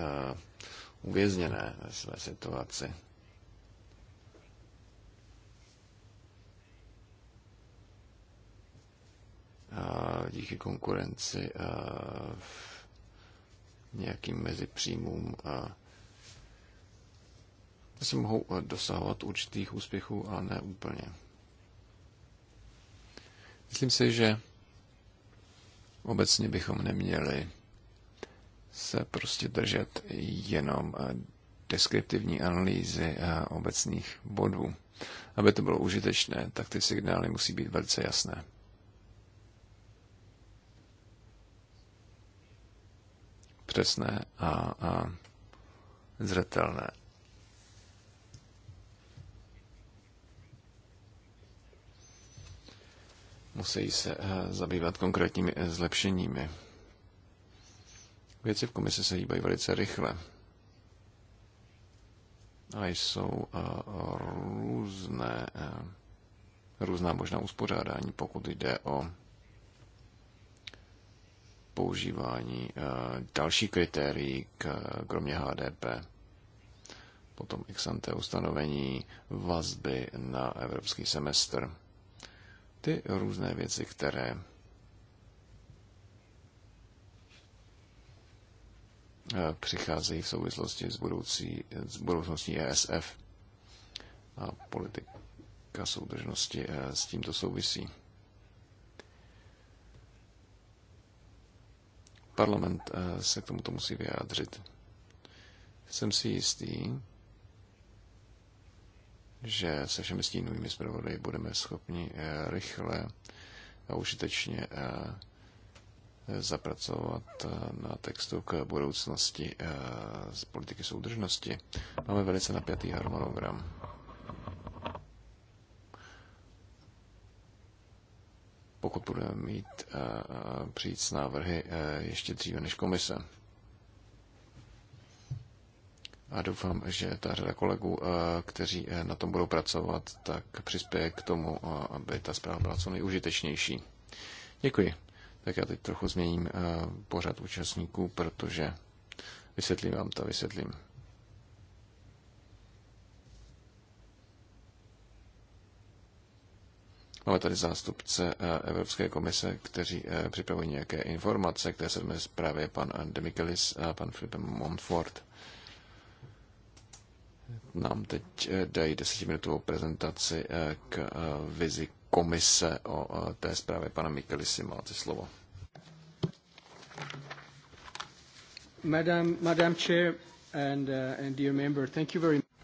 uvězněné ve své situaci. díky konkurenci v nějakým příjmům a se mohou eh, dosahovat určitých úspěchů, ale ne úplně. Myslím si, že obecně bychom neměli se prostě držet jenom eh, deskriptivní analýzy eh, obecných bodů. Aby to bylo užitečné, tak ty signály musí být velice jasné. Přesné a, a zřetelné. musí se eh, zabývat konkrétními eh, zlepšeními. Věci v komisi se hýbají velice rychle a jsou eh, různé, různá možná uspořádání, pokud jde o používání další kritérií, k, kromě HDP, potom ex ante ustanovení vazby na evropský semestr ty různé věci, které přicházejí v souvislosti s, budoucí, s budoucností ESF a politika soudržnosti eh, s tímto souvisí. Parlament eh, se k tomuto musí vyjádřit. Jsem si jistý, že se všemi stínovými zpravodaji budeme schopni eh, rychle a užitečně eh, zapracovat eh, na textu k budoucnosti z politiky soudržnosti. Máme velice napjatý harmonogram. Pokud budeme mít přijít s návrhy ještě dříve než komise a doufám, že ta řada kolegů, eh, kteří eh, na tom budou pracovat, tak přispěje k tomu, eh, aby ta zpráva byla co nejužitečnější. Děkuji. Tak já teď trochu změním pořad účastníků, protože vysvětlím vám to, vysvětlím. Máme tady zástupce Evropské komise, kteří připravují nějaké informace, které se dnes právě pan Demichelis a pan Filip Montfort nám teď eh, dají desetiminutovou prezentaci eh, k eh, vizi komise o té zprávě pana Mikelisi. Máte slovo.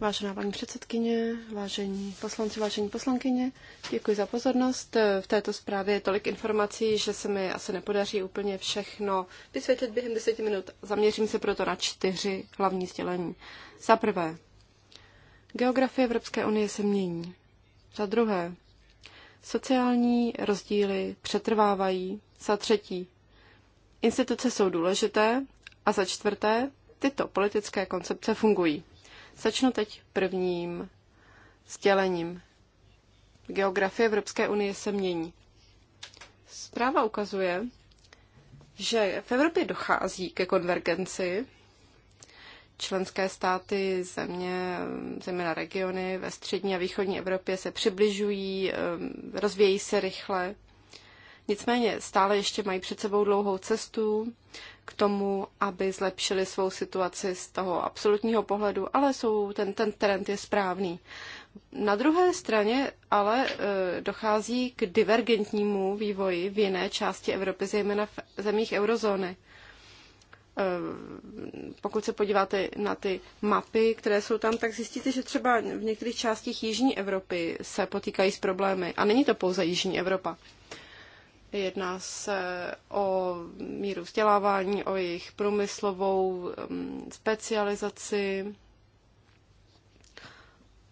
Vážená paní předsedkyně, vážení poslanci, vážení poslankyně, děkuji za pozornost. V této zprávě je tolik informací, že se mi asi nepodaří úplně všechno vysvětlit během deseti minut. Zaměřím se proto na čtyři hlavní sdělení. Za prvé, Geografie Evropské unie se mění. Za druhé, sociální rozdíly přetrvávají. Za třetí, instituce jsou důležité. A za čtvrté, tyto politické koncepce fungují. Začnu teď prvním sdělením. Geografie Evropské unie se mění. Zpráva ukazuje, že v Evropě dochází ke konvergenci členské státy, země, zejména regiony ve střední a východní Evropě se přibližují, rozvějí se rychle. Nicméně stále ještě mají před sebou dlouhou cestu k tomu, aby zlepšili svou situaci z toho absolutního pohledu, ale jsou, ten, ten trend je správný. Na druhé straně ale e, dochází k divergentnímu vývoji v jiné části Evropy, zejména v zemích eurozóny. Eh, pokud se podíváte na ty mapy, které jsou tam, tak zjistíte, že třeba v některých částích Jižní Evropy se potýkají s problémy. A není to pouze Jižní Evropa. Jedná se o míru vzdělávání, o jejich průmyslovou specializaci,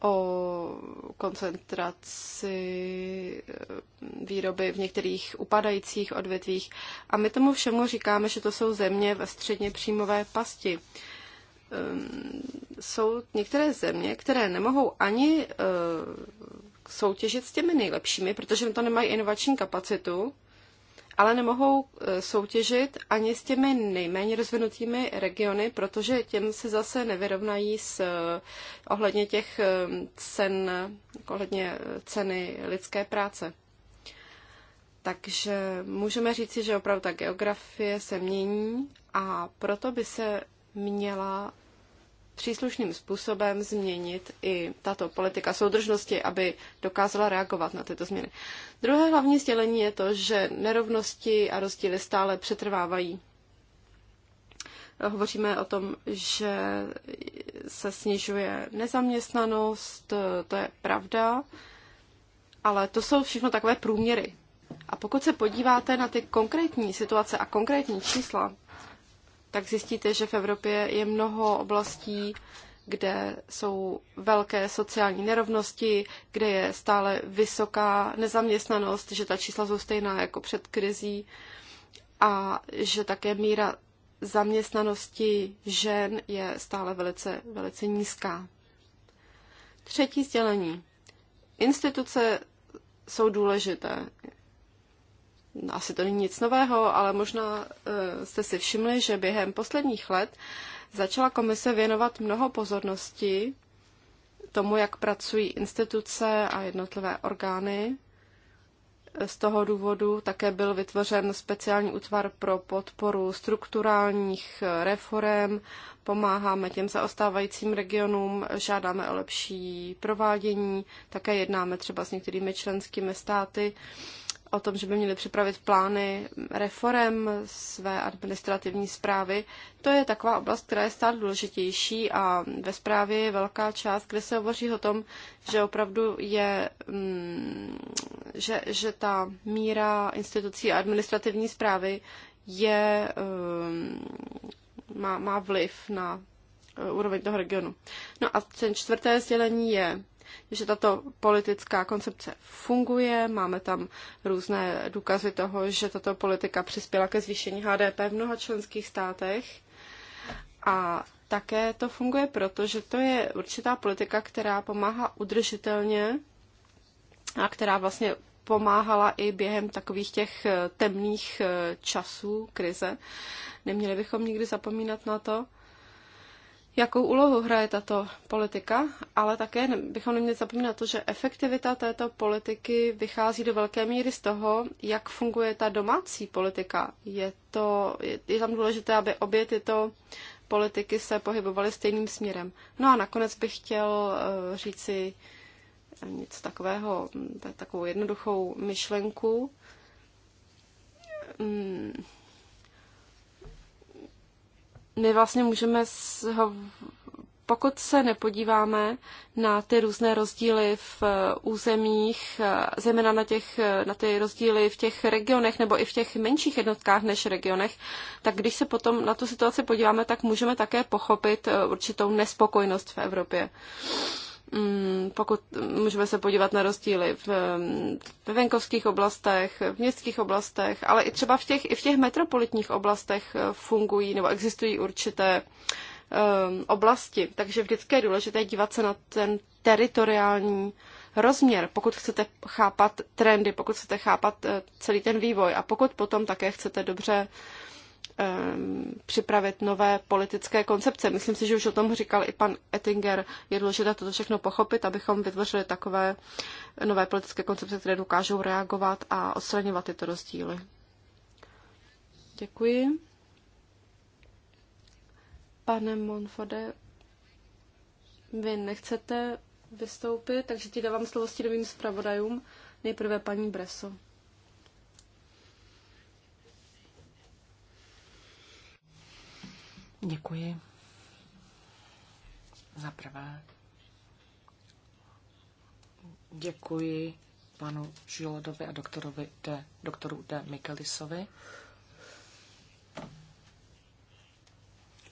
o koncentraci eh, výroby v některých upadajících odvětvích. A my tomu všemu říkáme, že to jsou země ve středně příjmové pasti. Ehm, jsou některé země, které nemohou ani eh, soutěžit s těmi nejlepšími, protože to nemají inovační kapacitu, ale nemohou e, soutěžit ani s těmi nejméně rozvinutými regiony, protože těm se zase nevyrovnají s e, ohledně těch e, cen, ohledně ceny lidské práce. Takže můžeme říci, že opravdu ta geografie se mění a proto by se měla příslušným způsobem změnit i tato politika soudržnosti, aby dokázala reagovat na tyto změny. Druhé hlavní sdělení je to, že nerovnosti a rozdíly stále přetrvávají. Hovoříme o tom, že se snižuje nezaměstnanost, to je pravda, ale to jsou všechno takové průměry. A pokud se podíváte na ty konkrétní situace a konkrétní čísla, tak zjistíte, že v Evropě je mnoho oblastí, kde jsou velké sociální nerovnosti, kde je stále vysoká nezaměstnanost, že ta čísla jsou stejná jako před krizí a že také míra zaměstnanosti žen je stále velice, velice nízká. Třetí sdělení. Instituce jsou důležité asi to není nic nového, ale možná eh, jste si všimli, že během posledních let začala komise věnovat mnoho pozornosti tomu, jak pracují instituce a jednotlivé orgány. Z toho důvodu také byl vytvořen speciální útvar pro podporu strukturálních eh, reform. Pomáháme těm zaostávajícím regionům, žádáme o lepší provádění, také jednáme třeba s některými členskými státy o tom, že by měli připravit plány reform své administrativní zprávy. To je taková oblast, která je stále důležitější a ve zprávě je velká část, kde se hovoří o tom, že opravdu je, mm, že, že ta míra institucí a administrativní zprávy je, mm, má, má vliv na eh, úroveň toho regionu. No a ten čtvrté sdělení je že tato politická koncepce funguje. Máme tam různé důkazy toho, že tato politika přispěla ke zvýšení HDP v mnoha členských státech. A také to funguje protože to je určitá politika, která pomáhá udržitelně a která vlastně pomáhala i během takových těch eh, temných eh, časů krize. Neměli bychom nikdy zapomínat na to jakou úlohu hraje tato politika, ale také bychom neměli zapomínat to, že efektivita této politiky vychází do velké míry z toho, jak funguje ta domácí politika. Je, to, je, je tam důležité, aby obě tyto politiky se pohybovaly stejným směrem. No a nakonec bych chtěl uh, říci eh, něco takového, hm, takovou jednoduchou myšlenku. Hmm my vlastně můžeme, ho, pokud se nepodíváme na ty různé rozdíly v eh, územích, eh, zejména na, těch, eh, na ty rozdíly v těch regionech nebo i v těch menších jednotkách než regionech, tak když se potom na tu situaci podíváme, tak můžeme také pochopit určitou nespokojenost v Evropě. Uh, Mm, pokud můžeme se podívat na rozdíly v, v venkovských oblastech, v městských oblastech, ale i třeba v těch, i v těch metropolitních oblastech eh, fungují nebo existují určité um, oblasti. Takže vždycky je důležité dívat se na ten teritoriální rozměr, pokud chcete chápat trendy, pokud chcete chápat eh, celý ten vývoj a pokud potom také chcete dobře Ehm, připravit nové politické koncepce. Myslím si, že už o tom říkal i pan Ettinger. Je důležité toto všechno pochopit, abychom vytvořili takové nové politické koncepce, které dokážou reagovat a odstraňovat tyto rozdíly. Děkuji. Pane Monfode, vy nechcete vystoupit, takže ti dávám slovo s tím zpravodajům. Nejprve paní Breso. Děkuji. Za prvé. Děkuji panu Žilodovi a doktorovi D, doktoru D. Mikelisovi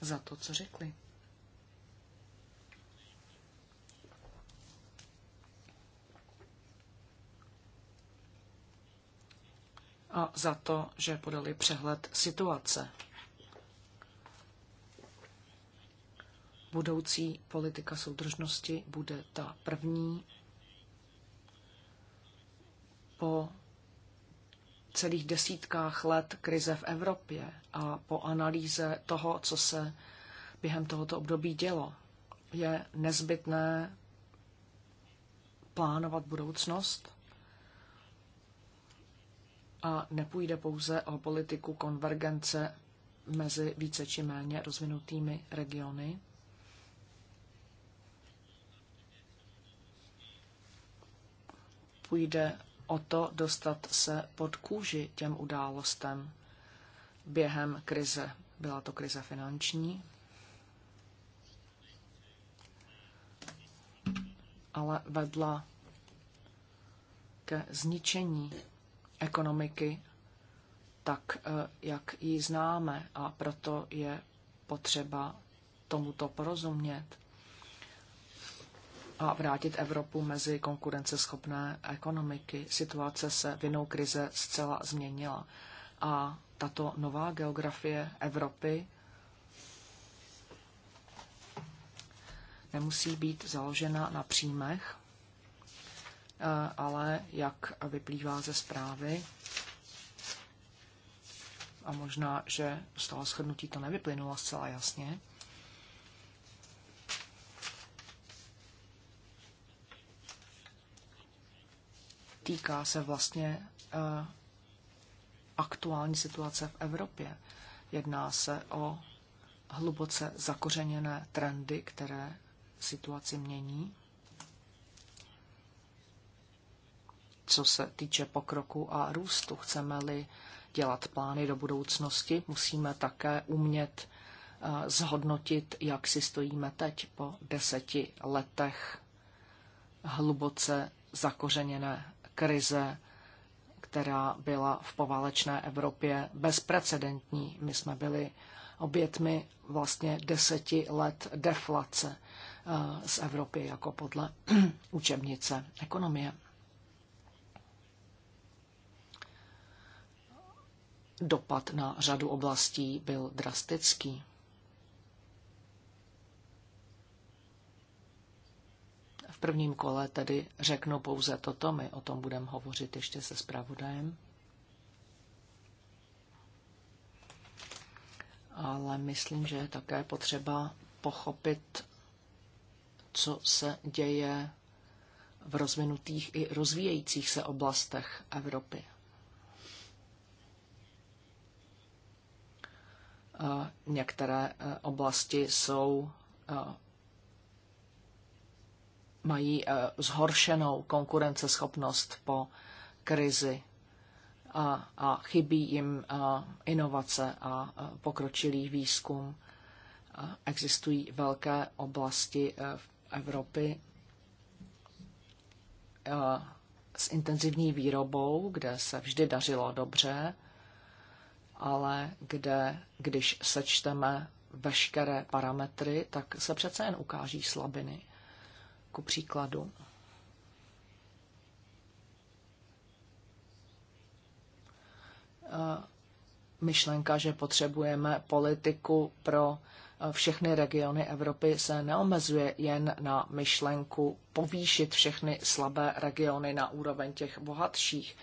za to, co řekli. A za to, že podali přehled situace budoucí politika soudržnosti bude ta první po celých desítkách let krize v Evropě a po analýze toho, co se během tohoto období dělo, je nezbytné plánovat budoucnost a nepůjde pouze o politiku konvergence mezi více či méně rozvinutými regiony, půjde o to dostat se pod kůži těm událostem během krize. Byla to krize finanční, ale vedla ke zničení ekonomiky tak, eh, jak ji známe a proto je potřeba tomuto porozumět a vrátit Evropu mezi konkurenceschopné ekonomiky. Situace se vinou krize zcela změnila a tato nová geografie Evropy nemusí být založena na příjmech, eh, ale jak vyplývá ze zprávy, a možná, že z toho shrnutí to nevyplynulo zcela jasně, týká se vlastně eh, aktuální situace v Evropě. Jedná se o hluboce zakořeněné trendy, které situaci mění. Co se týče pokroku a růstu, chceme-li dělat plány do budoucnosti, musíme také umět eh, zhodnotit, jak si stojíme teď po deseti letech hluboce zakořeněné krize, která byla v poválečné Evropě bezprecedentní. My jsme byli obětmi vlastně deseti let deflace eh, z Evropy jako podle učebnice ekonomie. Dopad na řadu oblastí byl drastický. V prvním kole tedy řeknu pouze toto, my o tom budeme hovořit ještě se zpravodajem. Ale myslím, že je také potřeba pochopit, co se děje v rozvinutých i rozvíjejících se oblastech Evropy. Eh, některé eh, oblasti jsou eh, mají eh, zhoršenou konkurenceschopnost po krizi a, a chybí jim eh, inovace a eh, pokročilý výzkum. Existují velké oblasti v Evropy s intenzivní výrobou, kde se vždy dařilo dobře, ale kde, když sečteme veškeré parametry, tak se přece jen ukáží slabiny ku příkladu. Eh, myšlenka, že potřebujeme politiku pro eh, všechny regiony Evropy se neomezuje jen na myšlenku povýšit všechny slabé regiony na úroveň těch bohatších.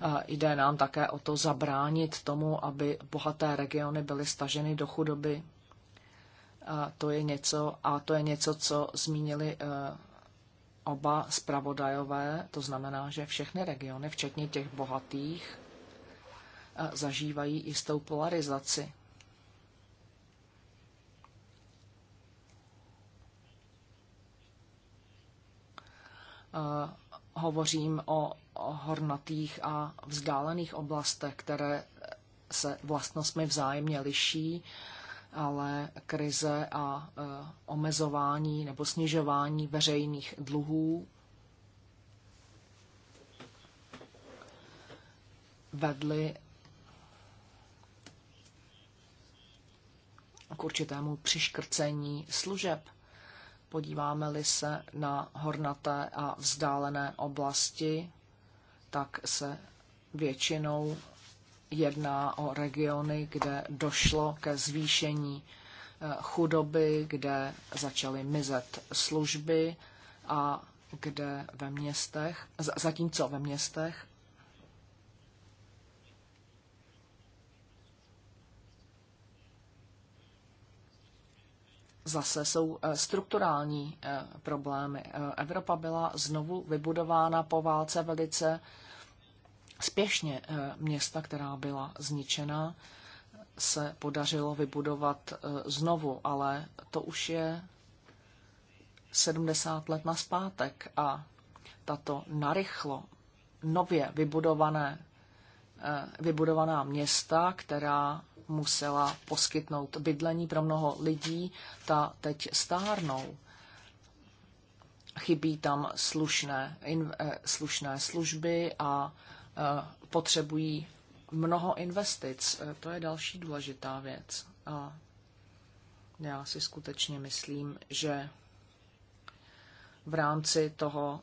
Eh, jde nám také o to zabránit tomu, aby bohaté regiony byly staženy do chudoby to je něco, a to je něco, co zmínili eh, oba zpravodajové, to znamená, že všechny regiony, včetně těch bohatých, eh, zažívají jistou polarizaci. Eh, hovořím o hornatých a vzdálených oblastech, které se vlastnostmi vzájemně liší ale krize a e, omezování nebo snižování veřejných dluhů vedly k určitému přiškrcení služeb. Podíváme-li se na hornaté a vzdálené oblasti, tak se většinou jedná o regiony, kde došlo ke zvýšení eh, chudoby, kde začaly mizet služby a kde ve městech, zatímco ve městech zase jsou eh, strukturální eh, problémy. Evropa byla znovu vybudována po válce velice spěšně eh, města, která byla zničena, se podařilo vybudovat eh, znovu, ale to už je 70 let na zpátek a tato narychlo nově vybudované, eh, vybudovaná města, která musela poskytnout bydlení pro mnoho lidí, ta teď stárnou. Chybí tam slušné, slušné služby a Eh, potřebují mnoho investic. Eh, to je další důležitá věc. A já si skutečně myslím, že v rámci toho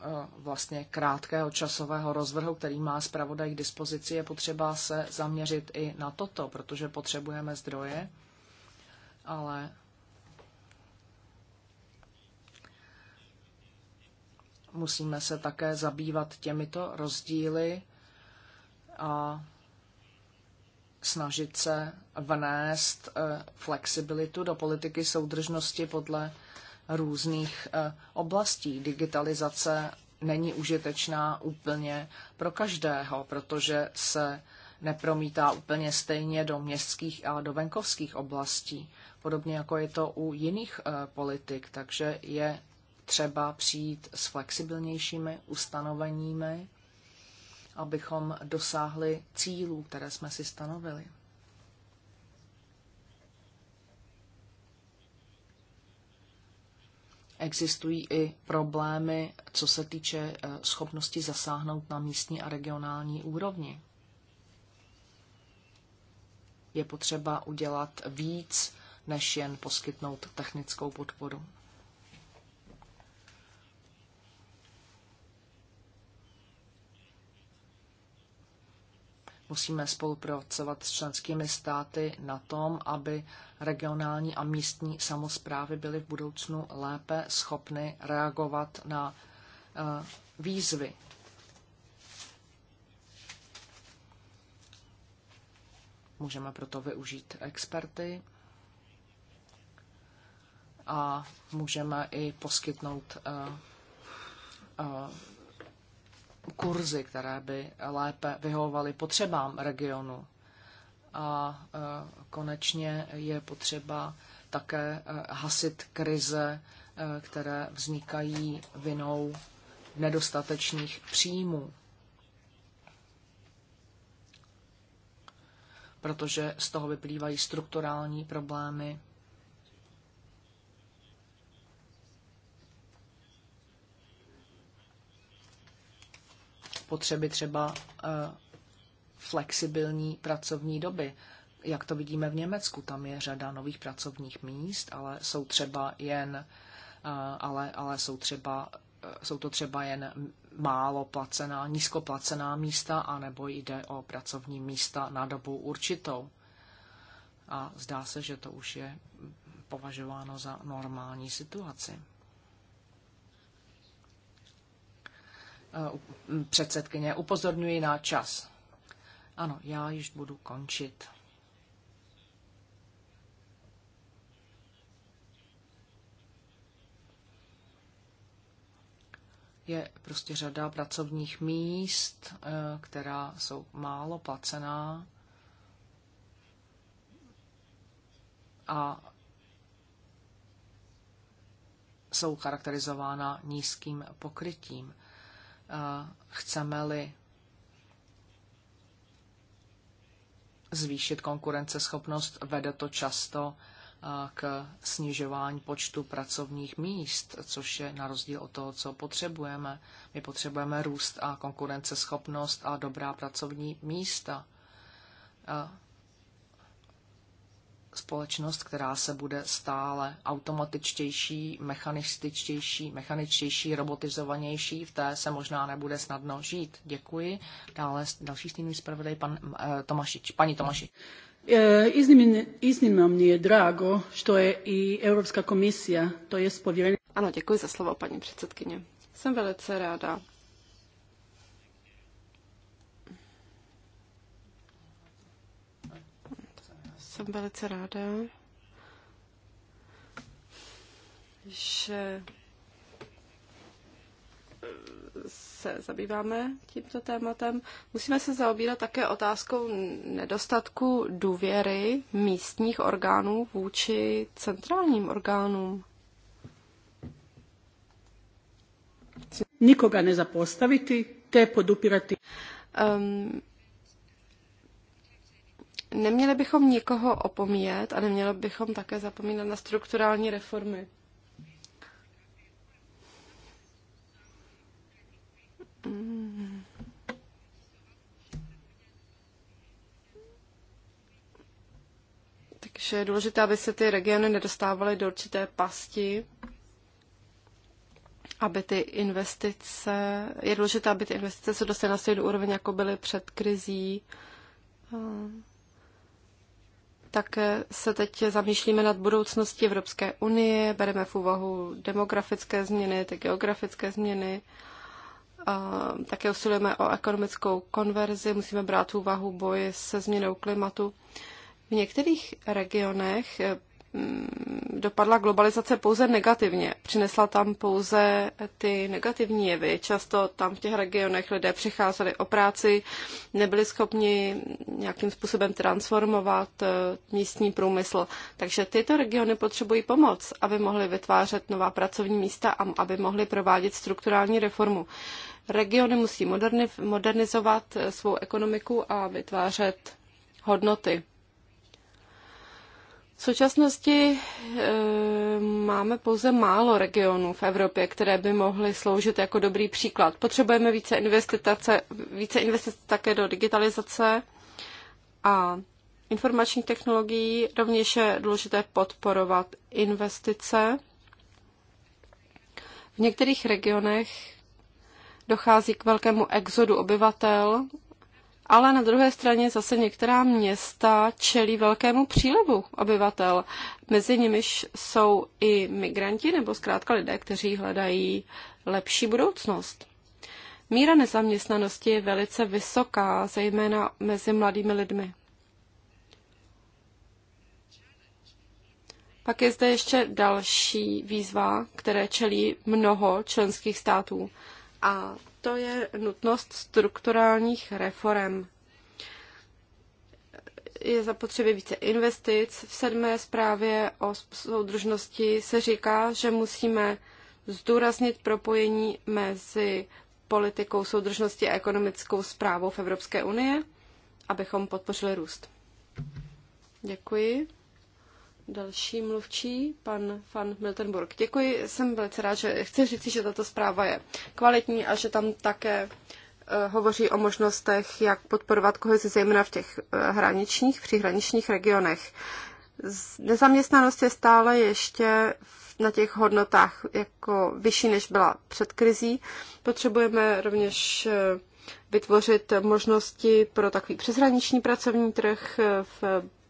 eh, vlastně krátkého časového rozvrhu, který má zpravodaj k dispozici, je potřeba se zaměřit i na toto, protože potřebujeme zdroje, ale musíme se také zabývat těmito rozdíly a snažit se vnést eh, flexibilitu do politiky soudržnosti podle různých eh, oblastí. Digitalizace není užitečná úplně pro každého, protože se nepromítá úplně stejně do městských a do venkovských oblastí, podobně jako je to u jiných eh, politik, takže je třeba přijít s flexibilnějšími ustanoveními, abychom dosáhli cílů, které jsme si stanovili. Existují i problémy, co se týče eh, schopnosti zasáhnout na místní a regionální úrovni. Je potřeba udělat víc, než jen poskytnout technickou podporu. Musíme spolupracovat s členskými státy na tom, aby regionální a místní samozprávy byly v budoucnu lépe schopny reagovat na eh, výzvy. Můžeme proto využít experty a můžeme i poskytnout eh, eh, kurzy, které by lépe vyhovovaly potřebám regionu. A e, konečně je potřeba také e, hasit krize, e, které vznikají vinou nedostatečných příjmů. Protože z toho vyplývají strukturální problémy potřeby třeba eh, flexibilní pracovní doby. Jak to vidíme v Německu, tam je řada nových pracovních míst, ale jsou třeba jen, eh, ale, ale jsou třeba eh, jsou to třeba jen málo placená, nízkoplacená místa, anebo jde o pracovní místa na dobu určitou. A zdá se, že to už je považováno za normální situaci. Eh, předsedkyně, upozorňuji na čas. Ano, já již budu končit. Je prostě řada pracovních míst, eh, která jsou málo placená. A jsou charakterizována nízkým pokrytím chceme-li zvýšit konkurenceschopnost, vede to často k snižování počtu pracovních míst, což je na rozdíl od toho, co potřebujeme. My potřebujeme růst a konkurenceschopnost a dobrá pracovní místa společnost, která se bude stále automatičtější, mechanističtější, mechaničtější, robotizovanější, v té se možná nebude snadno žít. Děkuji. Dále další stejný zpravodaj, pan eh, Tomašič. Paní Tomašič. Eh, Iznimno mě je drago, že je i Evropská komisia, to je pověrená. Ano, děkuji za slovo, paní předsedkyně. Jsem velice ráda, Jsem velice ráda, že eh, se zabýváme tímto tématem. Musíme se zaobírat také otázkou nedostatku důvěry místních orgánů vůči centrálním orgánům. Nikoga nezapostaviti, te podupirati. Um, Neměli bychom nikoho opomíjet a neměli bychom také zapomínat na strukturální reformy. Takže je důležité, aby se ty regiony nedostávaly do určité pasti, aby ty investice, je důležité, aby ty investice se dostaly na stejnou úroveň, jako byly před krizí. Tak se teď zamýšlíme nad budoucností Evropské unie, bereme v úvahu demografické změny, ty geografické změny. A také usilujeme o ekonomickou konverzi, musíme brát v úvahu boj se změnou klimatu. V některých regionech Mm, dopadla globalizace pouze negativně. Přinesla tam pouze ty negativní jevy. Často tam v těch regionech lidé přicházeli o práci, nebyli schopni nějakým způsobem transformovat eh, místní průmysl. Takže tyto regiony potřebují pomoc, aby mohly vytvářet nová pracovní místa a aby mohly provádět strukturální reformu. Regiony musí modernizovat eh, svou ekonomiku a vytvářet hodnoty. V současnosti e, máme pouze málo regionů v Evropě, které by mohly sloužit jako dobrý příklad. Potřebujeme více investice, více investice také do digitalizace a informačních technologií. Rovněž je důležité podporovat investice. V některých regionech dochází k velkému exodu obyvatel ale na druhé straně zase některá města čelí velkému přílivu obyvatel. Mezi nimiž jsou i migranti nebo zkrátka lidé, kteří hledají lepší budoucnost. Míra nezaměstnanosti je velice vysoká, zejména mezi mladými lidmi. Pak je zde ještě další výzva, které čelí mnoho členských států. A to je nutnost strukturálních reform. Je zapotřebí více investic. V sedmé zprávě o soudržnosti se říká, že musíme zdůraznit propojení mezi politikou soudržnosti a ekonomickou zprávou v Evropské unie, abychom podpořili růst. Děkuji. Další mluvčí, pan van Miltenburg. Děkuji, jsem velice rád, že chci říct, že tato zpráva je kvalitní a že tam také eh, hovoří o možnostech, jak podporovat kohezi, zejména v těch eh, hraničních, příhraničních regionech. Nezaměstnanost je stále ještě na těch hodnotách jako vyšší, než byla před krizí. Potřebujeme rovněž eh, vytvořit možnosti pro takový přeshraniční pracovní trh v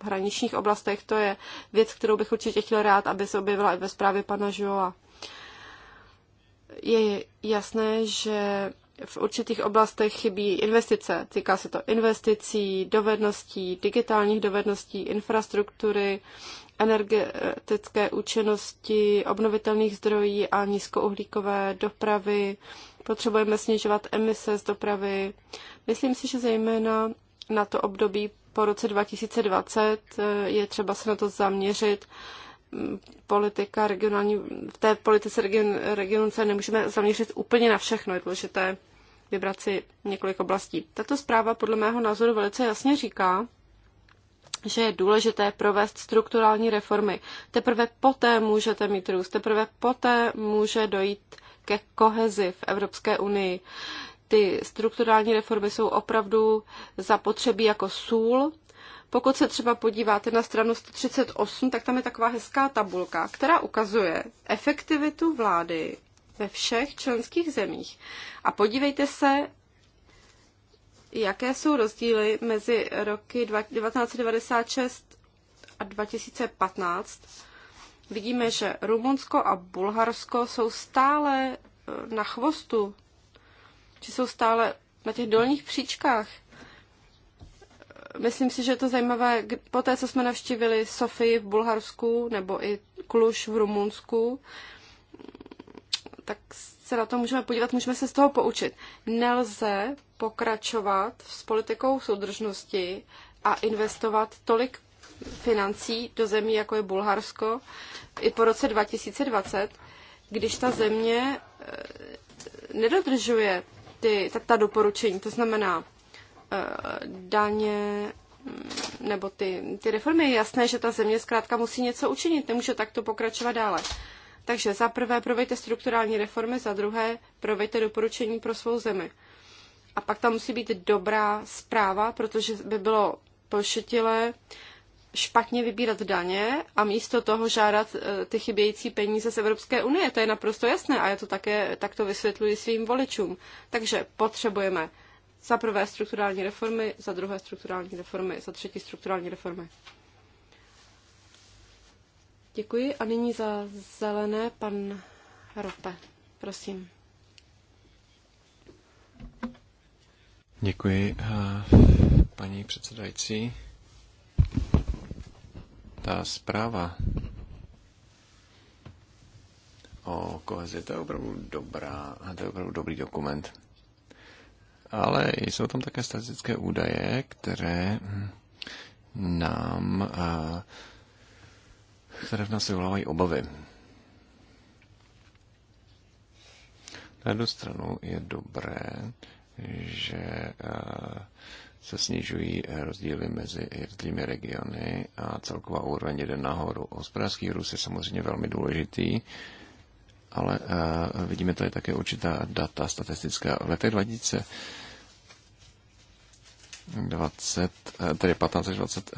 hraničních oblastech. To je věc, kterou bych určitě chtěl rád, aby se objevila i ve zprávě pana Žoa. Je jasné, že v určitých oblastech chybí investice. Týká se to investicí, dovedností, digitálních dovedností, infrastruktury, energetické účinnosti, obnovitelných zdrojů a nízkouhlíkové dopravy. Potřebujeme snižovat emise z dopravy. Myslím si, že zejména na to období po roce 2020 eh, je třeba se na to zaměřit. Mm, politika regionální, v té politice region, regionu se nemůžeme zaměřit úplně na všechno, je důležité vybrat si několik oblastí. Tato zpráva podle mého názoru velice jasně říká, že je důležité provést strukturální reformy. Teprve poté můžete mít růst, teprve poté může dojít ke kohezi v Evropské unii ty strukturální reformy jsou opravdu zapotřebí jako sůl. Pokud se třeba podíváte na stranu 138, tak tam je taková hezká tabulka, která ukazuje efektivitu vlády ve všech členských zemích. A podívejte se, jaké jsou rozdíly mezi roky 1996 a 2015. Vidíme, že Rumunsko a Bulharsko jsou stále na chvostu že jsou stále na těch dolních příčkách. Myslím si, že je to zajímavé, po té, co jsme navštívili Sofii v Bulharsku nebo i Kluž v Rumunsku, tak se na to můžeme podívat, můžeme se z toho poučit. Nelze pokračovat s politikou soudržnosti a investovat tolik financí do zemí, jako je Bulharsko, i po roce 2020, když ta země eh, nedodržuje ty, ta, ta doporučení, to znamená eh, daně mm, nebo ty, ty reformy. Je jasné, že ta země zkrátka musí něco učinit, nemůže takto pokračovat dále. Takže za prvé provejte strukturální reformy, za druhé provejte doporučení pro svou zemi. A pak tam musí být dobrá zpráva, protože by bylo pošetilé špatně vybírat daně a místo toho žádat eh, ty chybějící peníze z Evropské unie. To je naprosto jasné a já to také takto vysvětluji svým voličům. Takže potřebujeme za prvé strukturální reformy, za druhé strukturální reformy, za třetí strukturální reformy. Děkuji a nyní za zelené pan Rope. Prosím. Děkuji, eh, paní předsedající ta zpráva o kohezi, to je opravdu dobrá, to je opravdu dobrý dokument. Ale jsou tam také statistické údaje, které nám, eh, které v nás vyvolávají obavy. Na jednu stranu je dobré, že eh, se snižují eh, rozdíly mezi jednotlivými regiony a celková úroveň jde nahoru. Hospodářský růst je samozřejmě velmi důležitý, ale eh, vidíme tady také určitá data statistická. V letech 2020, eh, tedy 15 až 20,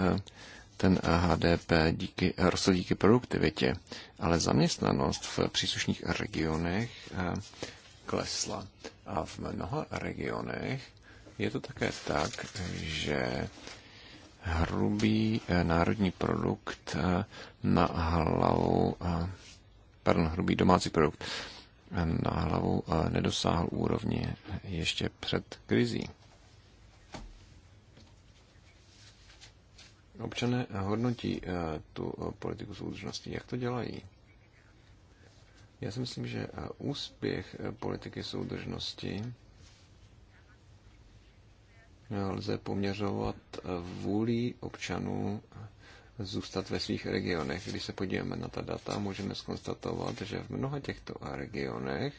ten HDP díky, rostl díky produktivitě, ale zaměstnanost v příslušných regionech klesla. A v mnoha regionech je to také tak, že hrubý eh, národní produkt eh, na hlavu, eh, pardon, hrubý domácí produkt na hlavu nedosáhl úrovně ještě před krizí. Občané hodnotí tu politiku soudržnosti. Jak to dělají? Já si myslím, že úspěch politiky soudržnosti lze poměřovat vůli občanů zůstat ve svých regionech. Když se podíváme na ta data, můžeme skonstatovat, že v mnoha těchto regionech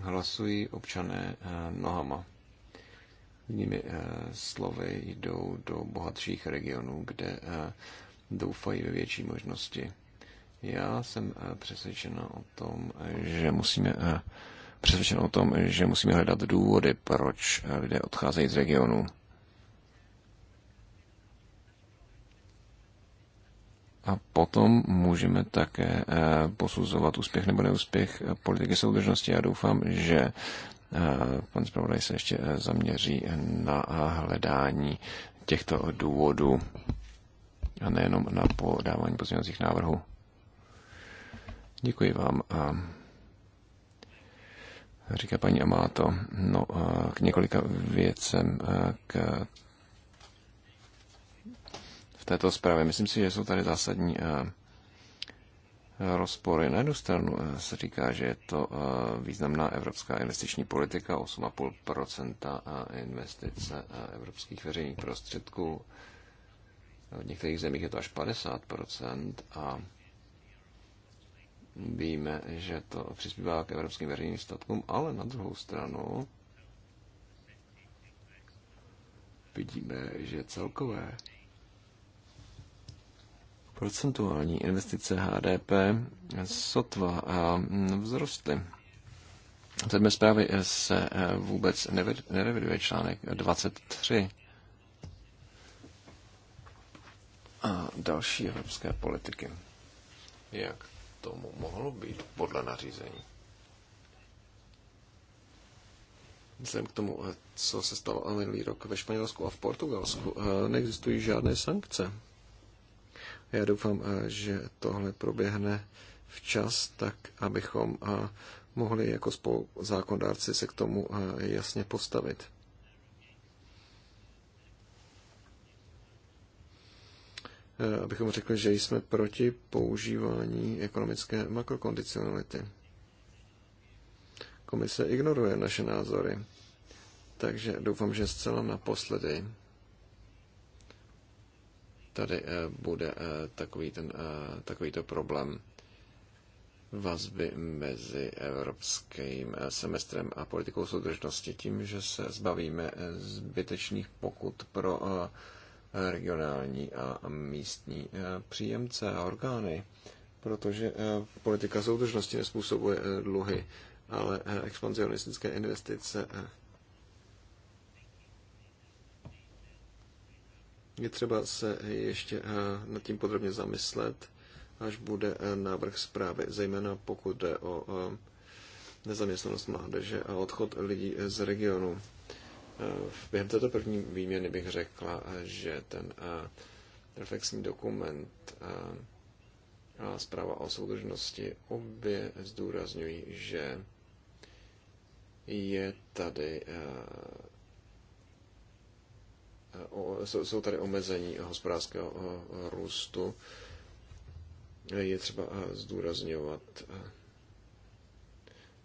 hlasují občané eh, nohama. Jinými eh, slovy jdou do bohatších regionů, kde eh, doufají ve větší možnosti. Já jsem přesvědčena o tom, že musíme přesvědčen o tom, že musíme hledat důvody, proč lidé odcházejí z regionu. A potom můžeme také eh, posuzovat úspěch nebo neúspěch politiky soudržnosti. Já doufám, že eh, pan zpravodaj se ještě eh, zaměří na hledání těchto důvodů a nejenom na podávání pozměňovacích návrhů. Děkuji vám říká paní Amáto. No, eh, k několika věcem eh, k v této zprávě. Myslím si, že jsou tady zásadní eh, rozpory. Na jednu stranu se říká, že je to významná evropská investiční politika, 8,5 investice evropských veřejných prostředků. V některých zemích je to až 50 a Víme, že to přispívá k evropským veřejným statkům, ale na druhou stranu vidíme, že celkové procentuální investice HDP sotva eh, vzrostly. V sedmé zprávy se eh, vůbec nereviduje článek 23. A další evropské politiky. Jak? tomu mohlo být podle nařízení. Myslím k tomu, eh, co se stalo minulý rok ve Španělsku a v Portugalsku, eh, neexistují žádné sankce. Já doufám, eh, že tohle proběhne včas, tak abychom mohli jako zákondárci se k tomu jasně postavit. Eh, abychom řekli, že jsme proti používání ekonomické makrokondicionality. Komise ignoruje naše názory, takže doufám, že zcela naposledy tady eh, bude eh, takový ten, takovýto problém vazby mezi evropským semestrem a politikou soudržnosti tím, že se zbavíme zbytečných pokut pro regionální a místní e, příjemce a orgány, protože e, politika soudržnosti nespůsobuje e, dluhy, ale expanzionistické investice je třeba se ještě nad tím podrobně zamyslet, až bude návrh zprávy, zejména pokud jde o nezaměstnanost mládeže a odchod lidí z regionu. Eh, během této první výměny bych řekla, eh, že ten eh, reflexní dokument a zpráva o soudržnosti obě zdůrazňují, že je tady jsou tady omezení hospodářského růstu. Je třeba zdůrazňovat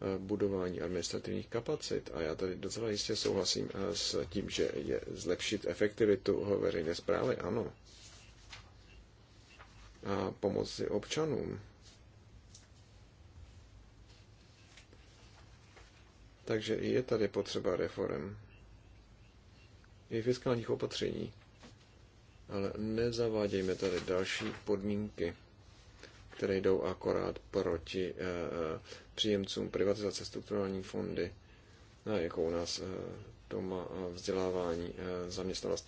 Eh, budování administrativních kapacit. A já tady docela jistě souhlasím eh, s tím, že je zlepšit efektivitu veřejné zprávy, ano. A pomoci občanům. Takže je tady potřeba reform. I fiskálních opatření. Ale nezavádějme tady další podmínky které jdou akorát proti eh, eh, příjemcům privatizace strukturální fondy, no, jako u nás to eh, má vzdělávání, zaměstnanost.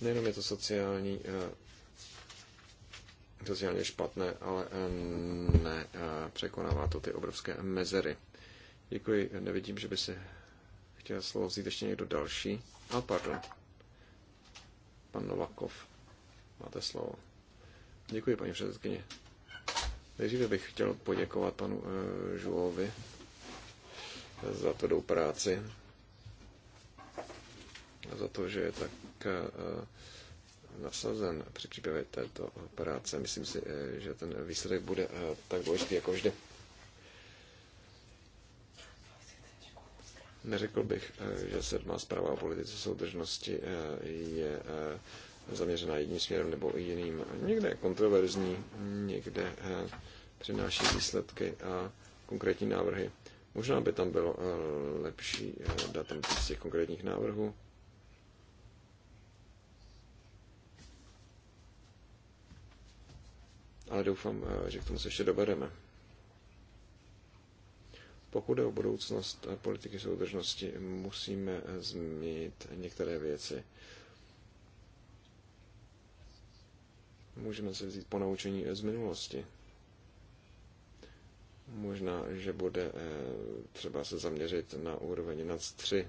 Nejenom je to sociální, sociálně špatné, ale ne překonává to ty obrovské mezery. Děkuji, nevidím, že by se chtěl slovo vzít ještě někdo další. A pardon, pan Novakov, máte slovo. Děkuji, paní předsedkyně. Nejdříve bych chtěl poděkovat panu eh, Žuovi za dou práci a za to, že je tak eh, nasazen při přípravě této operace. Myslím si, eh, že ten výsledek bude tak důležitý jako vždy. Neřekl bych, že sedmá zpráva o politice soudržnosti je zaměřená jedním směrem nebo jiným. Někde je kontroverzní, někde eh, přináší výsledky a konkrétní návrhy. Možná by tam bylo eh, lepší eh, dát tam z těch konkrétních návrhů. Ale doufám, že k tomu se ještě dobereme. Pokud je o budoucnost politiky soudržnosti, musíme změnit některé věci. Můžeme se vzít po naučení z minulosti. Možná, že bude eh, třeba se zaměřit na úroveň nad 3, eh,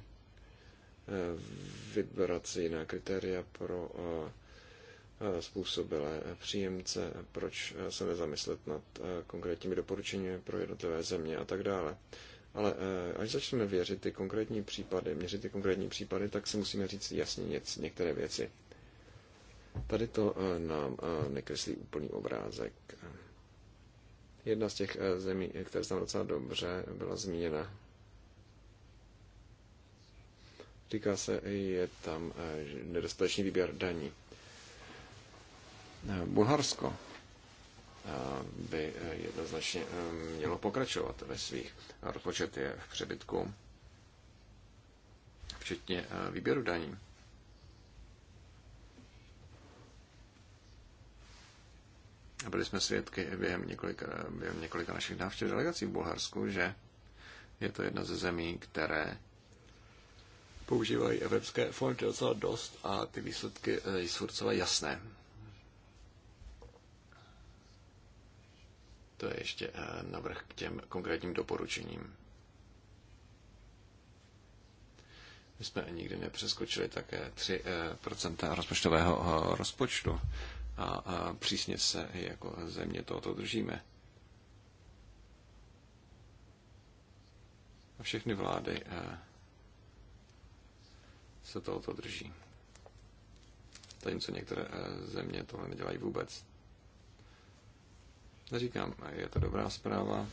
vybrat si jiná kritéria pro eh, způsobilé příjemce, proč se nezamyslet nad konkrétními doporučeními pro jednotlivé země a tak dále. Ale až začneme věřit ty konkrétní případy, měřit ty konkrétní případy, tak si musíme říct jasně něco, některé věci. Tady to eh, nám eh, nekreslí úplný obrázek. Jedna z těch eh, zemí, které tam docela dobře, byla zmíněna. Říká se, je tam nedostatečný výběr daní. Bulharsko by jednoznačně mělo pokračovat ve svých. Rozpočet je v přebytku, včetně výběru daní. byli jsme svědky během několika, během několika našich návštěv delegací v Bulharsku, že je to jedna ze zemí, které používají evropské fondy docela dost a ty výsledky eh, jsou docela jasné. To je ještě eh, navrh k těm konkrétním doporučením. My jsme nikdy nepřeskočili také 3% eh, rozpočtového rozpočtu a, a přísně se jako země tohoto držíme. A všechny vlády eh, se tohoto drží. co některé eh, země tohle nedělají vůbec. Neříkám, je to dobrá zpráva,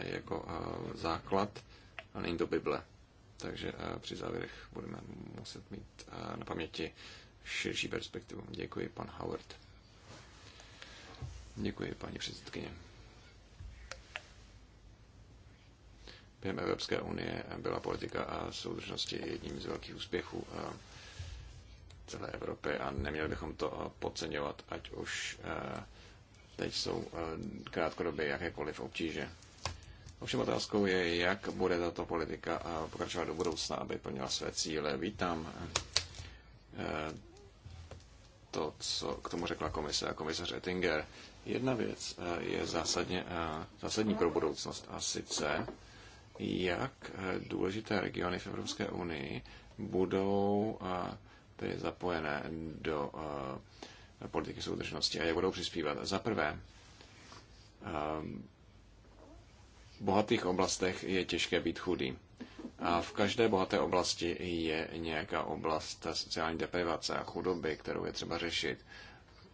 je jako eh, základ, a není to Bible. Takže při závěrech budeme muset mít na paměti širší perspektivu. Děkuji, pan Howard. Děkuji, paní předsedkyně. Během Evropské unie byla politika a soudržnosti jedním z velkých úspěchů eh, celé Evropy a neměli bychom to eh, podceňovat, ať už eh, teď jsou krátkodobě jakékoliv obtíže. Ovšem otázkou je, jak bude tato politika pokračovat do budoucna, aby plnila své cíle. Vítám to, co k tomu řekla komise a komisař Ettinger. Jedna věc eh, je zásadně, eh, zásadní pro budoucnost a sice, jak eh, důležité regiony v Evropské unii budou tedy zapojené do politiky soudržnosti a jak budou přispívat. Za prvé, v bohatých oblastech je těžké být chudý. A v každé bohaté oblasti je nějaká oblast sociální deprivace a chudoby, kterou je třeba řešit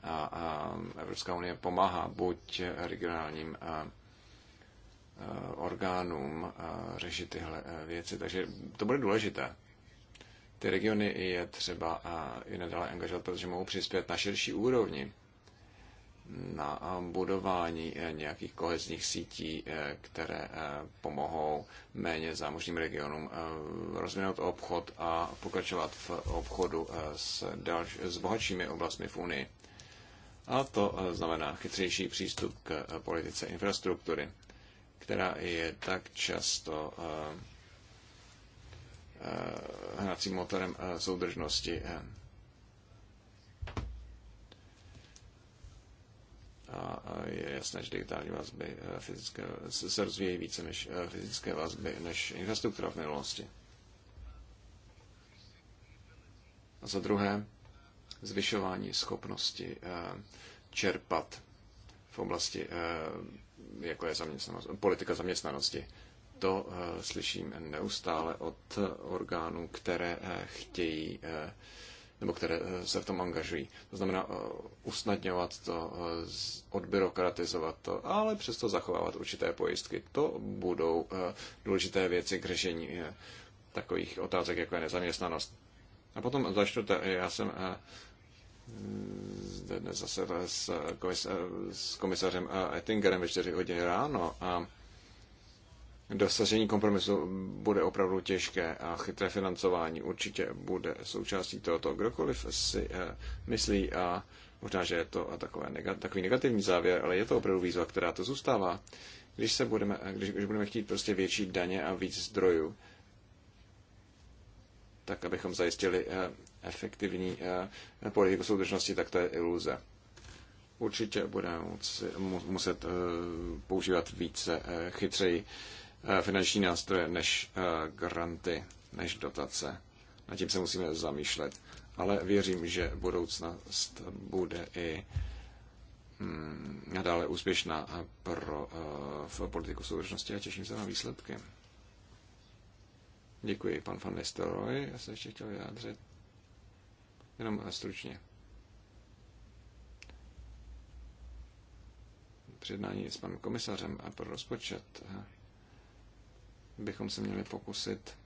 a, a Evropská unie pomáhá buď regionálním a, orgánům řešit tyhle e, věci. Takže to bude důležité. Ty regiony je třeba i nadále angažovat, protože mohou přispět na širší úrovni na budování e, nějakých kohezních sítí, e, které pomohou méně zámožným regionům rozvinout obchod a pokračovat v obchodu s, dalš- s bohatšími oblastmi v Unii. A to eh, znamená chytřejší přístup k eh, politice infrastruktury, která je tak často eh, hnacím motorem soudržnosti. A je jasné, že digitální vazby fyzické, se rozvíjejí více než fyzické vazby, než infrastruktura v minulosti. A za druhé, zvyšování schopnosti eh, čerpat v oblasti, eh, jako je zaměstnanost, politika zaměstnanosti. To eh, slyším neustále od orgánů, které chtějí nebo které se v tom angažují. To znamená usnadňovat to, odbyrokratizovat to, ale přesto zachovávat určité pojistky. To budou důležité věci k řešení takových otázek, jako je nezaměstnanost. A potom za čtvrté, já jsem zde dnes zasedl s, s komisařem eh, Ettingerem ve 4 hodiny ráno a dosažení kompromisu bude opravdu těžké a chytré financování určitě bude součástí tohoto. Kdokoliv si eh, myslí a možná, že je to takové, takový negativní závěr, ale je to opravdu výzva, která to zůstává. Když, se budeme, když, když budeme chtít prostě větší daně a víc zdrojů, tak abychom zajistili eh, efektivní eh, politiku soudržnosti, tak to je iluze. Určitě budeme muset eh, používat více chytřej finanční nástroje než granty, než dotace. Na tím se musíme zamýšlet. Ale věřím, že budoucnost bude i hm, nadále úspěšná pro v politiku soudržnosti a těším se na výsledky. Děkuji, pan van Nistelrooy. Já se ještě chtěl vyjádřit. Jenom stručně. Přednání s panem komisařem a pro rozpočet eh, bychom se měli pokusit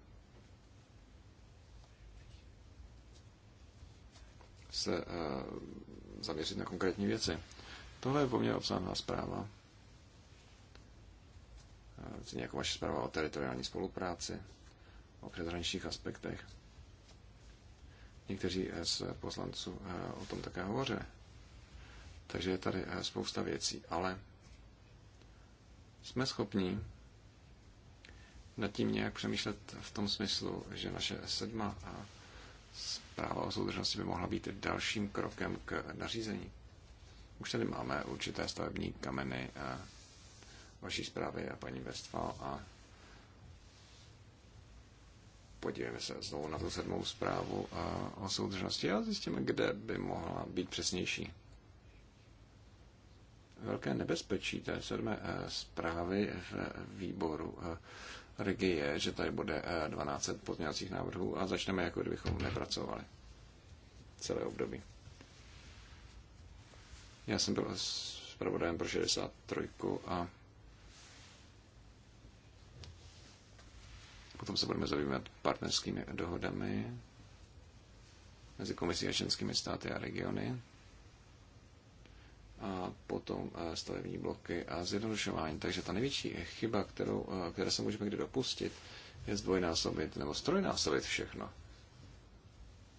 se eh, zaměřit na konkrétní věci. Tohle je poměrně obsáhlá zpráva. Eh, stejně jako vaše zpráva o teritoriální spolupráci o přeshraničních aspektech. Někteří z poslanců eh, o tom také hovořili. Takže je tady eh, spousta věcí, ale jsme schopni nad tím nějak přemýšlet v tom smyslu, že naše sedma a eh, zpráva o soudržnosti by mohla být dalším krokem k nařízení. Už tady máme určité stavební kameny a vaší zprávy a paní Westfal a podívejme se znovu na tu sedmou zprávu o soudržnosti a zjistíme, kde by mohla být přesnější. Velké nebezpečí té sedmé e, zprávy v výboru e, RIGI je, že tady bude 12 e, pozměňovacích návrhů a začneme, jako kdybychom nepracovali celé období. Já jsem byl zpravodajem pro 63 a Potom se budeme zabývat partnerskými dohodami mezi komisí a členskými státy a regiony. A potom eh, stavební bloky a zjednodušování. Takže ta největší chyba, kterou, eh, které se můžeme kdy dopustit, je zdvojnásobit nebo strojnásobit všechno.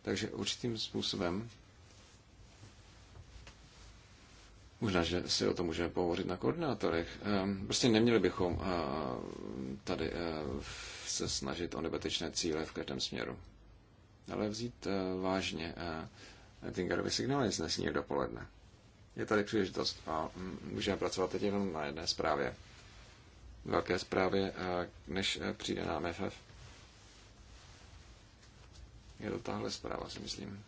Takže určitým způsobem Možná, že si o tom můžeme pohovořit na koordinátorech. Ehm, prostě neměli bychom eh, tady eh, se snažit o nebetečné cíle v každém směru. Ale vzít eh, vážně Tinkerovy signály z dnesního dopoledne. Je tady příležitost a mm, můžeme pracovat teď jenom na jedné zprávě. Velké zprávě, než přijde nám FF. Je to tahle zpráva, si myslím.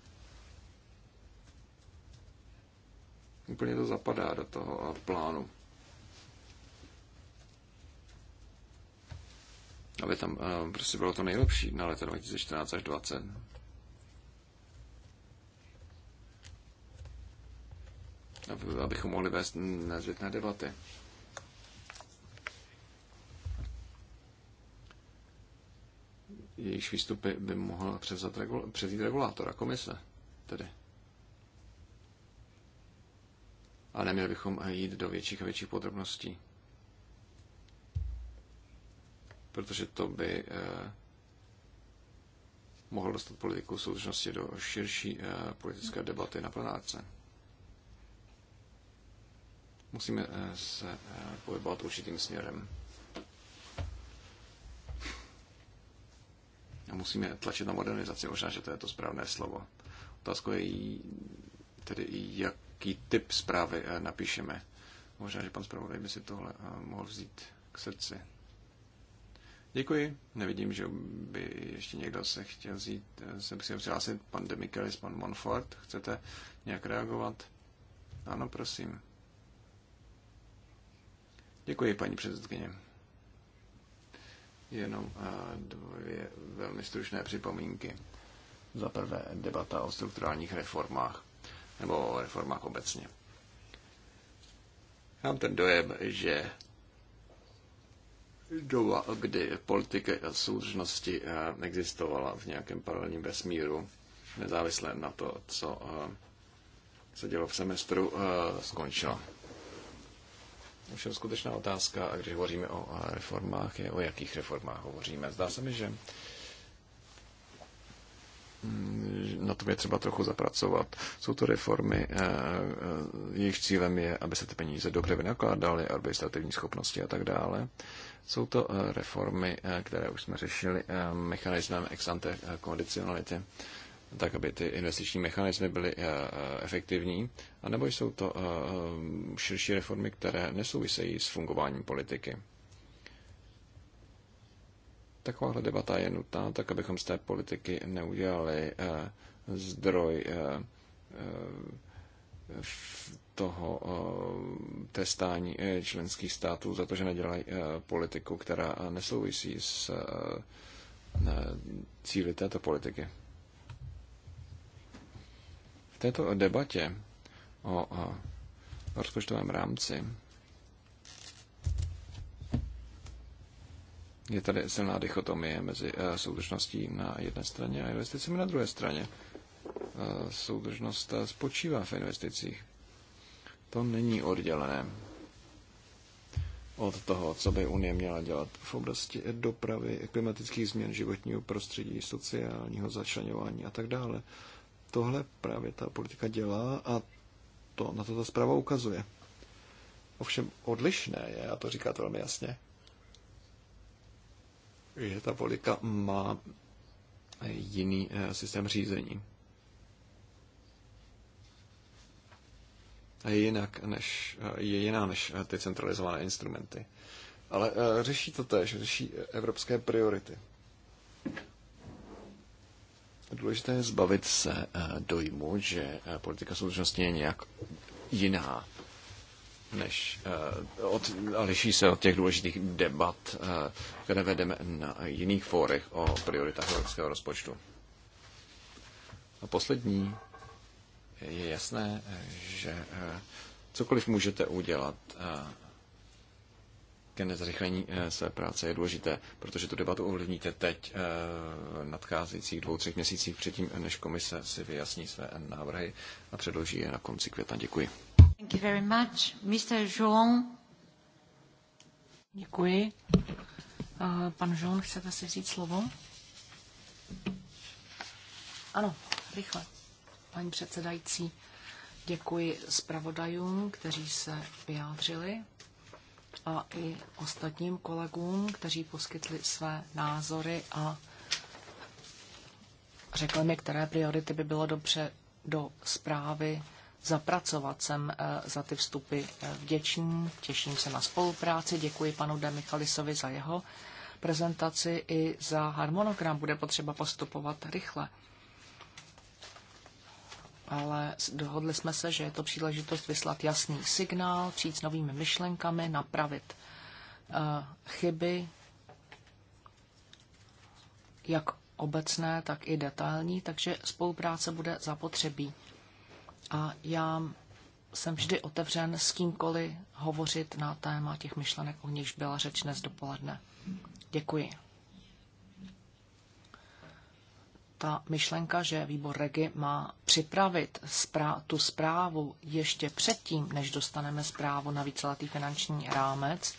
Úplně to zapadá do toho plánu. Aby tam eh, prostě bylo to nejlepší na leta 2014 až 2020. abychom mohli vést nezbytné debaty. Jejich výstupy by mohl převzít regulátor a komise. Tedy. ale neměli bychom jít do větších a větších podrobností. Protože to by eh, mohlo dostat politiku soudržnosti do širší eh, politické debaty na plenárce. Musíme eh, se pohybovat určitým směrem. A musíme tlačit na modernizaci, možná, že to je to správné slovo. Otázka je tedy, jak jaký typ zprávy eh, napíšeme. Možná, že pan zpravodaj by si tohle eh, mohl vzít k srdci. Děkuji. Nevidím, že by ještě někdo se chtěl vzít, jsem eh, si přihlásit pan Demikelis, pan Monfort. Chcete nějak reagovat? Ano, prosím. Děkuji, paní předsedkyně. Jenom dvě velmi stručné připomínky. Za prvé debata o strukturálních reformách nebo o reformách obecně. Já mám ten dojem, že doba, kdy politika soudržnosti eh, existovala v nějakém paralelním vesmíru, nezávisle na to, co eh, se dělo v semestru, eh, skončila. Ovšem skutečná otázka, a když hovoříme o reformách, je o jakých reformách hovoříme. Zdá se mi, že na tom je třeba trochu zapracovat. Jsou to reformy, eh, eh, jejich cílem je, aby se ty peníze dobře vynakládaly, administrativní schopnosti a tak dále. Jsou to eh, reformy, které už jsme řešili mechanismem ex ante kondicionality, tak aby ty investiční mechanismy byly efektivní, anebo jsou to širší reformy, které nesouvisejí s fungováním politiky. Takováhle debata je nutná, tak abychom z té politiky neudělali eh, zdroj eh, eh, toho testání členských států za to, že nedělají politiku, která nesouvisí s cíly této politiky. V této debatě o rozpočtovém rámci Je tady silná dichotomie mezi eh, soudržností na jedné straně a investicemi na druhé straně. Eh, soudržnost eh, spočívá v investicích. To není oddělené od toho, co by Unie měla dělat v oblasti dopravy, klimatických změn, životního prostředí, sociálního začlenování a tak dále. Tohle právě ta politika dělá a to na to ta zpráva ukazuje. Ovšem odlišné je, a to říká to velmi jasně, že ta volika má jiný eh, systém řízení. je, jinak než, eh, je jiná než eh, ty centralizované instrumenty. Ale řeší to tež, řeší evropské priority. Důležité je zbavit se dojmu, že politika soudržnosti je nějak jiná než, eh, od, a liší se od těch důležitých debat, eh, které vedeme na jiných fórech o prioritách evropského rozpočtu. A poslední je jasné, že eh, cokoliv můžete udělat ke nezrychlení své práce je důležité, protože tu debatu ovlivníte teď v nadcházejících dvou, třech měsících předtím, než komise si vyjasní své návrhy a předloží je na konci května. Děkuji. Děkuji. Eh, pan Jean, chcete si vzít slovo? Ano, rychle. Paní předsedající, děkuji zpravodajům, kteří se vyjádřili a i ostatním kolegům, kteří poskytli své názory a řekli mi, které priority by bylo dobře do zprávy zapracovat. Jsem eh, za ty vstupy eh, vděčný, těším se na spolupráci, děkuji panu De Michalisovi za jeho prezentaci i za harmonogram. Bude potřeba postupovat rychle. Ale dohodli jsme se, že je to příležitost vyslat jasný signál, přijít s novými myšlenkami, napravit eh, chyby, jak obecné, tak i detailní, takže spolupráce bude zapotřebí a já jsem vždy otevřen s kýmkoliv hovořit na téma těch myšlenek, o nichž byla řeč dnes dopoledne. Děkuji. Ta myšlenka, že výbor Regi má připravit zprá- tu zprávu ještě předtím, než dostaneme zprávu na víceletý finanční rámec,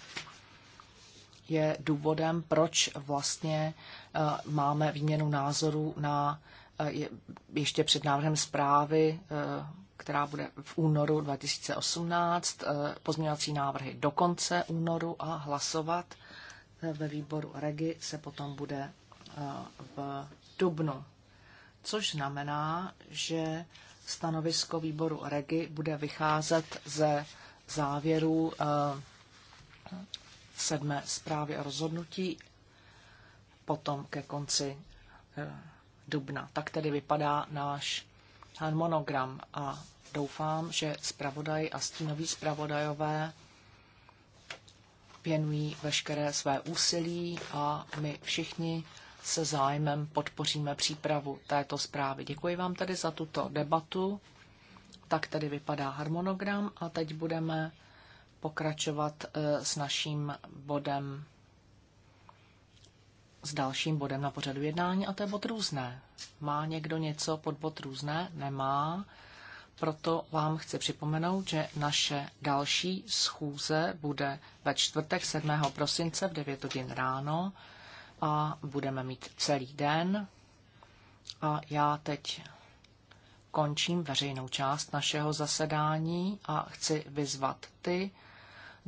je důvodem, proč vlastně eh, máme výměnu názorů na ještě před návrhem zprávy, eh, která bude v únoru 2018, eh, pozměňovací návrhy do konce únoru a hlasovat eh, ve výboru REGI se potom bude v dubnu. Což znamená, že stanovisko výboru REGI bude vycházet ze závěrů sedmé zprávy a rozhodnutí, potom ke konci dubna. Tak tedy vypadá náš harmonogram a doufám, že zpravodaj a stínoví zpravodajové věnují veškeré své úsilí a my všichni se zájmem podpoříme přípravu této zprávy. Děkuji vám tedy za tuto debatu. Tak tedy vypadá harmonogram a teď budeme pokračovat eh, s naším bodem s dalším bodem na pořadu jednání a to je bod různé. Má někdo něco pod bod různé? Nemá. Proto vám chci připomenout, že naše další schůze bude ve čtvrtek 7. prosince v 9 hodin ráno a budeme mít celý den. A já teď končím veřejnou část našeho zasedání a chci vyzvat ty,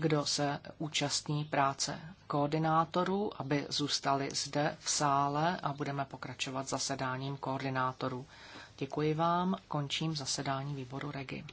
kdo se účastní práce koordinátorů, aby zůstali zde v sále a budeme pokračovat zasedáním koordinátorů. Děkuji vám, končím zasedání výboru REGI.